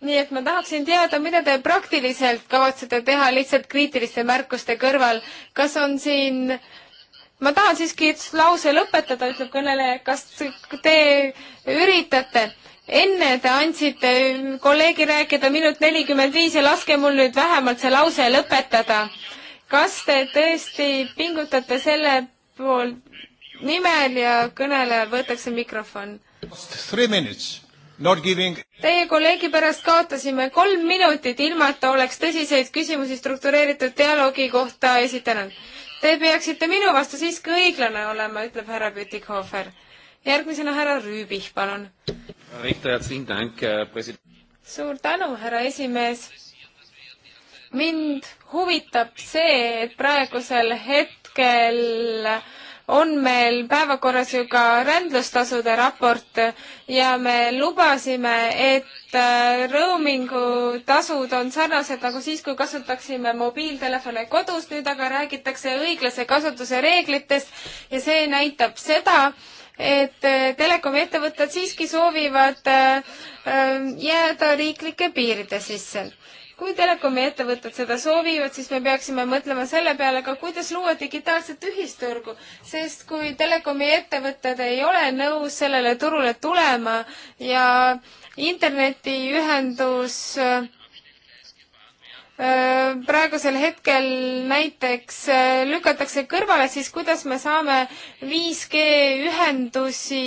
nii et ma tahaksin teada, mida te praktiliselt kavatsete teha lihtsalt kriitiliste märkuste kõrval, kas on siin äh, ma tahan siiski lause lõpetada, ütleb kõneleja, kas te üritate? enne te andsite kolleegi rääkida minut nelikümmend viis ja laske mul nüüd vähemalt see lause lõpetada. kas te tõesti pingutate selle pool nimel ja kõnelejal võetakse mikrofon? Giving... Teie kolleegi pärast kaotasime kolm minutit, ilma et ta oleks tõsiseid küsimusi struktureeritud dialoogi kohta esitanud Te peaksite minu vastu siiski õiglane olema, ütleb härra Pütikhofer. järgmisena härra Rüübih, palun. Äh, suur tänu, härra esimees. mind huvitab see, et praegusel hetkel on meil päevakorras ju ka rändlustasude raport ja me lubasime, et äh, roamingu tasud on sarnased nagu siis, kui kasutaksime mobiiltelefone kodus, nüüd aga räägitakse õiglase kasutuse reeglitest ja see näitab seda, et äh, telekomi ettevõtted siiski soovivad äh, jääda riiklike piiride sisse kui telekomi ettevõtted seda soovivad, siis me peaksime mõtlema selle peale ka, kuidas luua digitaalset ühisturgu, sest kui telekomi ettevõtted ei ole nõus sellele turule tulema ja internetiühendus äh, Äh, praegusel hetkel näiteks äh, lükatakse kõrvale, siis kuidas me saame 5G ühendusi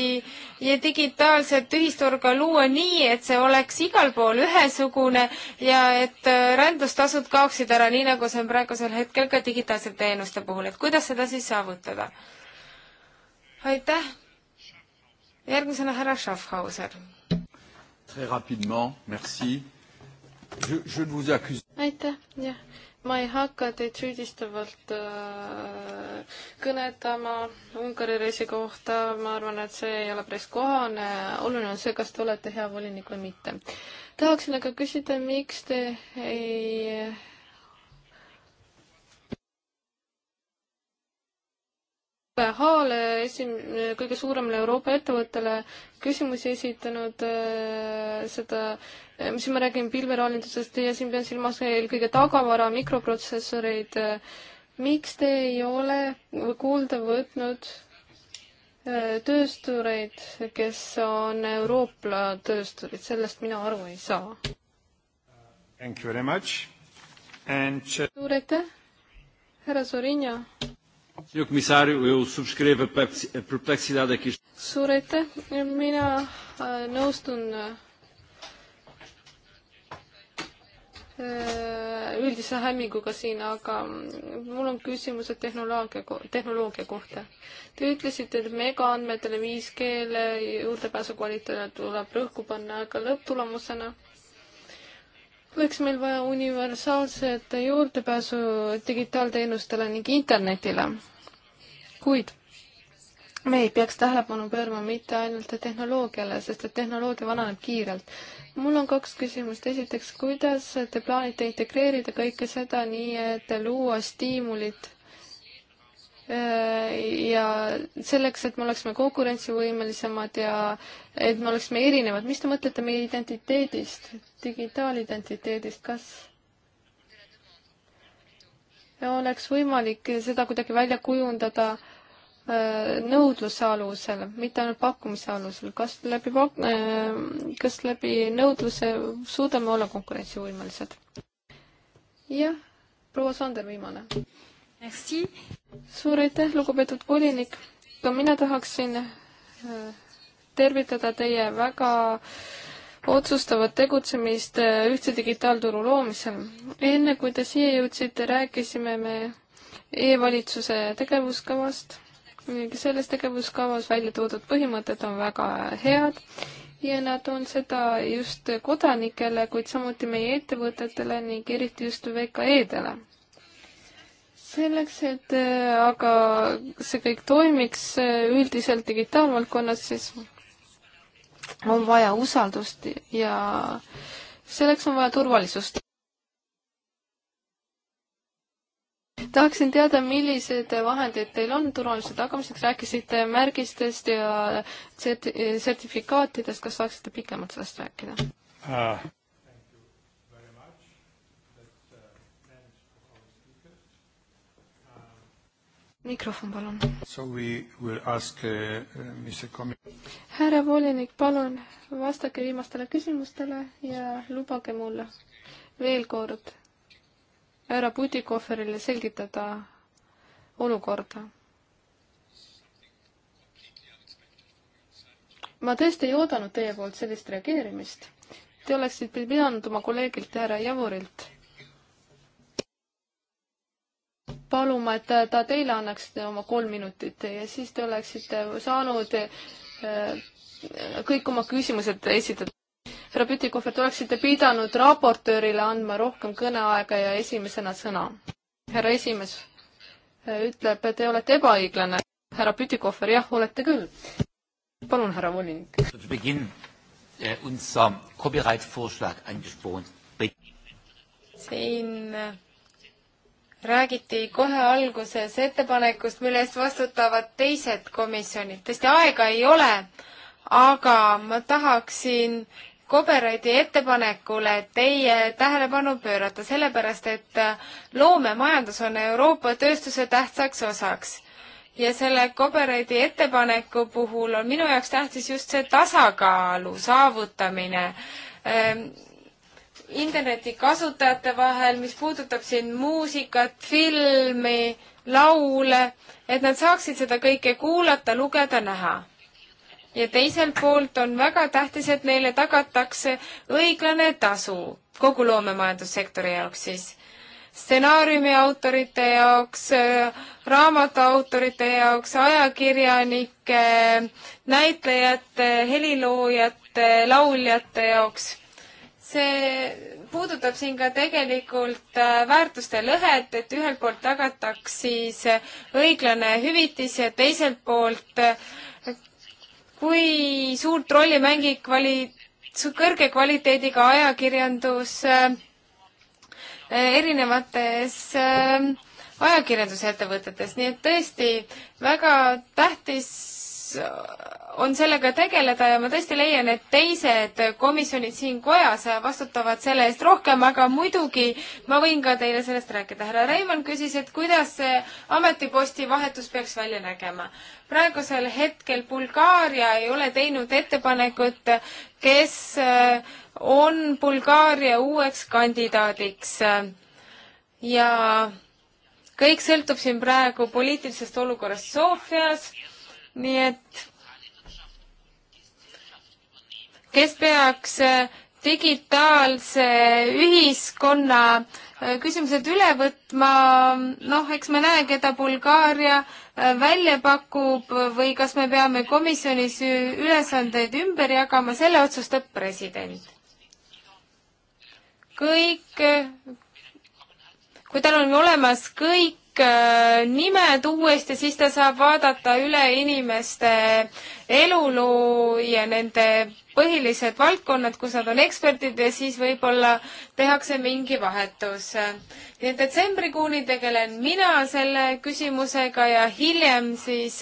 ja digitaalset ühisturga luua nii, et see oleks igal pool ühesugune ja et äh, rändustasud kaoksid ära, nii nagu see on praegusel hetkel ka digitaalsete teenuste puhul, et kuidas seda siis saavutada? aitäh! järgmisena härra Schaffhauser. Très rapidement, merci aitäh, jah. ma ei hakka teid süüdistavalt äh, kõnetama Ungari reisi kohta, ma arvan, et see ei ole päris kohane. oluline on see, kas te olete hea volinik või mitte. tahaksin aga küsida, miks te ei PH-le, äh, esim-, äh, kõige suuremale Euroopa ettevõttele küsimusi esitanud äh, seda, äh, siin ma räägin pilveraalindusest ja siin pean silmas eelkõige tagavara mikroprotsessoreid. miks te ei ole kuulda võtnud äh, tööstureid, kes on Euroopa töösturid, sellest mina aru ei saa. Uh, suur aitäh, härra Sorinja! suur aitäh, mina äh, nõustun äh, üldise hämminguga siin, aga mul on küsimused tehnoloogia, tehnoloogia kohta. Te ütlesite, et megaandmetele 5G-le juurdepääsu kvaliteedile tuleb rõhku panna, aga lõpptulemusena oleks meil vaja universaalset juurdepääsu digitaalteenustele ning internetile kuid me ei peaks tähelepanu pöörama mitte ainult tehnoloogiale, sest et tehnoloogia vananeb kiirelt. mul on kaks küsimust, esiteks, kuidas te plaanite integreerida kõike seda nii, et luua stiimulid äh, ja selleks, et me oleksime konkurentsivõimelisemad ja et me oleksime erinevad, mis te mõtlete meie identiteedist, digitaalidentiteedist, kas oleks võimalik seda kuidagi välja kujundada äh, Äh, nõudluse alusel, mitte ainult pakkumise alusel, kas läbi pak-, äh, kas läbi nõudluse suudame olla konkurentsivõimelised? jah, proua Sander, viimane. suur aitäh, lugupeetud volinik, ka mina tahaksin äh, tervitada teie väga otsustavat tegutsemist ühtse digitaalturu loomisel. enne kui te siia jõudsite, rääkisime me e-valitsuse tegevuskavast ning selles tegevuskavas välja toodud põhimõtted on väga head ja nad on seda just kodanikele, kuid samuti meie ettevõtetele ning eriti just VKE-dele. selleks, et äh, aga see kõik toimiks äh, üldiselt digitaalvaldkonnas, siis on vaja usaldust ja selleks on vaja turvalisust tahaksin teada, millised vahendid teil on turvalisuse tagamiseks, rääkisite märgistest ja serti-, sertifikaatidest, kas saaksite pikemalt sellest rääkida ah.? mikrofon, palun. Uh, uh härra volinik, palun vastake viimastele küsimustele ja lubage mul veel kord härra Putikoferile selgitada olukorda. ma tõesti ei oodanud teie poolt sellist reageerimist. Te oleksite pidanud oma kolleegilt härra Javurilt paluma, et ta teile annaks oma kolm minutit ja siis te oleksite saanud äh, kõik oma küsimused esitada härra Pütikofer, te oleksite pidanud raportöörile andma rohkem kõneaega ja esimesena sõna. härra esimees äh, ütleb, te olete ebaõiglane. härra Pütikofer, jah, olete küll. palun, härra volinik. Äh, ähm, siin äh, räägiti kohe alguses ettepanekust, mille eest vastutavad teised komisjonid. tõesti, aega ei ole, aga ma tahaksin Koberati ettepanekule teie tähelepanu pöörata, sellepärast et loomemajandus on Euroopa tööstuse tähtsaks osaks. ja selle Koberati ettepaneku puhul on minu jaoks tähtis just see tasakaalu saavutamine ehm, interneti kasutajate vahel, mis puudutab siin muusikat, filmi, laule, et nad saaksid seda kõike kuulata, lugeda, näha ja teiselt poolt on väga tähtis, et neile tagatakse õiglane tasu kogu loomemajandussektori jaoks siis. stsenaariumi autorite jaoks, raamatu autorite jaoks, ajakirjanike, näitlejate, heliloojate, lauljate jaoks. see puudutab siin ka tegelikult äh, väärtuste lõhet, et ühelt poolt tagataks siis õiglane hüvitis ja teiselt poolt äh, kui suurt rolli mängib kvali-, kõrge kvaliteediga ajakirjandus äh, äh, erinevates äh, ajakirjandusettevõtetes, nii et tõesti väga tähtis on sellega tegeleda ja ma tõesti leian, et teised komisjonid siin kojas vastutavad selle eest rohkem, aga muidugi ma võin ka teile sellest rääkida. härra Reimann küsis, et kuidas see ametiposti vahetus peaks välja nägema. praegusel hetkel Bulgaaria ei ole teinud ettepanekut, kes äh, on Bulgaaria uueks kandidaadiks ja kõik sõltub siin praegu poliitilisest olukorrast Sofias nii et kes peaks äh, digitaalse ühiskonna äh, küsimused üle võtma, noh, eks me näe, keda Bulgaaria äh, välja pakub või kas me peame komisjonis ülesandeid ümber jagama, selle otsustab president. kõik, kui tal on olemas kõik Äh, nimed uuesti, siis ta saab vaadata üle inimeste eluloo ja nende põhilised valdkonnad, kus nad on eksperdid ja siis võib-olla tehakse mingi vahetus. nii et detsembrikuuni tegelen mina selle küsimusega ja hiljem siis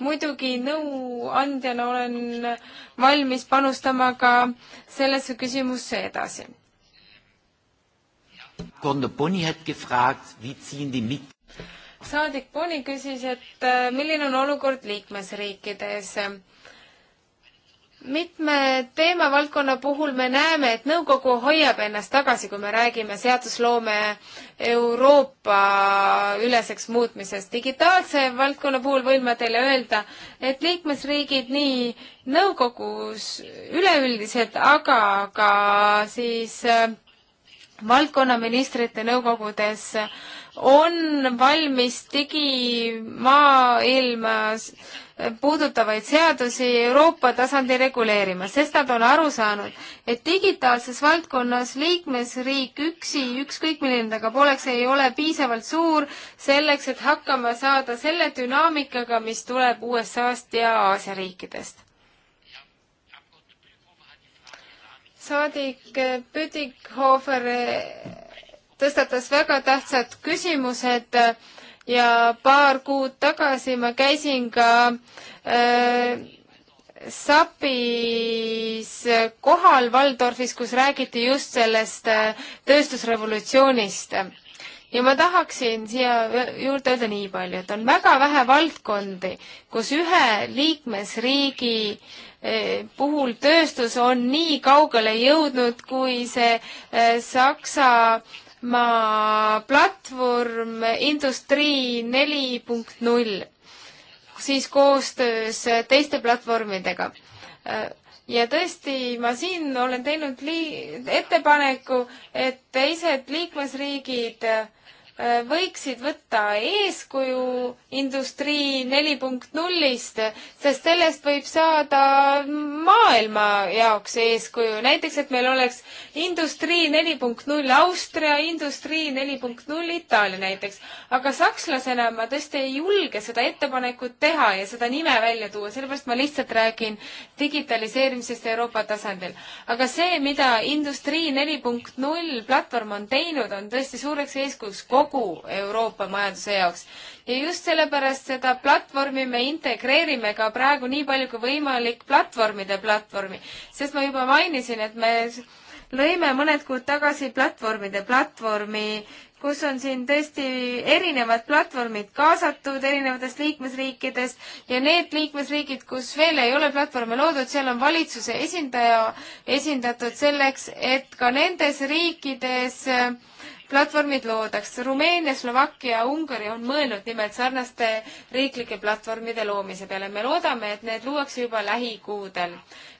muidugi nõuandjana olen valmis panustama ka sellesse küsimusse edasi. Gordon Boni hat gefragt, wie ziehen die mit saadik Boni küsis, et äh, milline on olukord liikmesriikides. mitme teemavaldkonna puhul me näeme, et nõukogu hoiab ennast tagasi, kui me räägime seadusloome Euroopa üleseks muutmisest. digitaalse valdkonna puhul võin ma teile öelda, et liikmesriigid nii nõukogus üleüldiselt, aga ka siis äh, valdkonnaministrite nõukogudes äh, on valmis digimaailmas puudutavaid seadusi Euroopa tasandil reguleerima, sest nad on aru saanud, et digitaalses valdkonnas liikmesriik üksi, ükskõik milline ta ka poleks, ei ole piisavalt suur selleks, et hakkama saada selle dünaamikaga, mis tuleb USA-st ja Aasia riikidest. saadik Pütikhofer tõstatas väga tähtsad küsimused äh, ja paar kuud tagasi ma käisin ka äh, SAPis äh, kohal Valdorfis, kus räägiti just sellest äh, tööstusrevolutsioonist. ja ma tahaksin siia juurde öelda nii palju, et on väga vähe valdkondi, kus ühe liikmesriigi äh, puhul tööstus on nii kaugele jõudnud, kui see Saksa ma platvorm Industrii neli punkt null, siis koostöös teiste platvormidega ja tõesti, ma siin olen teinud lii-, ettepaneku, et teised liikmesriigid äh, võiksid võtta eeskuju industrii neli punkt nullist, sest sellest võib saada maailma jaoks eeskuju. näiteks, et meil oleks industrii neli punkt null Austria, industrii neli punkt null Itaalia näiteks. aga sakslasena ma tõesti ei julge seda ettepanekut teha ja seda nime välja tuua, sellepärast ma lihtsalt räägin digitaliseerimisest Euroopa tasandil. aga see, mida industrii neli punkt null platvorm on teinud, on tõesti suureks eeskujuks kogu kogu Euroopa majanduse jaoks. ja just sellepärast seda platvormi me integreerime ka praegu nii palju kui võimalik platvormide platvormi, sest ma juba mainisin, et me lõime mõned kuud tagasi platvormide platvormi, kus on siin tõesti erinevad platvormid kaasatud erinevatest liikmesriikidest ja need liikmesriigid, kus veel ei ole platvorme loodud, seal on valitsuse esindaja esindatud selleks, et ka nendes riikides äh, platvormid loodaks. Rumeenia, Slovakkia, Ungari on mõelnud nimelt sarnaste riiklike platvormide loomise peale. me loodame, et need luuakse juba lähikuudel.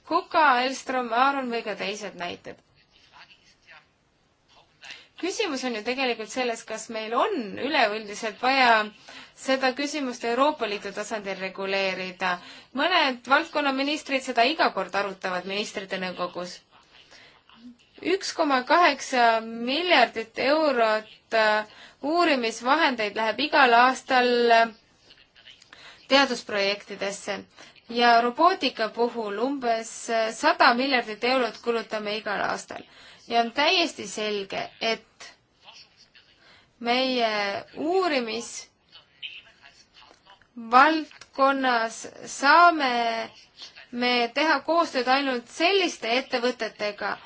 Kuka, Elstrom, Aaron või ka teised näited. küsimus on ju tegelikult selles, kas meil on üleüldiselt vaja seda küsimust Euroopa Liidu tasandil reguleerida. mõned valdkonnaministrid seda iga kord arutavad ministrite nõukogus üks koma kaheksa miljardit eurot äh, uurimisvahendeid läheb igal aastal äh, teadusprojektidesse ja robootika puhul umbes äh, sada miljardit eurot kulutame igal aastal. ja on täiesti selge, et meie uurimisvaldkonnas saame me teha koostööd ainult selliste ettevõtetega,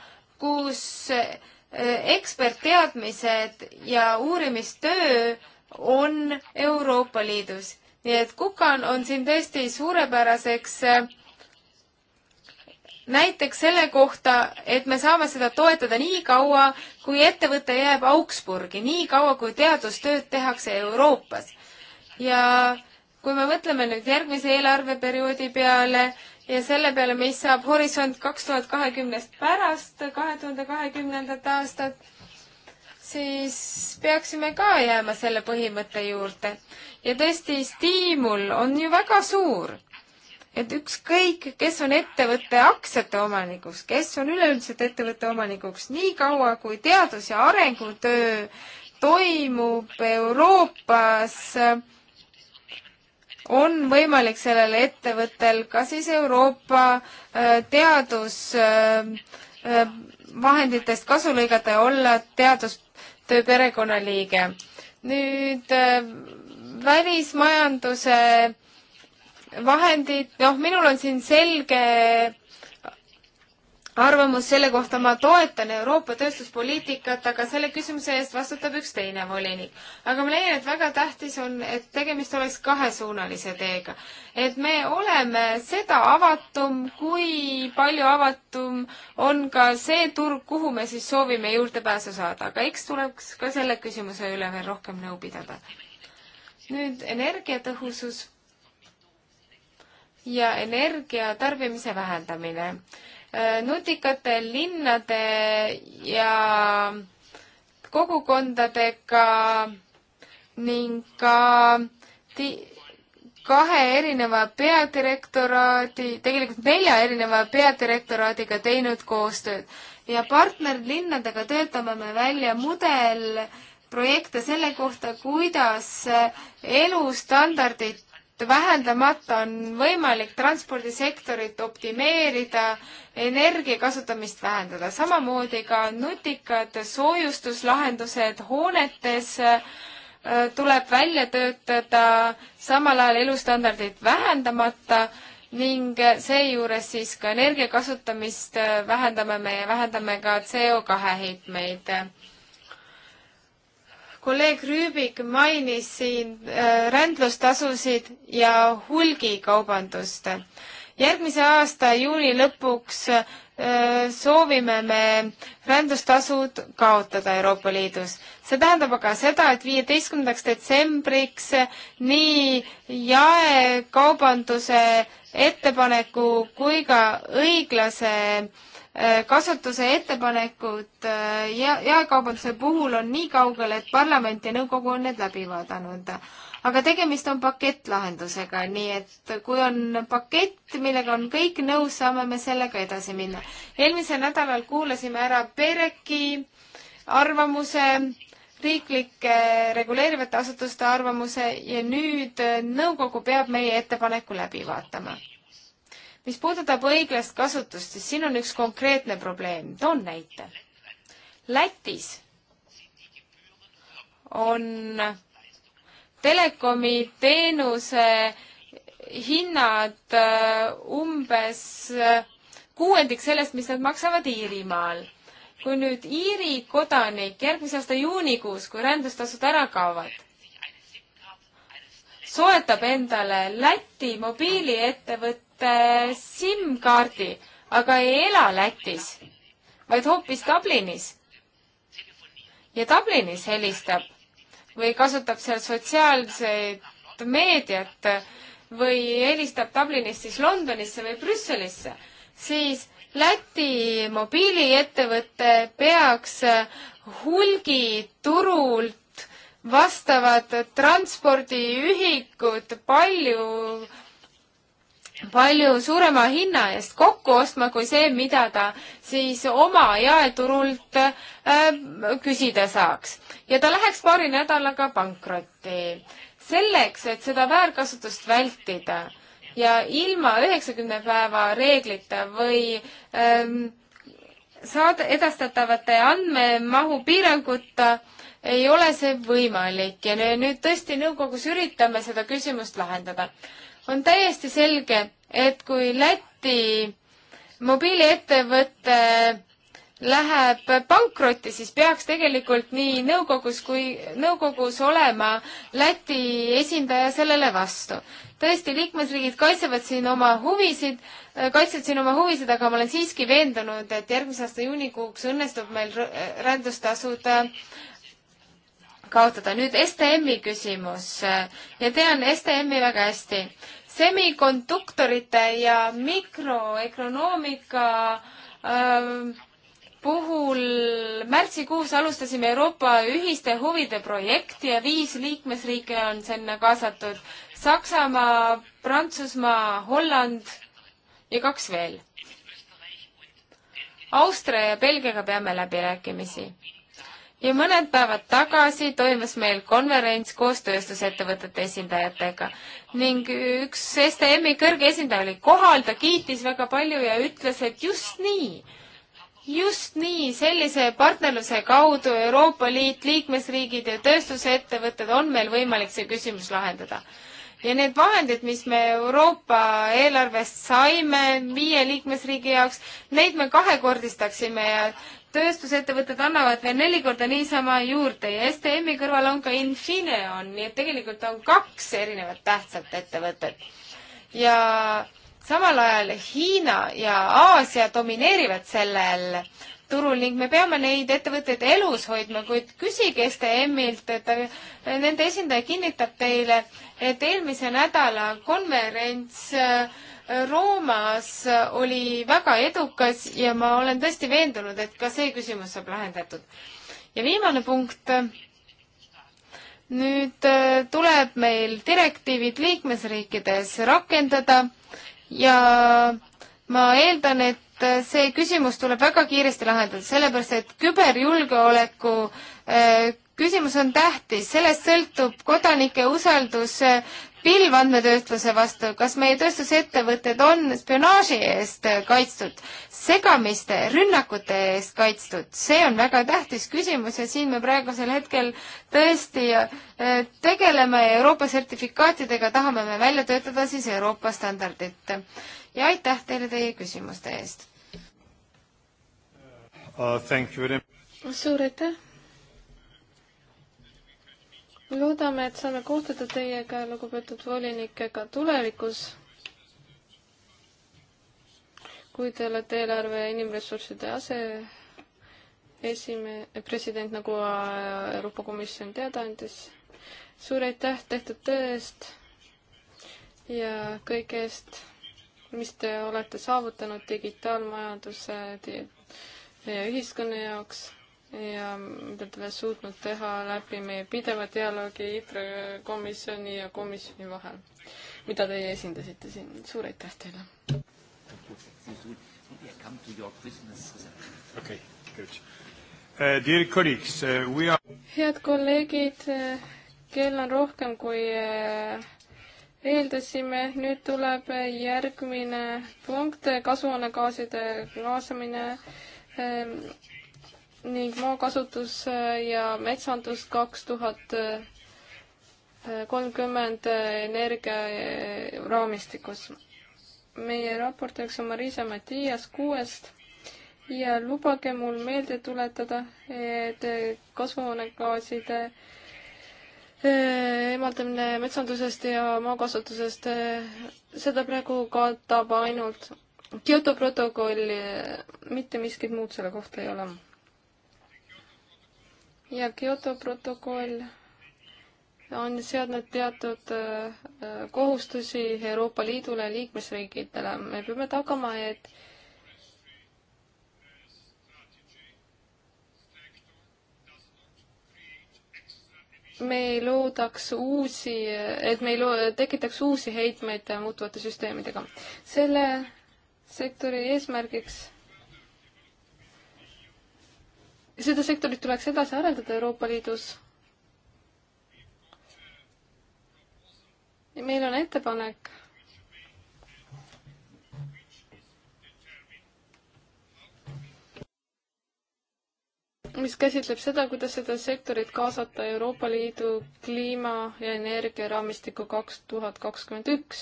kus eh, ekspertteadmised ja uurimistöö on Euroopa Liidus. nii et Kukan on siin tõesti suurepäraseks eh, näiteks selle kohta, et me saame seda toetada nii kaua, kui ettevõte jääb Augsburgi, nii kaua, kui teadustööd tehakse Euroopas. ja kui me mõtleme nüüd järgmise eelarveperioodi peale, ja selle peale, mis saab Horisont kaks tuhat kahekümnest pärast kahe tuhande kahekümnendat aastat, siis peaksime ka jääma selle põhimõtte juurde. ja tõesti, stiimul on ju väga suur. et ükskõik, kes on ettevõtte aktsiate omanikuks, kes on üleüldiselt ettevõtte omanikuks, nii kaua kui teadus- ja arengutöö toimub Euroopas äh, on võimalik sellel ettevõttel ka siis Euroopa äh, teadusvahenditest äh, äh, kasu lõigata ja olla teadustöö perekonnaliige. nüüd välismajanduse vahendid, noh, minul on siin selge arvamus selle kohta, ma toetan Euroopa tööstuspoliitikat, aga selle küsimuse eest vastutab üks teine volinik. aga ma leian, et väga tähtis on, et tegemist oleks kahesuunalise teega. et me oleme seda avatum, kui palju avatum on ka see turg, kuhu me siis soovime juurdepääsu saada, aga eks tuleks ka selle küsimuse üle veel rohkem nõu pidada. nüüd energiatõhusus ja energia tarbimise vähendamine Äh, nutikate linnade ja kogukondadega ning ka kahe erineva peadirektoraadi, tegelikult nelja erineva peadirektoraadiga teinud koostööd ja partnerlinnadega töötame me välja mudelprojekte selle kohta, kuidas elustandardit vähendamata on võimalik transpordisektorit optimeerida, energia kasutamist vähendada, samamoodi ka nutikad soojustuslahendused hoonetes äh, tuleb välja töötada, samal ajal elustandardit vähendamata ning seejuures siis ka energia kasutamist äh, vähendame me ja vähendame ka CO2 heitmeid kolleeg Rüübik mainis siin äh, rändlustasusid ja hulgikaubandust. järgmise aasta juuni lõpuks äh, soovime me rändlustasud kaotada Euroopa Liidus. see tähendab aga seda, et viieteistkümnendaks detsembriks nii jaekaubanduse ettepaneku kui ka õiglase äh, Äh, kasutuse ettepanekud äh, ja jaekaubanduse puhul on nii kaugel, et parlament ja nõukogu on need läbi vaadanud. aga tegemist on pakettlahendusega, nii et kui on pakett, millega on kõik nõus, saame me sellega edasi minna. eelmisel nädalal kuulasime ära Pereki arvamuse riiklike reguleerivate asutuste arvamuse ja nüüd nõukogu peab meie ettepaneku läbi vaatama mis puudutab õiglast kasutust, siis siin on üks konkreetne probleem, toon näite. Lätis on telekomi teenuse hinnad äh, umbes äh, kuuendik sellest, mis nad maksavad Iirimaal. kui nüüd Iiri kodanik järgmise aasta juunikuus, kui rändustasud ära kaovad, soetab endale Läti mobiiliettevõtte Äh, SIM-kaardi, aga ei ela Lätis, vaid hoopis Dublinis. ja Dublinis helistab või kasutab seal sotsiaalset meediat või helistab Dublinist siis Londonisse või Brüsselisse, siis Läti mobiiliettevõte peaks hulgiturult vastavad transpordiühikud palju palju suurema hinna eest kokku ostma kui see, mida ta siis oma jaeturult äh, küsida saaks. ja ta läheks paari nädalaga pankrotti. selleks, et seda väärkasutust vältida ja ilma üheksakümne päeva reeglita või ähm, saada edastatavate andmemahu piiranguta ei ole see võimalik ja nüüd tõesti nõukogus üritame seda küsimust lahendada on täiesti selge, et kui Läti mobiiliettevõte läheb pankrotti, siis peaks tegelikult nii nõukogus kui nõukogus olema Läti esindaja sellele vastu. tõesti, liikmesriigid kaitsevad siin oma huvisid, äh, kaitsevad siin oma huvisid, aga ma olen siiski veendunud, et järgmise aasta juunikuuks õnnestub meil rändustasud äh, kaotada. nüüd STM-i küsimus ja tean STM-i väga hästi. semikonduktorite ja mikroökonoomika ähm, puhul märtsikuus alustasime Euroopa ühiste huvide projekti ja viis liikmesriiki on sinna kaasatud. Saksamaa, Prantsusmaa, Holland ja kaks veel. Austria ja Belgiaga peame läbirääkimisi ja mõned päevad tagasi toimus meil konverents koos tööstusettevõtete esindajatega ning üks STM-i kõrge esindaja oli kohal, ta kiitis väga palju ja ütles, et just nii, just nii, sellise partnerluse kaudu Euroopa Liit, liikmesriigid ja tööstusettevõtted on meil võimalik see küsimus lahendada ja need vahendid, mis me Euroopa eelarvest saime viie liikmesriigi jaoks, neid me kahekordistaksime ja tööstusettevõtted annavad veel neli korda niisama juurde ja STM-i kõrval on ka Infineon, nii et tegelikult on kaks erinevat tähtsat ettevõtet. ja samal ajal Hiina ja Aasia domineerivad sellel turul ning me peame neid ettevõtteid elus hoidma, kuid küsige STM-ilt, et nende esindaja kinnitab teile, et eelmise nädala konverents äh, Roomas oli väga edukas ja ma olen tõesti veendunud, et ka see küsimus saab lahendatud. ja viimane punkt. nüüd äh, tuleb meil direktiivid liikmesriikides rakendada ja ma eeldan, et äh, see küsimus tuleb väga kiiresti lahendada, sellepärast et küberjulgeoleku äh, küsimus on tähtis, sellest sõltub kodanike usaldus pilv andmetöötluse vastu, kas meie tööstusettevõtted on spionaaži eest kaitstud, segamiste, rünnakute eest kaitstud, see on väga tähtis küsimus ja siin me praegusel hetkel tõesti eh, tegeleme Euroopa sertifikaatidega, tahame me välja töötada siis Euroopa standardit. ja aitäh teile teie küsimuste eest uh,! suur aitäh! loodame, et saame kohtuda teiega, lugupeetud volinik, ka tulevikus kui te olete eelarve ja inimressursside ase esime-, president, nagu Euroopa Komisjon teada andis. suur aitäh tehtud töö eest ja kõige eest, mis te olete saavutanud digitaalmajanduse ja ühiskonna jaoks ja mida ta oleks suutnud teha läbi meie pideva dialoogi ITRE komisjoni ja komisjoni vahel, mida teie esindasite siin. suur aitäh teile! Okay, good. Uh, dear colleagues, uh, we are... head kolleegid, uh, kell on rohkem kui uh, eeldasime, nüüd tuleb uh, järgmine punkt, kasvuhoonegaaside kaasamine uh, ning maakasutus äh, ja metsandus kaks tuhat äh, kolmkümmend äh, energia raamistikus. meie raportööks on Marisa Matias kuuest ja lubage mul meelde tuletada, et kasvuhoonegaaside eemaldamine metsandusest ja maakasutusest, seda praegu katab ainult Kyoto protokoll, mitte miskit muud selle kohta ei ole ja Kyoto protokoll on seadnud teatud äh, äh, kohustusi Euroopa Liidule ja liikmesriikidele. me peame tagama, et me ei loodaks uusi, et me ei loo-, tekitaks uusi heitmeid muutuvate süsteemidega. selle sektori eesmärgiks seda sektorit tuleks edasi arendada Euroopa Liidus. meil on ettepanek mis käsitleb seda, kuidas seda sektorit kaasata Euroopa Liidu kliima- ja energiaraamistikku kaks tuhat kakskümmend üks.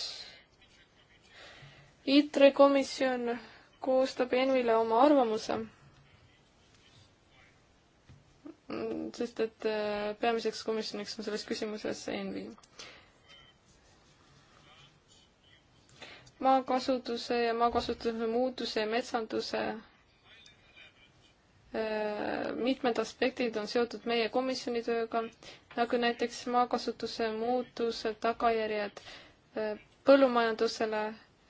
ITRE komisjon koostab ENVile oma arvamuse sest et äh, peamiseks komisjoniks on selles küsimuses ENVI. maakasutuse ja maakasutuse muutuse ja metsanduse äh, mitmed aspektid on seotud meie komisjoni tööga, nagu näiteks maakasutuse muutuse tagajärjed äh, põllumajandusele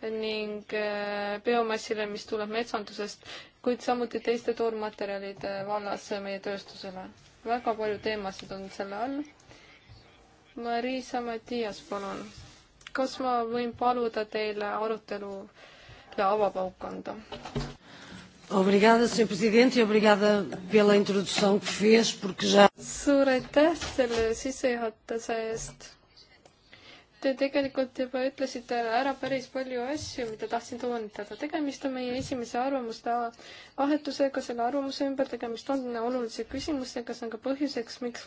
ning äh, biomassile, mis tuleb metsandusest, kuid samuti teiste toormaterjalide vallas meie tööstusele. väga palju teemasid on selle all. Marisa Matias, palun. kas ma võin paluda teile arutelule avapauku anda? Obrigada, Sr. Presidente, e obrigada pela introdução que fez, porque já... Suur aitäh selle sissejuhatuse eest Te tegelikult juba ütlesite ära päris palju asju, mida tahtsin toonitada. tegemist on meie esimese arvamuste vahetusega selle arvamuse ümber, tegemist on olulise küsimusega, see on ka põhjuseks, miks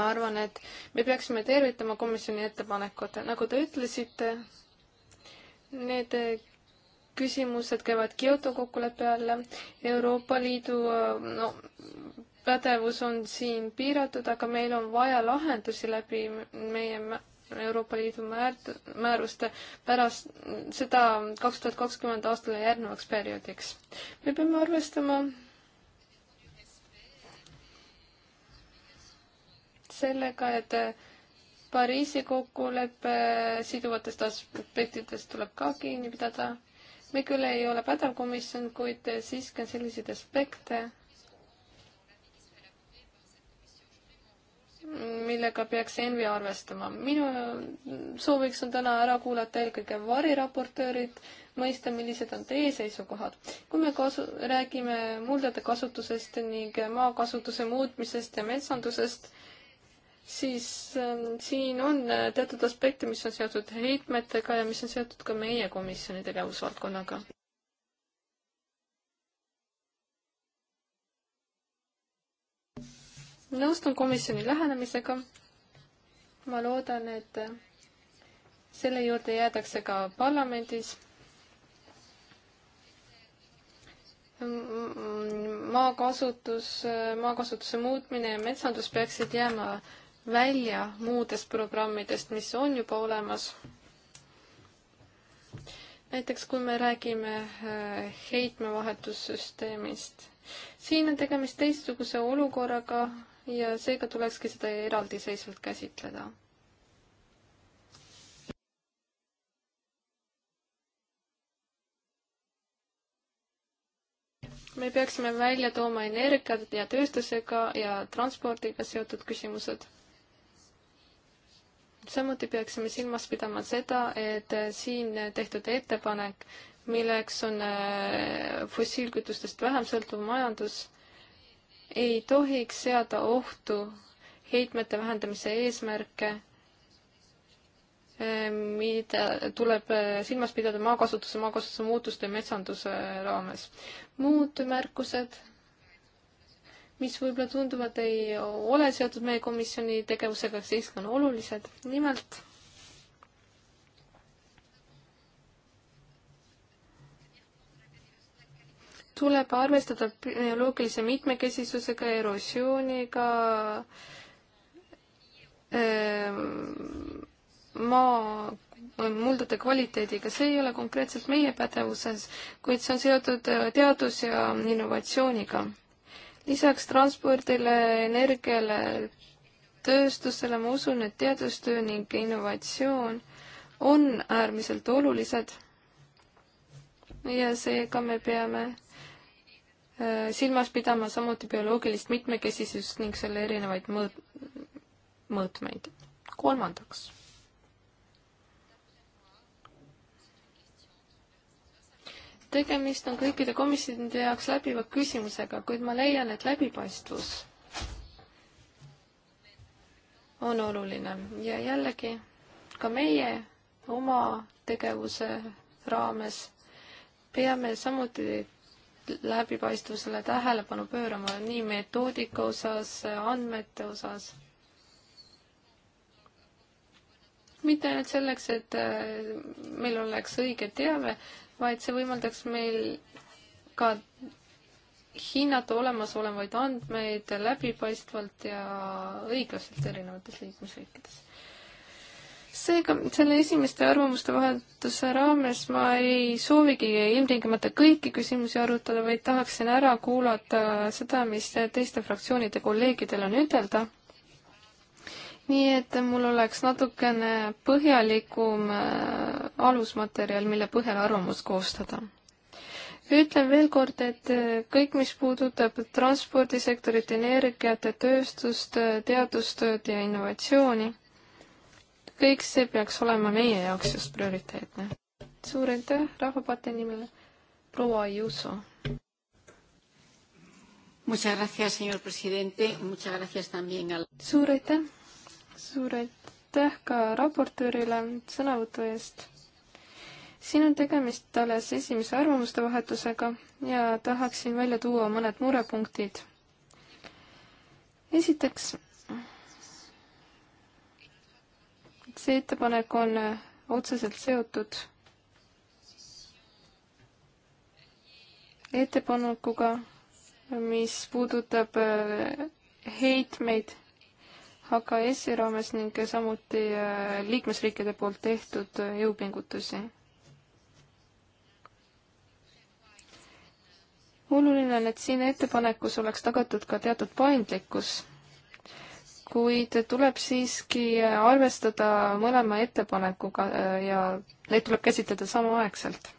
ma arvan, et me peaksime tervitama komisjoni ettepanekut. nagu te ütlesite, need küsimused käivad Kyoto kokkuleppe alla, Euroopa Liidu no, pädevus on siin piiratud, aga meil on vaja lahendusi läbi meie Euroopa Liidu määr-, määruste pärast seda kaks tuhat kakskümmend aastale järgnevaks perioodiks. me peame arvestama sellega, et Pariisi kokkuleppe siduvatest aspektidest tuleb ka kinni pidada. me küll ei ole pädev komisjon, kuid siiski on selliseid aspekte millega peaks Envi arvestama. minu sooviks on täna ära kuulata eelkõige variraportöörid, mõista, millised on teie seisukohad. kui me kasu-, räägime muldade kasutusest ning maakasutuse muutmisest ja metsandusest, siis äh, siin on äh, teatud aspekte, mis on seotud heitmetega ja mis on seotud ka meie komisjoni tegevusvaldkonnaga nõustun komisjoni lähenemisega. ma loodan, et selle juurde jäädakse ka parlamendis. maakasutus, maakasutuse muutmine ja metsandus peaksid jääma välja muudest programmidest, mis on juba olemas. näiteks kui me räägime äh, heitmevahetussüsteemist, siin on tegemist teistsuguse olukorraga ja seega tulekski seda eraldiseisvalt käsitleda. me peaksime välja tooma energia ja tööstusega ja transpordiga seotud küsimused samuti peaksime silmas pidama seda, et siin tehtud ettepanek, milleks on äh, fossiilkütustest vähem sõltuv majandus, ei tohiks seada ohtu heitmete vähendamise eesmärke, eh, mida tuleb eh, silmas pidada maakasutuse, maakasutuse muutuste ja metsanduse raames. muud märkused, mis võib-olla tunduvad, ei ole seotud meie komisjoni tegevusega, aga siiski on olulised. nimelt tuleb arvestada bioloogilise mitmekesisusega, erosiooniga, ehm, maa, muldade kvaliteediga, see ei ole konkreetselt meie pädevuses, kuid see on seotud äh, teadus- ja innovatsiooniga. lisaks transpordile, energiale, tööstusele ma usun, et teadustöö ning innovatsioon on äärmiselt olulised ja seega me peame Äh, silmas pidama samuti bioloogilist mitmekesisust ning selle erinevaid mõõt-, mõõtmeid. kolmandaks. tegemist on kõikide komisjonide jaoks läbiva küsimusega, kuid ma leian, et läbipaistvus on oluline ja jällegi ka meie oma tegevuse raames peame samuti läbipaistvusele tähelepanu pöörama nii metoodika osas, andmete osas. mitte ainult selleks, et äh, meil oleks õige teave, vaid see võimaldaks meil ka hinnata olemasolevaid andmeid läbipaistvalt ja õiglaselt erinevates liikmesriikides seega selle esimeste arvamuste vahetuse raames ma ei soovigi ilmtingimata kõiki küsimusi arutada, vaid tahaksin ära kuulata seda, mis teiste fraktsioonide kolleegidel on ütelda. nii et mul oleks natukene põhjalikum äh, alusmaterjal, mille põhjal arvamust koostada. ütlen veel kord, et äh, kõik, mis puudutab transpordisektorit, energiat, tööstust, teadustööd ja innovatsiooni kõik see peaks olema meie jaoks just prioriteetne. suur aitäh Rahvapartei nimel, proua Juso. suur aitäh, suur aitäh ka raportöörile sõnavõtu eest. siin on tegemist alles esimese arvamuste vahetusega ja tahaksin välja tuua mõned murepunktid. esiteks see ettepanek on otseselt seotud ettepanekuga, mis puudutab äh, heitmeid HKS-i raames ning samuti äh, liikmesriikide poolt tehtud äh, jõupingutusi. oluline on, et siin ettepanekus oleks tagatud ka teatud paindlikkus kuid tuleb siiski arvestada mõlema ettepanekuga äh, ja neid tuleb käsitleda samaaegselt.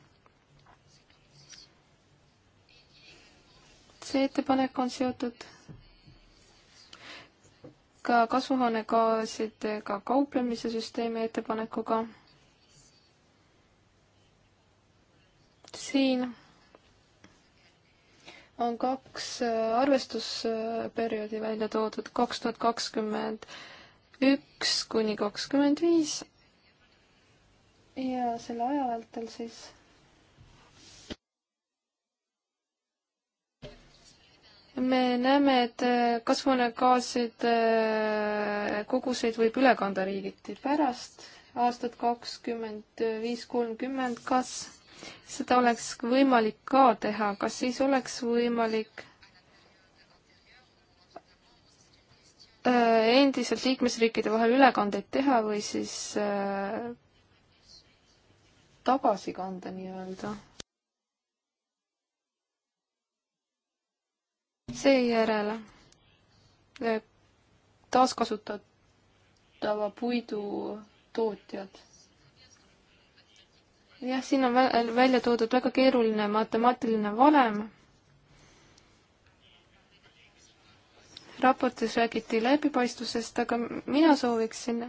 see ettepanek on seotud ka kasvuhoonegaasidega kauplemise süsteemi ettepanekuga. siin on kaks äh, arvestusperioodi välja toodud, kaks tuhat kakskümmend üks kuni kakskümmend viis. ja selle aja vältel siis me näeme, et äh, kasvuhoonegaaside äh, koguseid võib üle kanda riigiti pärast aastat kakskümmend viis, kolmkümmend, kas seda oleks võimalik ka teha, kas siis oleks võimalik äh, endiselt liikmesriikide vahel ülekandeid teha või siis äh, tagasi kanda nii-öelda? seejärel äh, taaskasutatava puidu tootjad jah, siin on välja toodud väga keeruline matemaatiline valem. raportis räägiti läbipaistvusest, aga mina sooviksin,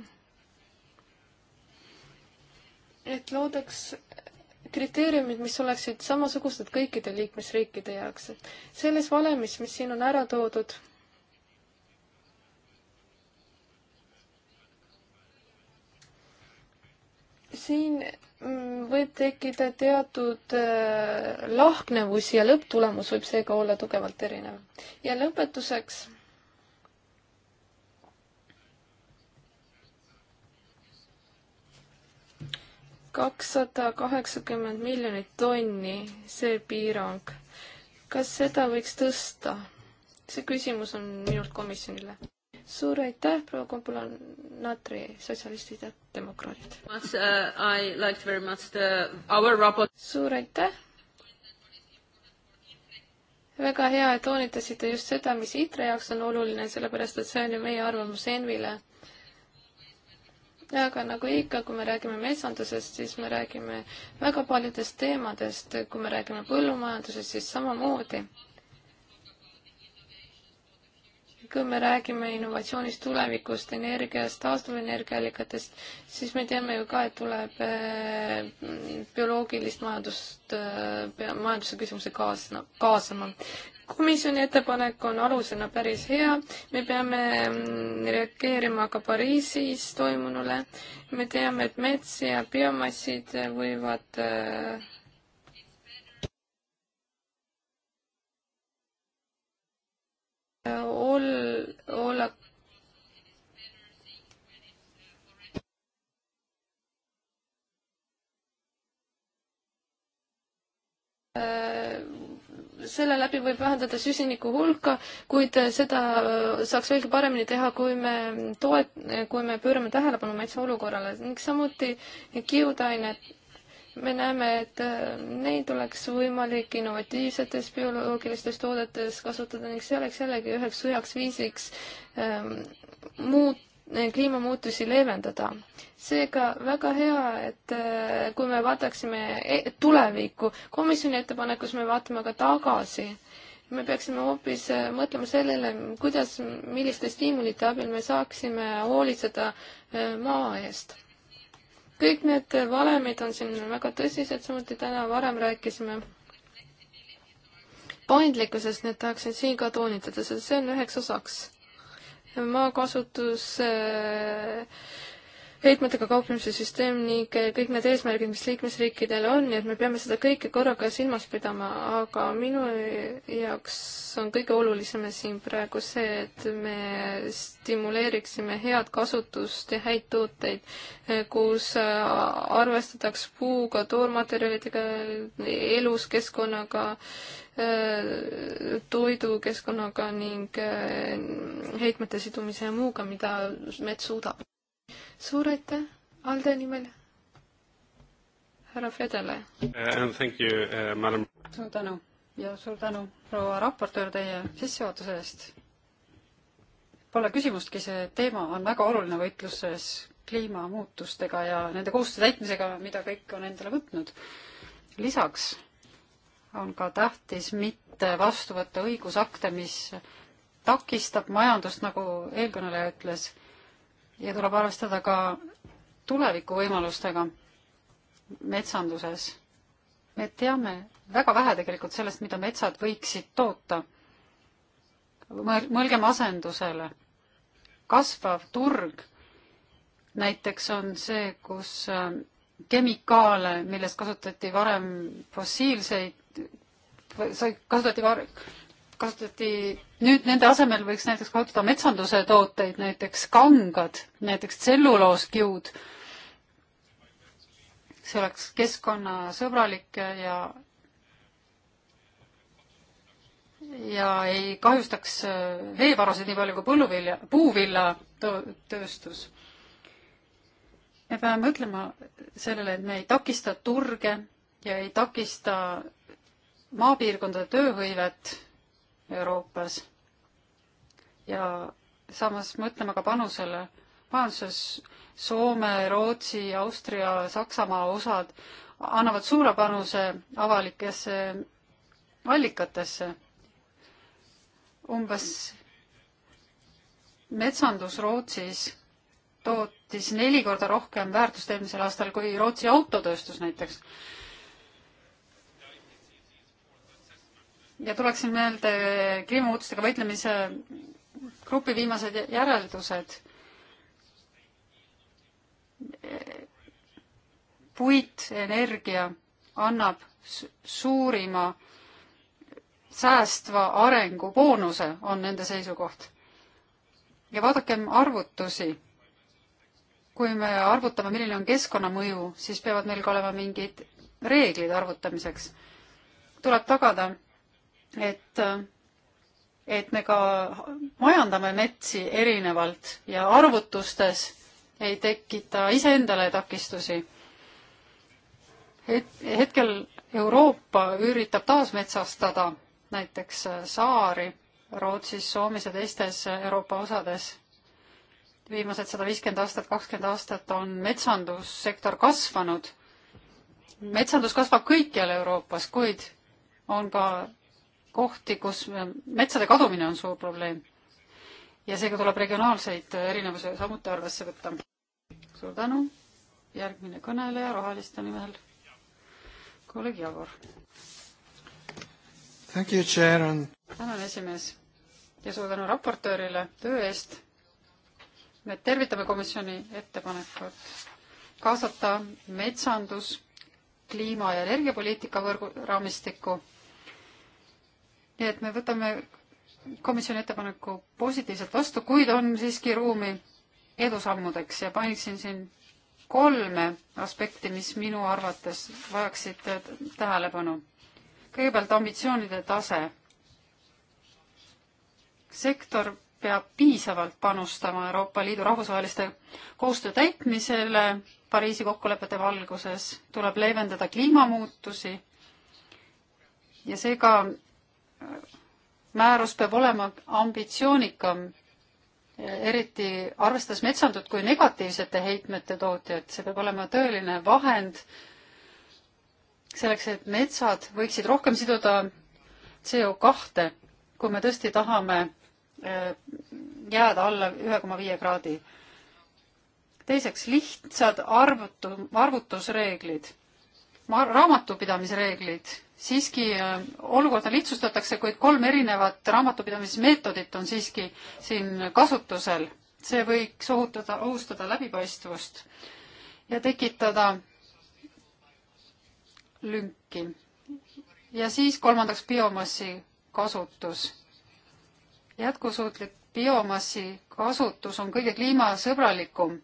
et loodaks kriteeriumid, mis oleksid samasugused kõikide liikmesriikide jaoks. selles valemis, mis siin on ära toodud, siin Mm, võib tekkida teatud äh, lahknevus ja lõpptulemus võib seega olla tugevalt erinev. ja lõpetuseks. kakssada kaheksakümmend miljonit tonni, see piirang. kas seda võiks tõsta? see küsimus on minult komisjonile suur aitäh, proua Kompula-Natri, sotsialistid ja demokraadid. Uh, suur aitäh. väga hea, et toonitasite just seda, mis ITRE jaoks on oluline, sellepärast et see on ju meie arvamus ENVile. aga nagu ikka, kui me räägime metsandusest, siis me räägime väga paljudest teemadest, kui me räägime põllumajandusest, siis samamoodi kui me räägime innovatsioonist, tulevikust, energiast, taastuvenergiaallikatest, siis me teame ju ka, et tuleb eh, bioloogilist majandust, eh, majanduse küsimuse kaasna, kaasama. komisjoni ettepanek on alusena päris hea, me peame mm, reageerima ka Pariisis toimunule, me teame, et mets ja biomassid võivad äh, ol-, olla selle läbi võib vähendada süsiniku hulka, kuid seda saaks veelgi paremini teha, kui me toet-, kui me pöörame tähelepanu metsa olukorrale ning samuti kiudained me näeme, et äh, neid oleks võimalik innovatiivsetes bioloogilistes toodetes kasutada ning see oleks jällegi üheks sõjaks viisiks ähm, muut-, kliimamuutusi leevendada. seega väga hea, et äh, kui me vaataksime e tulevikku, komisjoni ettepanekus me vaatame ka tagasi, me peaksime hoopis äh, mõtlema sellele, kuidas, milliste stiimulite abil me saaksime hoolitseda äh, maa eest kõik need valemid on siin väga tõsised, samuti täna varem rääkisime paindlikkusest, nii et tahaksin siin ka toonitada, sest see on üheks osaks. maakasutuse äh, heitmetega kauplemise süsteem ning kõik need eesmärgid, mis liikmesriikidel on, nii et me peame seda kõike korraga silmas pidama, aga minu jaoks on kõige olulisem siin praegu see, et me stimuleeriksime head kasutust ja häid tooteid, kus arvestataks puuga, toormaterjalidega, eluskeskkonnaga, toidukeskkonnaga ning heitmete sidumise ja muuga, mida mets suudab suur aitäh, Alde nimel, härra Fedele uh,. uh suur tänu ja suur tänu, proua raportöör, teie sissejuhatuse eest. Pole küsimustki, see teema on väga oluline võitluses kliimamuutustega ja nende kohustuste täitmisega, mida kõik on endale võtnud. lisaks on ka tähtis mitte vastu võtta õigusakte, mis takistab majandust, nagu eelkõneleja ütles ja tuleb arvestada ka tulevikuvõimalustega metsanduses. me teame väga vähe tegelikult sellest, mida metsad võiksid toota. mõelgem asendusele. kasvav turg näiteks on see, kus ähm, kemikaale, millest kasutati varem fossiilseid, sai, kasutati var-, kasutati, nüüd nende asemel võiks näiteks kasutada metsanduse tooteid, näiteks kangad, näiteks tsellulooskiud. see oleks keskkonnasõbralik ja ja ei kahjustaks veevarusid nii palju kui põlluvilja, puuviljatööstus. me peame mõtlema sellele, et me ei takista turge ja ei takista maapiirkondade tööhõivet Euroopas ja samas mõtlema ka panusele majanduses Soome, Rootsi, Austria, Saksamaa osad annavad suure panuse avalikesse allikatesse. umbes metsandus Rootsis tootis neli korda rohkem väärtust eelmisel aastal kui Rootsi autotööstus näiteks ja tuleksin meelde kliimamuutustega võitlemise grupi viimased järeldused. puitenergia annab suurima säästva arengu boonuse, on nende seisukoht. ja vaadakem arvutusi. kui me arvutame, milline on keskkonnamõju, siis peavad meil ka olema mingid reeglid arvutamiseks. tuleb tagada et, et me ka majandame metsi erinevalt ja arvutustes ei tekita iseendale takistusi. et hetkel Euroopa üritab taasmetsastada näiteks saari Rootsis, Soomes ja teistes Euroopa osades viimased sada viiskümmend aastat, kakskümmend aastat on metsandussektor kasvanud. metsandus kasvab kõikjal Euroopas, kuid on ka kohti, kus metsade kadumine on suur probleem. ja seega tuleb regionaalseid erinevusi samuti arvesse võtta. suur tänu, järgmine kõneleja Roheliste nimel, kolleeg Javor. tänan, esimees ja suur tänu raportöörile töö eest. me tervitame komisjoni ettepanekut kaasata metsandus kliima- ja energiapoliitika võrgu raamistikku nii et me võtame komisjoni ettepaneku positiivselt vastu, kuid on siiski ruumi edusammudeks ja mainiksin siin kolme aspekti, mis minu arvates vajaksid tähelepanu. kõigepealt ambitsioonide tase. sektor peab piisavalt panustama Euroopa Liidu rahvusvaheliste koostöö täitmisele Pariisi kokkulepete valguses, tuleb leevendada kliimamuutusi ja seega määrus peab olema ambitsioonikam, eriti arvestades metsandut kui negatiivsete heitmete tootjat, see peab olema tõeline vahend selleks, et metsad võiksid rohkem siduda CO kahte, kui me tõesti tahame eh, jääda alla ühe koma viie kraadi. teiseks, lihtsad arvutu, arvutusreeglid raamatupidamisreeglid, siiski äh, olukorda lihtsustatakse, kuid kolm erinevat raamatupidamismeetodit on siiski siin kasutusel. see võiks ohutada, ohustada läbipaistvust ja tekitada lünki. ja siis kolmandaks biomassi kasutus. jätkusuutlik biomassi kasutus on kõige kliimasõbralikum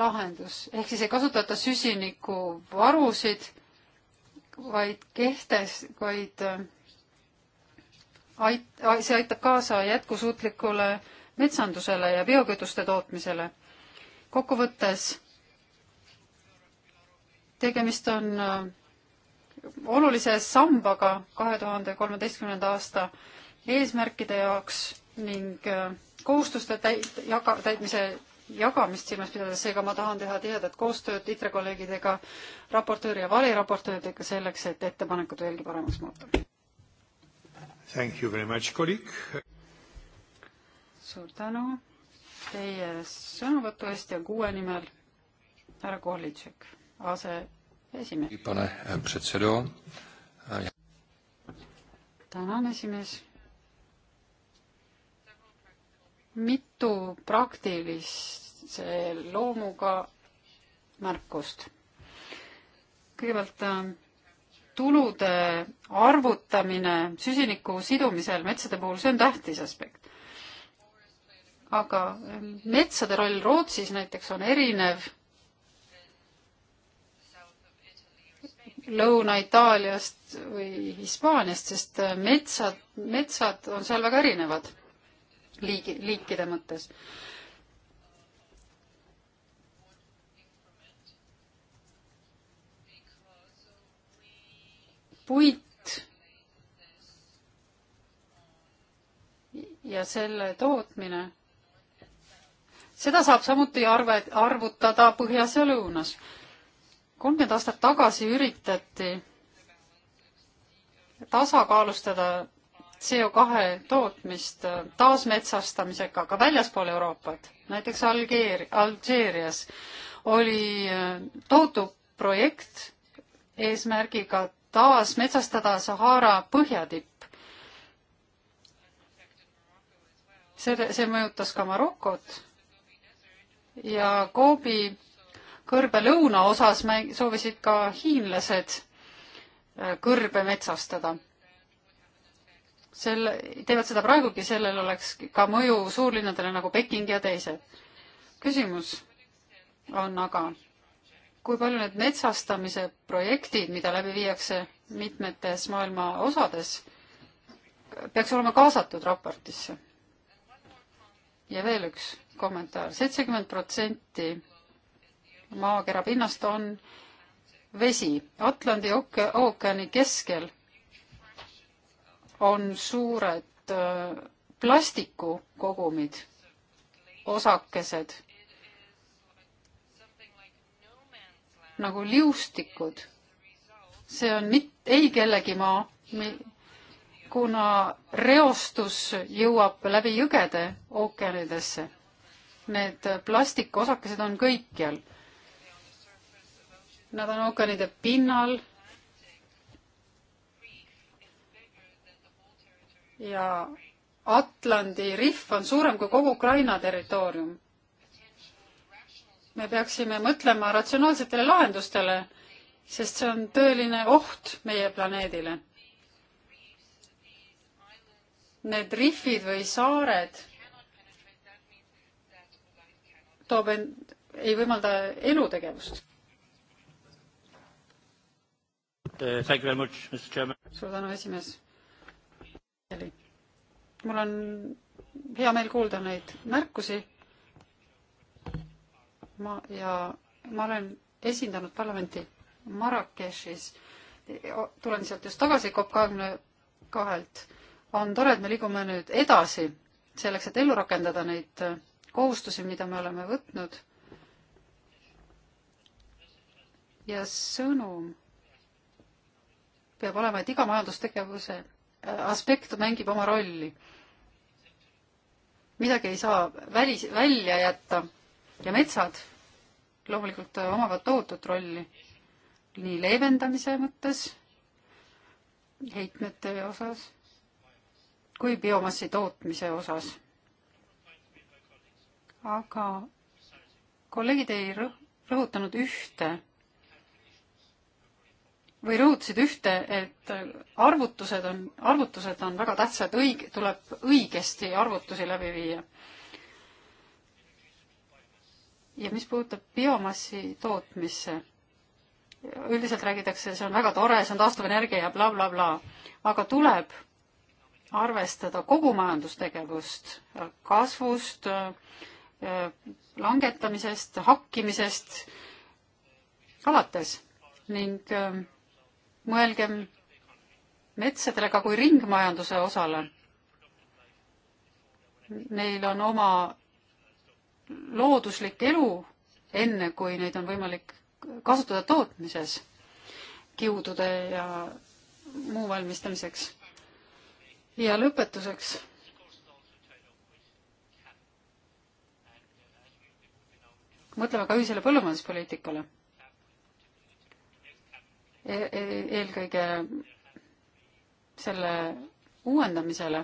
lahendus, ehk siis ei kasutata süsinikuvarusid, vaid kehtes, vaid äh, ait-, see aitab kaasa jätkusuutlikule metsandusele ja biokütuste tootmisele. kokkuvõttes tegemist on äh, olulise sambaga kahe tuhande kolmeteistkümnenda aasta eesmärkide jaoks ning äh, kohustuste täit-, jaga-, täitmise jagamist silmas pidada, seega ma tahan teha tihedat koostööd ITRE kolleegidega, raportööri ja variraportööridega selleks, et ettepanekut veelgi paremaks muuta. Thank you very much, kolleeg. suur tänu teie sõnavõtu eest ja kuue nimel härra Kohlitšek, aseesimees. Eh, tänan, esimees mitu praktilise loomuga märkust. kõigepealt ähm, tulude arvutamine süsiniku sidumisel metsade puhul, see on tähtis aspekt. aga ähm, metsade roll Rootsis näiteks on erinev Lõuna-Itaaliast või Hispaaniast, sest äh, metsad, metsad on seal väga erinevad liigi, liikide mõttes. puit ja selle tootmine, seda saab samuti arve, arvutada põhjas ja lõunas. kolmkümmend aastat tagasi üritati tasakaalustada CO2 tootmist taasmetsastamisega ka väljaspool Euroopat, näiteks Algeer-, Alžeerias oli äh, tohutu projekt eesmärgiga taasmetsastada Sahara põhjatipp. selle, see mõjutas ka Marokot ja Koobi kõrbe lõunaosas mäng-, soovisid ka hiinlased äh, kõrbe metsastada selle, teevad seda praegugi, sellel oleks ka mõju suurlinnadele nagu Peking ja teised. küsimus on aga, kui palju need metsastamise projektid, mida läbi viiakse mitmetes maailma osades, peaks olema kaasatud raportisse? ja veel üks kommentaar, seitsekümmend protsenti maakera pinnast on vesi Atlandi ookeani keskel on suured äh, plastikukogumid, osakesed, nagu liustikud. see on mit-, ei kellegi maa, kuna reostus jõuab läbi jõgede ookeanidesse. Need plastikosakesed on kõikjal. Nad on ookeanide pinnal ja Atlandi rihv on suurem kui kogu Ukraina territoorium. me peaksime mõtlema ratsionaalsetele lahendustele, sest see on tõeline oht meie planeedile. Need rihvid või saared toob end, ei võimalda elutegevust. Uh, suur tänu, esimees Eli mul on hea meel kuulda neid märkusi. ma ja ma olen esindanud parlamenti Marrakechis, tulen sealt just tagasi COP kahekümne kahelt. on tore, et me liigume nüüd edasi selleks, et ellu rakendada neid kohustusi, mida me oleme võtnud. ja sõnum peab olema, et iga majandustegevuse aspekt mängib oma rolli. midagi ei saa välis, välja jätta ja metsad loomulikult omavad tohutut rolli nii leevendamise mõttes, heitmete osas kui biomassi tootmise osas. aga kolleegid ei rõh-, rõhutanud ühte või rõhutasid ühte, et arvutused on, arvutused on väga tähtsad, õig-, tuleb õigesti arvutusi läbi viia. ja mis puudutab biomassi tootmisse, üldiselt räägitakse, see on väga tore, see on taastuvenergia ja blablabla bla, bla, bla. aga tuleb arvestada kogu majandustegevust, kasvust, langetamisest, hakkimisest alates ning äh, mõelgem metsadele ka kui ringmajanduse osale. Neil on oma looduslik elu, enne kui neid on võimalik kasutada tootmises, kiudude ja muu valmistamiseks. ja lõpetuseks. mõtleme ka ühisele põllumajanduspoliitikale E-, e-, eelkõige selle uuendamisele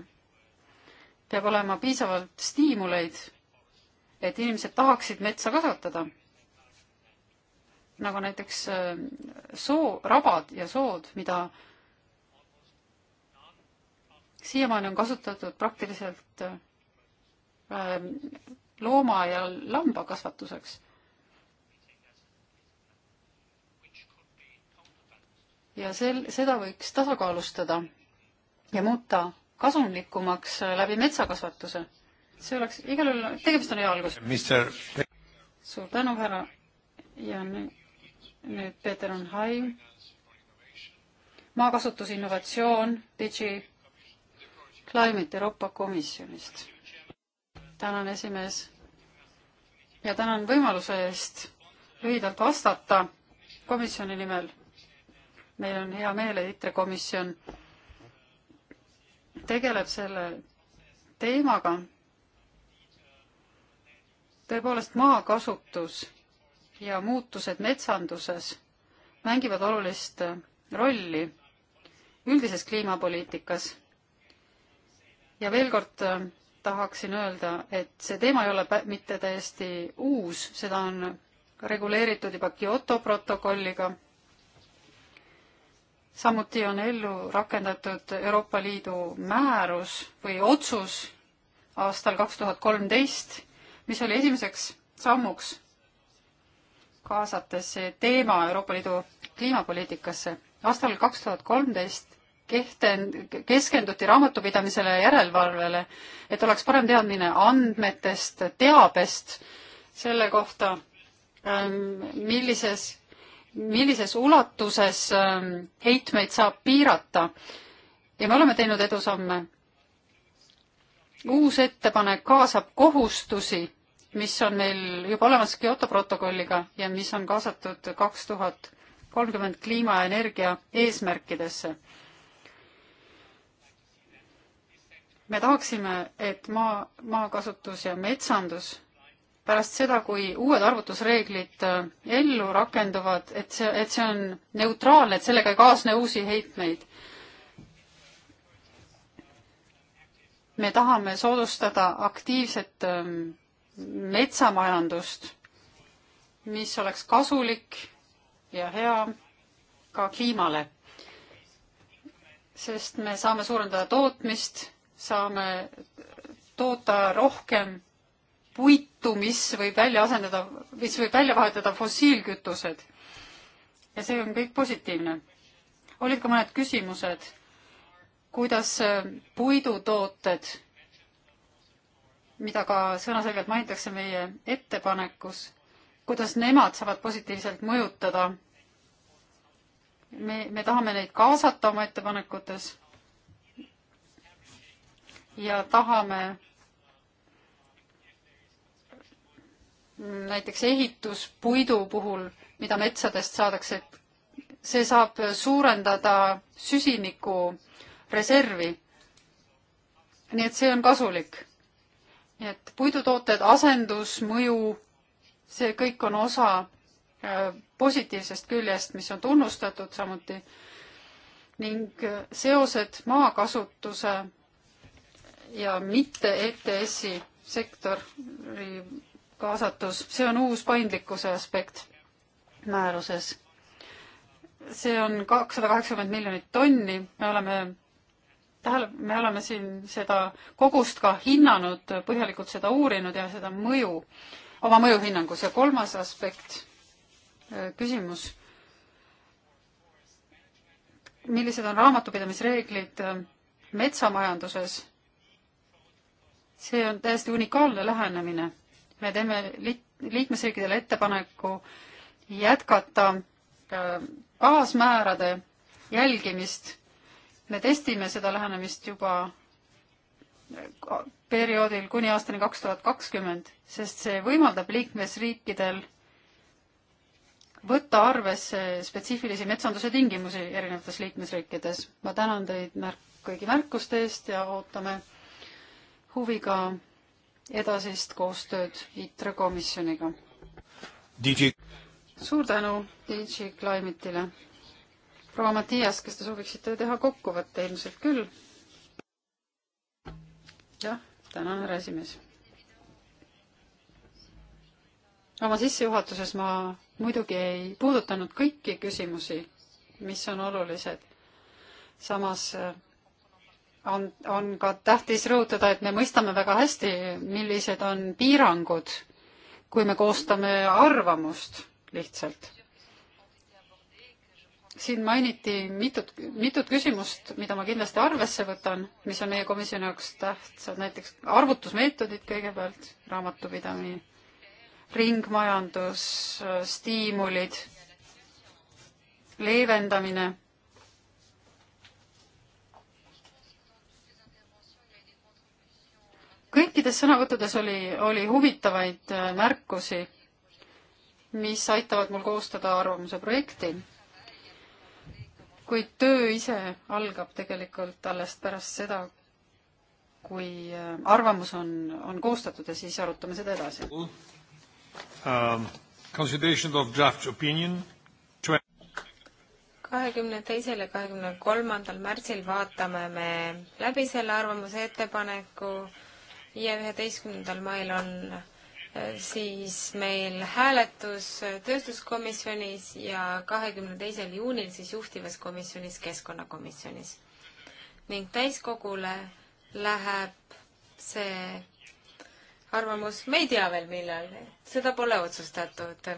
peab olema piisavalt stiimuleid, et inimesed tahaksid metsa kasvatada. nagu näiteks e, soo, rabad ja sood, mida siiamaani on kasutatud praktiliselt looma- ja lambakasvatuseks ja sel, seda võiks tasakaalustada ja muuta kasumlikumaks äh, läbi metsakasvatuse. see oleks igal juhul, tegemist on hea algus Mister.... suur tänu, härra. ja nüüd, nüüd Peeter on hai. maakasutus, innovatsioon, digi, climate Euroopa Komisjonist. tänan, esimees. ja tänan võimaluse eest lühidalt vastata komisjoni nimel meil on hea meel, et ITRE komisjon tegeleb selle teemaga. tõepoolest, maakasutus ja muutused metsanduses mängivad olulist rolli üldises kliimapoliitikas. ja veel kord äh, tahaksin öelda, et see teema ei ole mitte täiesti uus, seda on reguleeritud juba Kyoto protokolliga samuti on ellu rakendatud Euroopa Liidu määrus või otsus aastal kaks tuhat kolmteist, mis oli esimeseks sammuks kaasates see teema Euroopa Liidu kliimapoliitikasse. aastal kaks tuhat kolmteist kehten-, keskenduti raamatupidamisele ja järelevalvele, et oleks parem teadmine andmetest, teabest selle kohta, ähm, millises millises ulatuses ähm, heitmeid saab piirata. ja me oleme teinud edusamme. uus ettepanek kaasab kohustusi, mis on meil juba olemas Kyoto protokolliga ja mis on kaasatud kaks tuhat kolmkümmend kliima ja energia eesmärkidesse. me tahaksime, et maa, maakasutus ja metsandus pärast seda, kui uued arvutusreeglid äh, ellu rakenduvad, et see, et see on neutraalne, et sellega ei kaasne uusi heitmeid. me tahame soodustada aktiivset ähm, metsamajandust, mis oleks kasulik ja hea ka kliimale. sest me saame suurendada tootmist, saame toota rohkem puitu, mis võib välja asendada, mis võib välja vahetada fossiilkütused. ja see on kõik positiivne. olid ka mõned küsimused, kuidas äh, puidutooted, mida ka sõnaselgelt mainitakse meie ettepanekus, kuidas nemad saavad positiivselt mõjutada. me, me tahame neid kaasata oma ettepanekutes ja tahame näiteks ehituspuidu puhul, mida metsadest saadakse, et see saab suurendada süsiniku reservi. nii et see on kasulik. nii et puidutooted, asendusmõju, see kõik on osa äh, positiivsest küljest, mis on tunnustatud samuti ning äh, seosed maakasutuse ja mitte ETS-i sektori kaasatus, see on uus paindlikkuse aspekt määruses. see on kakssada kaheksakümmend miljonit tonni, me oleme tähele, me oleme siin seda kogust ka hinnanud, põhjalikult seda uurinud ja seda mõju, oma mõjuhinnangus ja kolmas aspekt, äh, küsimus, millised on raamatupidamisreeglid äh, metsamajanduses? see on täiesti unikaalne lähenemine me teeme liikmesriikidele ettepaneku jätkata äh, baasmäärade jälgimist. me testime seda lähenemist juba äh, perioodil kuni aastani kaks tuhat kakskümmend, sest see võimaldab liikmesriikidel võtta arvesse spetsiifilisi metsanduse tingimusi erinevates liikmesriikides. ma tänan teid märk-, kõigi märkuste eest ja ootame huviga edasist koostööd ITRE komisjoniga. DJ... suur tänu DJ Climate'ile. proua Mattias, kas te sooviksite teha kokkuvõtte? ilmselt küll. jah, tänan, härra esimees. oma sissejuhatuses ma muidugi ei puudutanud kõiki küsimusi, mis on olulised. samas on, on ka tähtis rõhutada, et me mõistame väga hästi, millised on piirangud, kui me koostame arvamust lihtsalt. siin mainiti mitut, mitut küsimust, mida ma kindlasti arvesse võtan, mis on meie komisjoni jaoks tähtsad, näiteks arvutusmeetodid kõigepealt, raamatupidamine, ringmajandus, stiimulid, leevendamine kõikides sõnavõttudes oli, oli huvitavaid äh, märkusi, mis aitavad mul koostada arvamuse projekti. kuid töö ise algab tegelikult alles pärast seda, kui äh, arvamus on, on koostatud ja siis arutame seda edasi um,. kahekümne teisel ja kahekümne kolmandal märtsil vaatame me läbi selle arvamuse ettepaneku ja üheteistkümnendal mail on äh, siis meil hääletus äh, tööstuskomisjonis ja kahekümne teisel juunil siis juhtivas komisjonis, keskkonnakomisjonis. ning täiskogule läheb see arvamus, me ei tea veel, millal, seda pole otsustatud.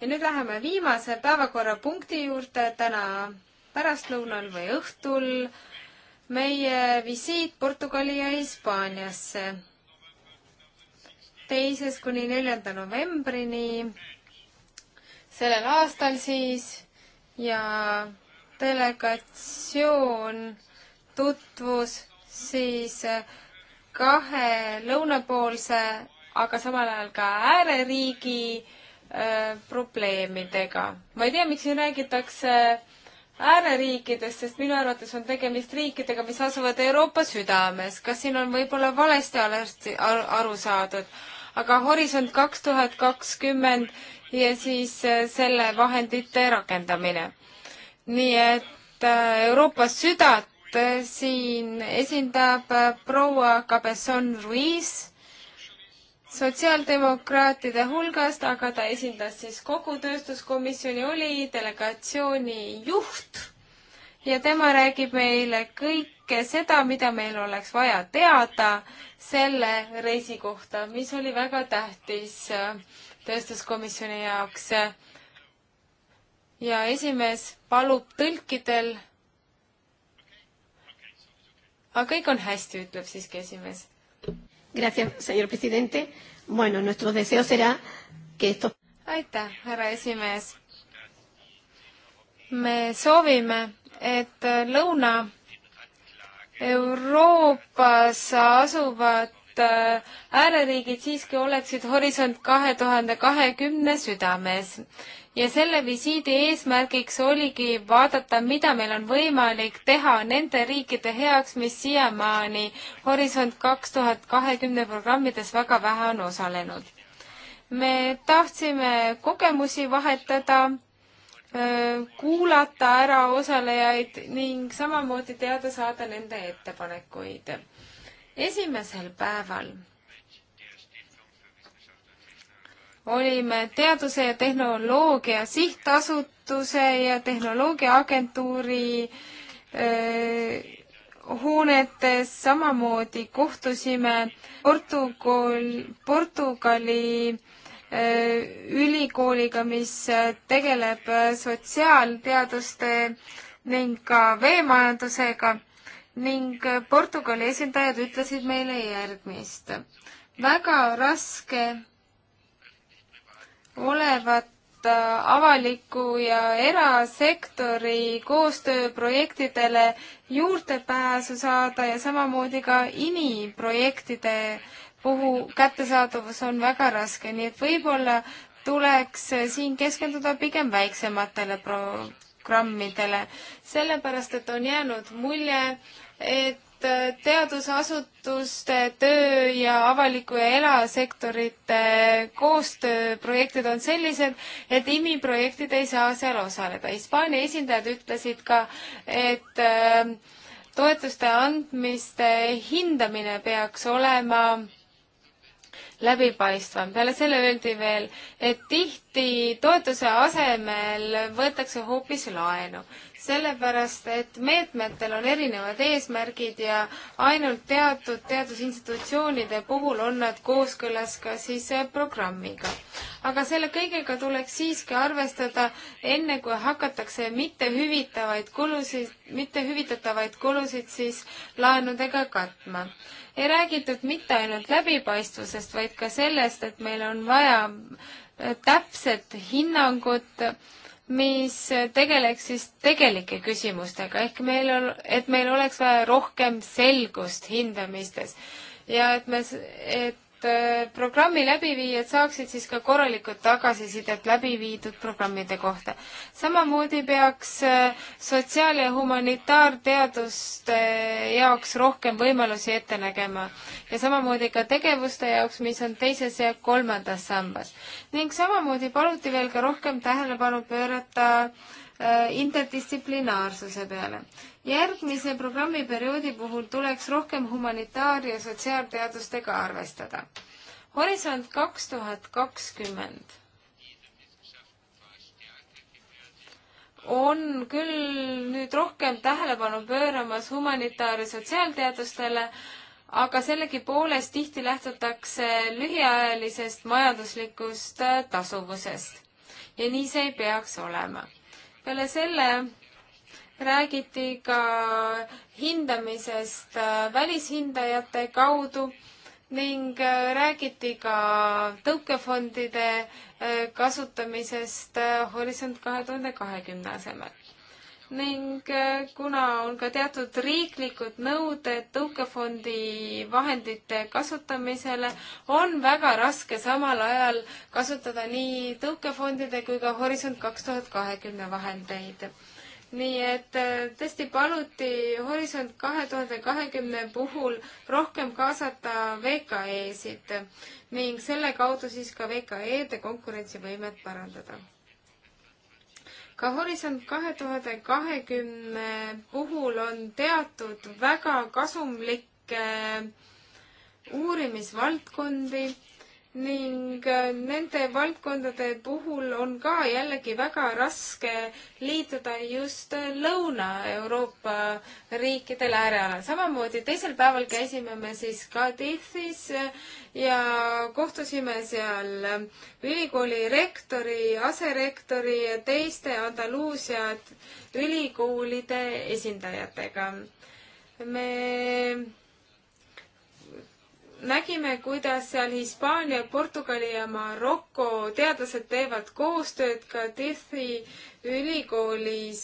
ja nüüd läheme viimase päevakorrapunkti juurde täna pärastlõunal või õhtul meie visiit Portugali ja Hispaaniasse teisest kuni neljanda novembrini sellel aastal siis ja delegatsioon tutvus siis kahe lõunapoolse, aga samal ajal ka ääreriigi äh, probleemidega. ma ei tea, miks siin räägitakse ääreriikidest, sest minu arvates on tegemist riikidega, mis asuvad Euroopa südames. kas siin on võib-olla valesti aru saadud? aga Horisont kaks tuhat kakskümmend ja siis äh, selle vahendite rakendamine. nii et äh, Euroopa südant äh, siin esindab proua Cabezon Ruiz sotsiaaldemokraatide hulgast, aga ta esindas siis kogu tööstuskomisjoni, oli delegatsiooni juht ja tema räägib meile kõik kõike seda, mida meil oleks vaja teada selle reisi kohta, mis oli väga tähtis äh, tööstuskomisjoni jaoks. ja esimees palub tõlkidel. aga kõik on hästi, ütleb siiski esimees. Gracias, señor presidente. Bueno, nuestro deseo será que esto. aitäh, härra esimees. me soovime, et lõuna Euroopas asuvad äh, ääreriigid siiski oleksid Horisont kahe tuhande kahekümne südames ja selle visiidi eesmärgiks oligi vaadata, mida meil on võimalik teha nende riikide heaks, mis siiamaani Horisont kaks tuhat kahekümne programmides väga vähe on osalenud. me tahtsime kogemusi vahetada kuulata ära osalejaid ning samamoodi teada saada nende ettepanekuid. esimesel päeval olime Teaduse ja Tehnoloogia Sihtasutuse ja Tehnoloogiaagentuuri hoonetes, samamoodi kohtusime Portugal, Portugali, Portugali Äh, ülikooliga, mis äh, tegeleb äh, sotsiaalteaduste ning ka veemajandusega ning Portugali esindajad ütlesid meile järgmist. väga raske olevat avaliku ja erasektori koostööprojektidele juurdepääsu saada ja samamoodi ka iniprojektide puhu kättesaadavus on väga raske, nii et võib-olla tuleks eh, siin keskenduda pigem väiksematele programmidele, sellepärast et on jäänud mulje, et eh, teadusasutuste töö ja avaliku ja erasektorite koostööprojektid on sellised, et IMI projektid ei saa seal osaleda. Hispaania esindajad ütlesid ka, et eh, toetuste andmiste hindamine peaks olema läbipaistvam. peale selle öeldi veel, et tihti toetuse asemel võetakse hoopis laenu sellepärast, et meetmetel on erinevad eesmärgid ja ainult teatud teadusinstitutsioonide puhul on nad kooskõlas ka siis äh, programmiga. aga selle kõigega tuleks siiski arvestada, enne kui hakatakse mittehüvitavaid kulusid, mittehüvitatavaid kulusid siis laenudega katma. ei räägitud mitte ainult läbipaistvusest, vaid ka sellest, et meil on vaja äh, täpset hinnangut äh, mis tegeleks siis tegelike küsimustega, ehk meil on, et meil oleks vaja rohkem selgust hindamistes ja et me, et Äh, programmi läbiviijad saaksid siis ka korralikult tagasisidet läbi viidud programmide kohta. samamoodi peaks äh, sotsiaal- ja humanitaarteaduste äh, jaoks rohkem võimalusi ette nägema ja samamoodi ka tegevuste jaoks, mis on teises ja kolmandas sambas. ning samamoodi paluti veel ka rohkem tähelepanu pöörata interdistsiplinaarsuse peale järgmise programmiperioodi puhul tuleks rohkem humanitaar- ja sotsiaalteadustega arvestada. Horisont kaks tuhat kakskümmend on küll nüüd rohkem tähelepanu pööramas humanitaar- ja sotsiaalteadustele, aga sellegipoolest tihti lähtutakse lühiajalisest majanduslikust äh, tasuvusest. ja nii see ei peaks olema. peale selle räägiti ka hindamisest äh, välishindajate kaudu ning äh, räägiti ka tõukefondide äh, kasutamisest Horisont kahe tuhande kahekümne asemel. ning kuna on ka teatud riiklikud nõuded tõukefondi vahendite kasutamisele, on väga raske samal ajal kasutada nii tõukefondide kui ka Horisont kaks tuhat kahekümne vahendeid nii et äh, tõesti paluti Horisont kahe tuhande kahekümne puhul rohkem kaasata VKE-sid ning selle kaudu siis ka VKE-de konkurentsivõimet parandada. ka Horisont kahe tuhande kahekümne puhul on teatud väga kasumlikke uurimisvaldkondi ning äh, nende valdkondade puhul on ka jällegi väga raske liituda just Lõuna-Euroopa riikidele äärealal. samamoodi teisel päeval käisime me siis Cardiffis ja kohtusime seal ülikooli rektori, aserektori ja teiste Andaluusia ülikoolide esindajatega. me nägime, kuidas seal Hispaania, Portugali ja Maroko teadlased teevad koostööd ka Tithi ülikoolis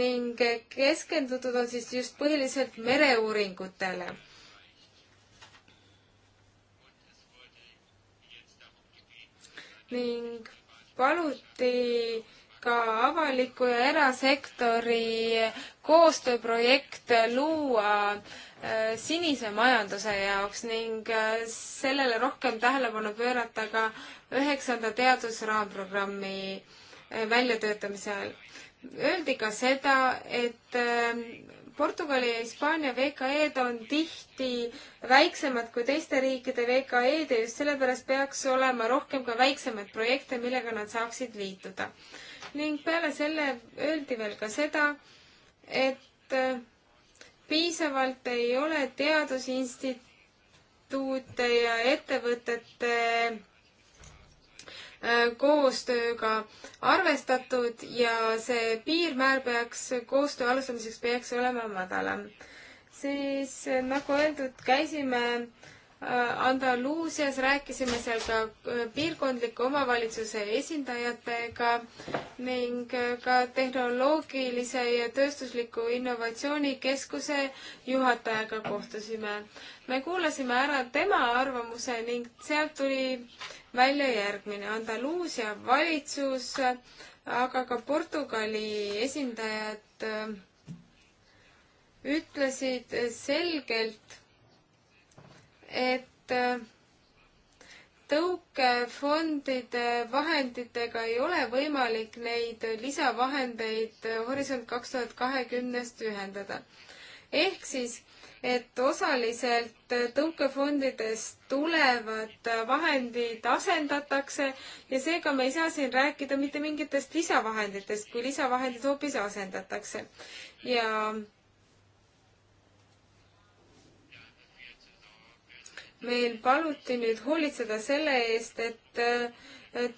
ning keskendutud on siis just põhiliselt mereuuringutele. ning paluti ka avaliku ja erasektori koostööprojekt luua äh, sinise majanduse jaoks ning äh, sellele rohkem tähelepanu pöörata ka üheksanda teadusraamprogrammi äh, väljatöötamise ajal. Öeldi ka seda, et Portugali ja Hispaania VKE-d on tihti väiksemad kui teiste riikide VKE-d ja just sellepärast peaks olema rohkem ka väiksemaid projekte, millega nad saaksid liituda ning peale selle öeldi veel ka seda, et äh, piisavalt ei ole teadusinstituute ja ettevõtete äh, koostööga arvestatud ja see piirmäär peaks, koostöö alustamiseks peaks olema madalam. siis äh, nagu öeldud, käisime äh, Andaluusias rääkisime seal ka äh, piirkondliku omavalitsuse esindajatega ning äh, ka tehnoloogilise ja tööstusliku innovatsioonikeskuse juhatajaga kohtusime. me kuulasime ära tema arvamuse ning sealt tuli välja järgmine. Andaluusia valitsus, aga ka Portugali esindajad äh, ütlesid selgelt, et äh, tõukefondide vahenditega ei ole võimalik neid lisavahendeid äh, Horisont kaks tuhat kahekümnest ühendada. ehk siis, et osaliselt äh, tõukefondidest tulevad vahendid asendatakse ja seega me ei saa siin rääkida mitte mingitest lisavahenditest, kui lisavahendid hoopis asendatakse. ja meil paluti nüüd hoolitseda selle eest, et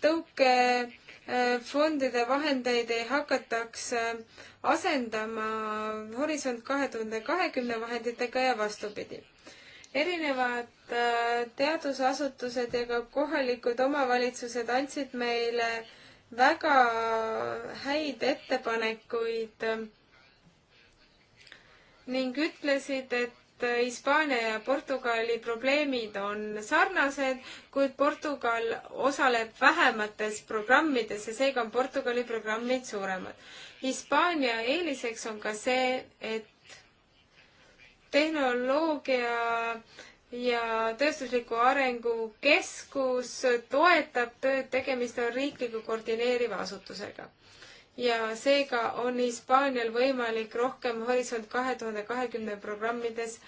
tõukefondide vahendeid ei hakataks asendama Horisont kahe tuhande kahekümne vahenditega ja vastupidi. erinevad äh, teadusasutused ja ka kohalikud omavalitsused andsid meile väga häid ettepanekuid ning ütlesid, et Hispaania ja Portugali probleemid on sarnased, kuid Portugal osaleb vähemates programmides ja seega on Portugali programmid suuremad. Hispaania eeliseks on ka see, et tehnoloogia ja tööstusliku arengu keskus toetab tööd, tegemist on riikliku koordineeriva asutusega ja seega on Hispaanial võimalik rohkem Horisont kahe tuhande kahekümne programmides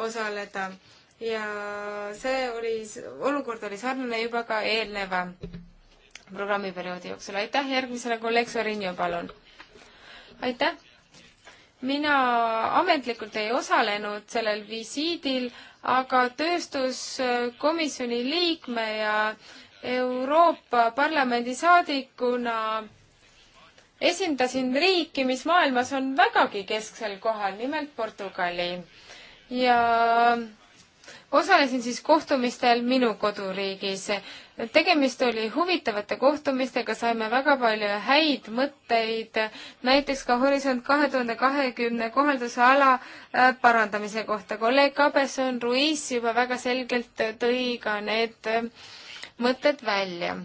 osaleda. ja see oli, olukord oli sarnane juba ka eelneva programmiperioodi jooksul. aitäh, järgmisele kolleeg Sorinio, palun. aitäh mina ametlikult ei osalenud sellel visiidil, aga tööstuskomisjoni liikme ja Euroopa Parlamendi saadikuna esindasin riiki, mis maailmas on vägagi kesksel kohal, nimelt Portugali. ja osalesin siis kohtumistel minu koduriigis. tegemist oli huvitavate kohtumistega, saime väga palju häid mõtteid, näiteks ka Horisont kahe tuhande kahekümne kohalduse ala äh, parandamise kohta. kolleeg Kabeson Ruiz juba väga selgelt tõi ka need äh, mõtted välja.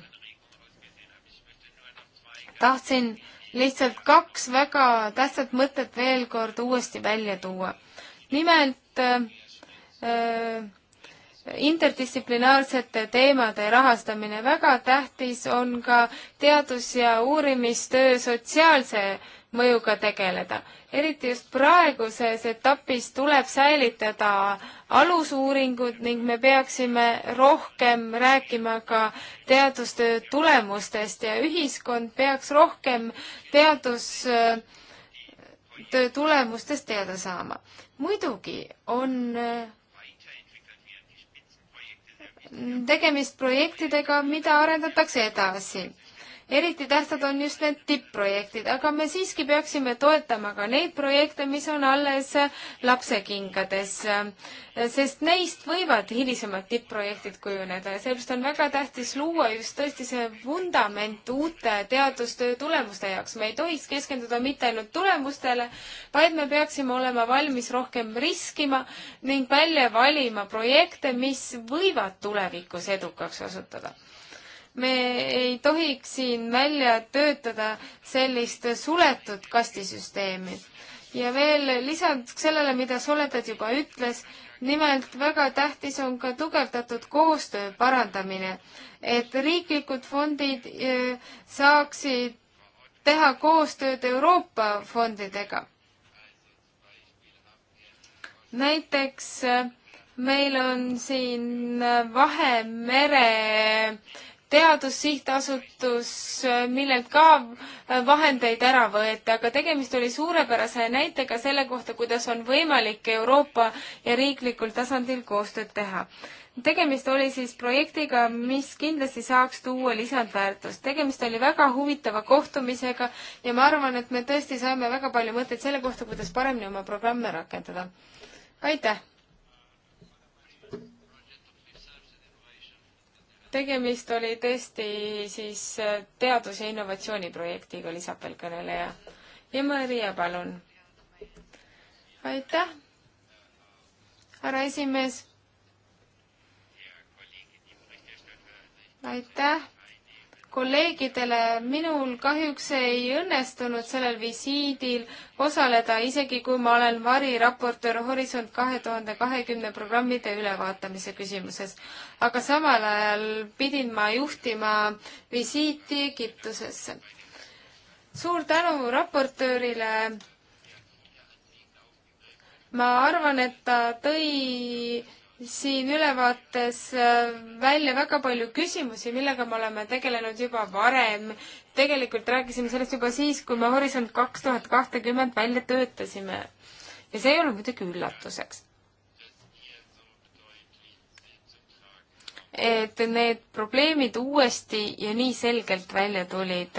tahtsin lihtsalt kaks väga tähtsat mõtet veel kord uuesti välja tuua. nimelt äh, äh interdistsiplinaarsete teemade rahastamine, väga tähtis on ka teadus- ja uurimistöö sotsiaalse mõjuga tegeleda. eriti just praeguses etapis tuleb säilitada alusuuringud ning me peaksime rohkem rääkima ka teadustöö tulemustest ja ühiskond peaks rohkem teadustöö tulemustest teada saama. muidugi on mm, tegemist projektidega, mida arendatakse edasi eriti tähtsad on just need tippprojektid, aga me siiski peaksime toetama ka neid projekte, mis on alles lapsekingades, sest neist võivad hilisemad tippprojektid kujuneda ja sellepärast on väga tähtis luua just tõesti see vundament uute teadustöö tulemuste jaoks. me ei tohiks keskenduda mitte ainult tulemustele, vaid me peaksime olema valmis rohkem riskima ning välja valima projekte, mis võivad tulevikus edukaks osutuda me ei tohiks siin välja töötada sellist suletud kastisüsteemi. ja veel lisaks sellele, mida Soledad juba ütles, nimelt väga tähtis on ka tugevdatud koostöö parandamine, et riiklikud fondid eh, saaksid teha koostööd Euroopa fondidega. näiteks eh, meil on siin Vahemere äh, teadussihtasutus, millelt ka äh, vahendeid ära võeti, aga tegemist oli suurepärase näitega selle kohta, kuidas on võimalik Euroopa ja riiklikul tasandil koostööd teha. tegemist oli siis projektiga, mis kindlasti saaks tuua lisandväärtust. tegemist oli väga huvitava kohtumisega ja ma arvan, et me tõesti saime väga palju mõtteid selle kohta, kuidas paremini oma programme rakendada. aitäh! tegemist oli tõesti siis äh, teadus- ja innovatsiooniprojektiga, lisab veel kõneleja. ja Maria, palun. aitäh, härra esimees. aitäh kolleegidele, minul kahjuks ei õnnestunud sellel visiidil osaleda, isegi kui ma olen variraportöör Horisont kahe tuhande kahekümne programmide ülevaatamise küsimuses. aga samal ajal pidin ma juhtima visiiti Egiptusesse. suur tänu raportöörile. ma arvan, et ta tõi siin ülevaates äh, välja väga palju küsimusi, millega me oleme tegelenud juba varem. tegelikult rääkisime sellest juba siis, kui me Horisont kaks tuhat kahtekümmend välja töötasime. ja see ei olnud muidugi üllatuseks. et need probleemid uuesti ja nii selgelt välja tulid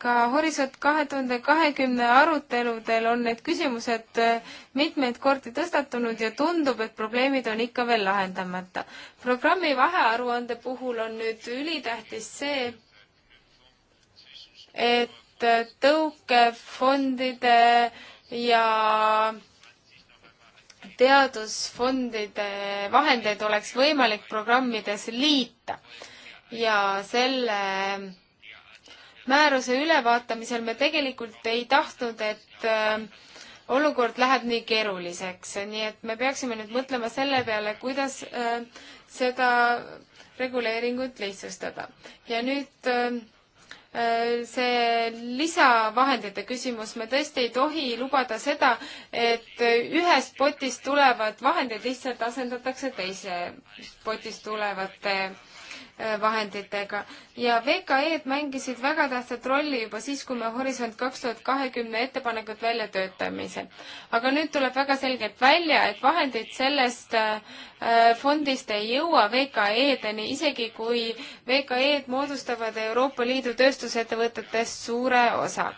ka Horisont kahe tuhande kahekümne aruteludel on need küsimused äh, mitmeid kordi tõstatunud ja tundub, et probleemid on ikka veel lahendamata. programmi vahearuande puhul on nüüd ülitähtis see, et äh, tõukefondide ja teadusfondide vahendeid oleks võimalik programmides liita ja selle määruse ülevaatamisel me tegelikult ei tahtnud, et äh, olukord läheb nii keeruliseks, nii et me peaksime nüüd mõtlema selle peale, kuidas äh, seda reguleeringut lihtsustada. ja nüüd äh, see lisavahendite küsimus, me tõesti ei tohi lubada seda, et ühest potist tulevad vahendid lihtsalt asendatakse teise potist tulevate vahenditega ja VKE-d mängisid väga tähtsat rolli juba siis, kui me Horisont kaks tuhat kahekümne ettepanekut välja töötamisel. aga nüüd tuleb väga selgelt välja, et vahendid sellest äh, fondist ei jõua VKE-deni, isegi kui VKE-d moodustavad Euroopa Liidu tööstusettevõtetest suure osa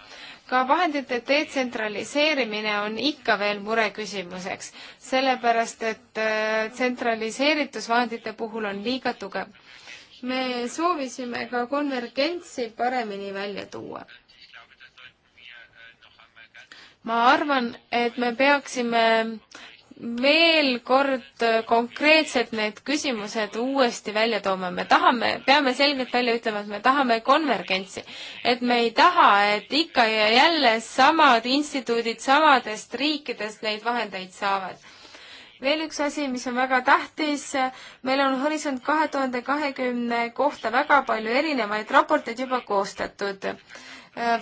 ka vahendite detsentraliseerimine on ikka veel mureküsimuseks, sellepärast et äh, tsentraliseeritus vahendite puhul on liiga tugev me soovisime ka konvergentsi paremini välja tuua. ma arvan, et me peaksime veel kord konkreetselt need küsimused uuesti välja tooma, me tahame, peame selgelt välja ütlema, et me tahame konvergentsi. et me ei taha, et ikka ja jälle samad instituudid samadest riikidest neid vahendeid saavad veel üks asi, mis on väga tähtis, meil on Horisont kahe tuhande kahekümne kohta väga palju erinevaid raporteid juba koostatud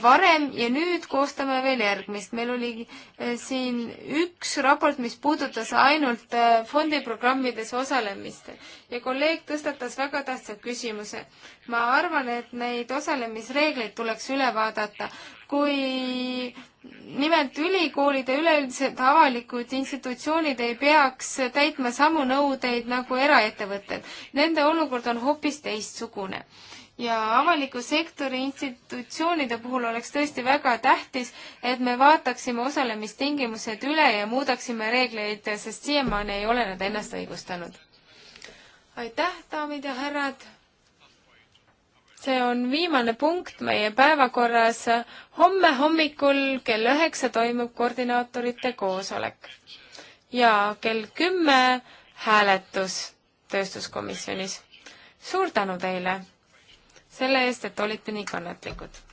varem ja nüüd koostame veel järgmist. meil oli eh, siin üks raport, mis puudutas ainult eh, fondiprogrammides osalemist ja kolleeg tõstatas väga tähtsa küsimuse. ma arvan, et neid osalemisreegleid tuleks üle vaadata. kui nimelt ülikoolid ja üleüldiselt avalikud institutsioonid ei peaks täitma samu nõudeid nagu eraettevõtted. Nende olukord on hoopis teistsugune. ja avaliku sektori institutsioonide puhul oleks tõesti väga tähtis, et me vaataksime osalemistingimused üle ja muudaksime reegleid, sest siiamaani ei ole nad ennast õigustanud. aitäh, daamid ja härrad see on viimane punkt meie päevakorras. homme hommikul kell üheksa toimub koordinaatorite koosolek ja kell kümme hääletus tööstuskomisjonis. suur tänu teile selle eest, et olite nii kannatlikud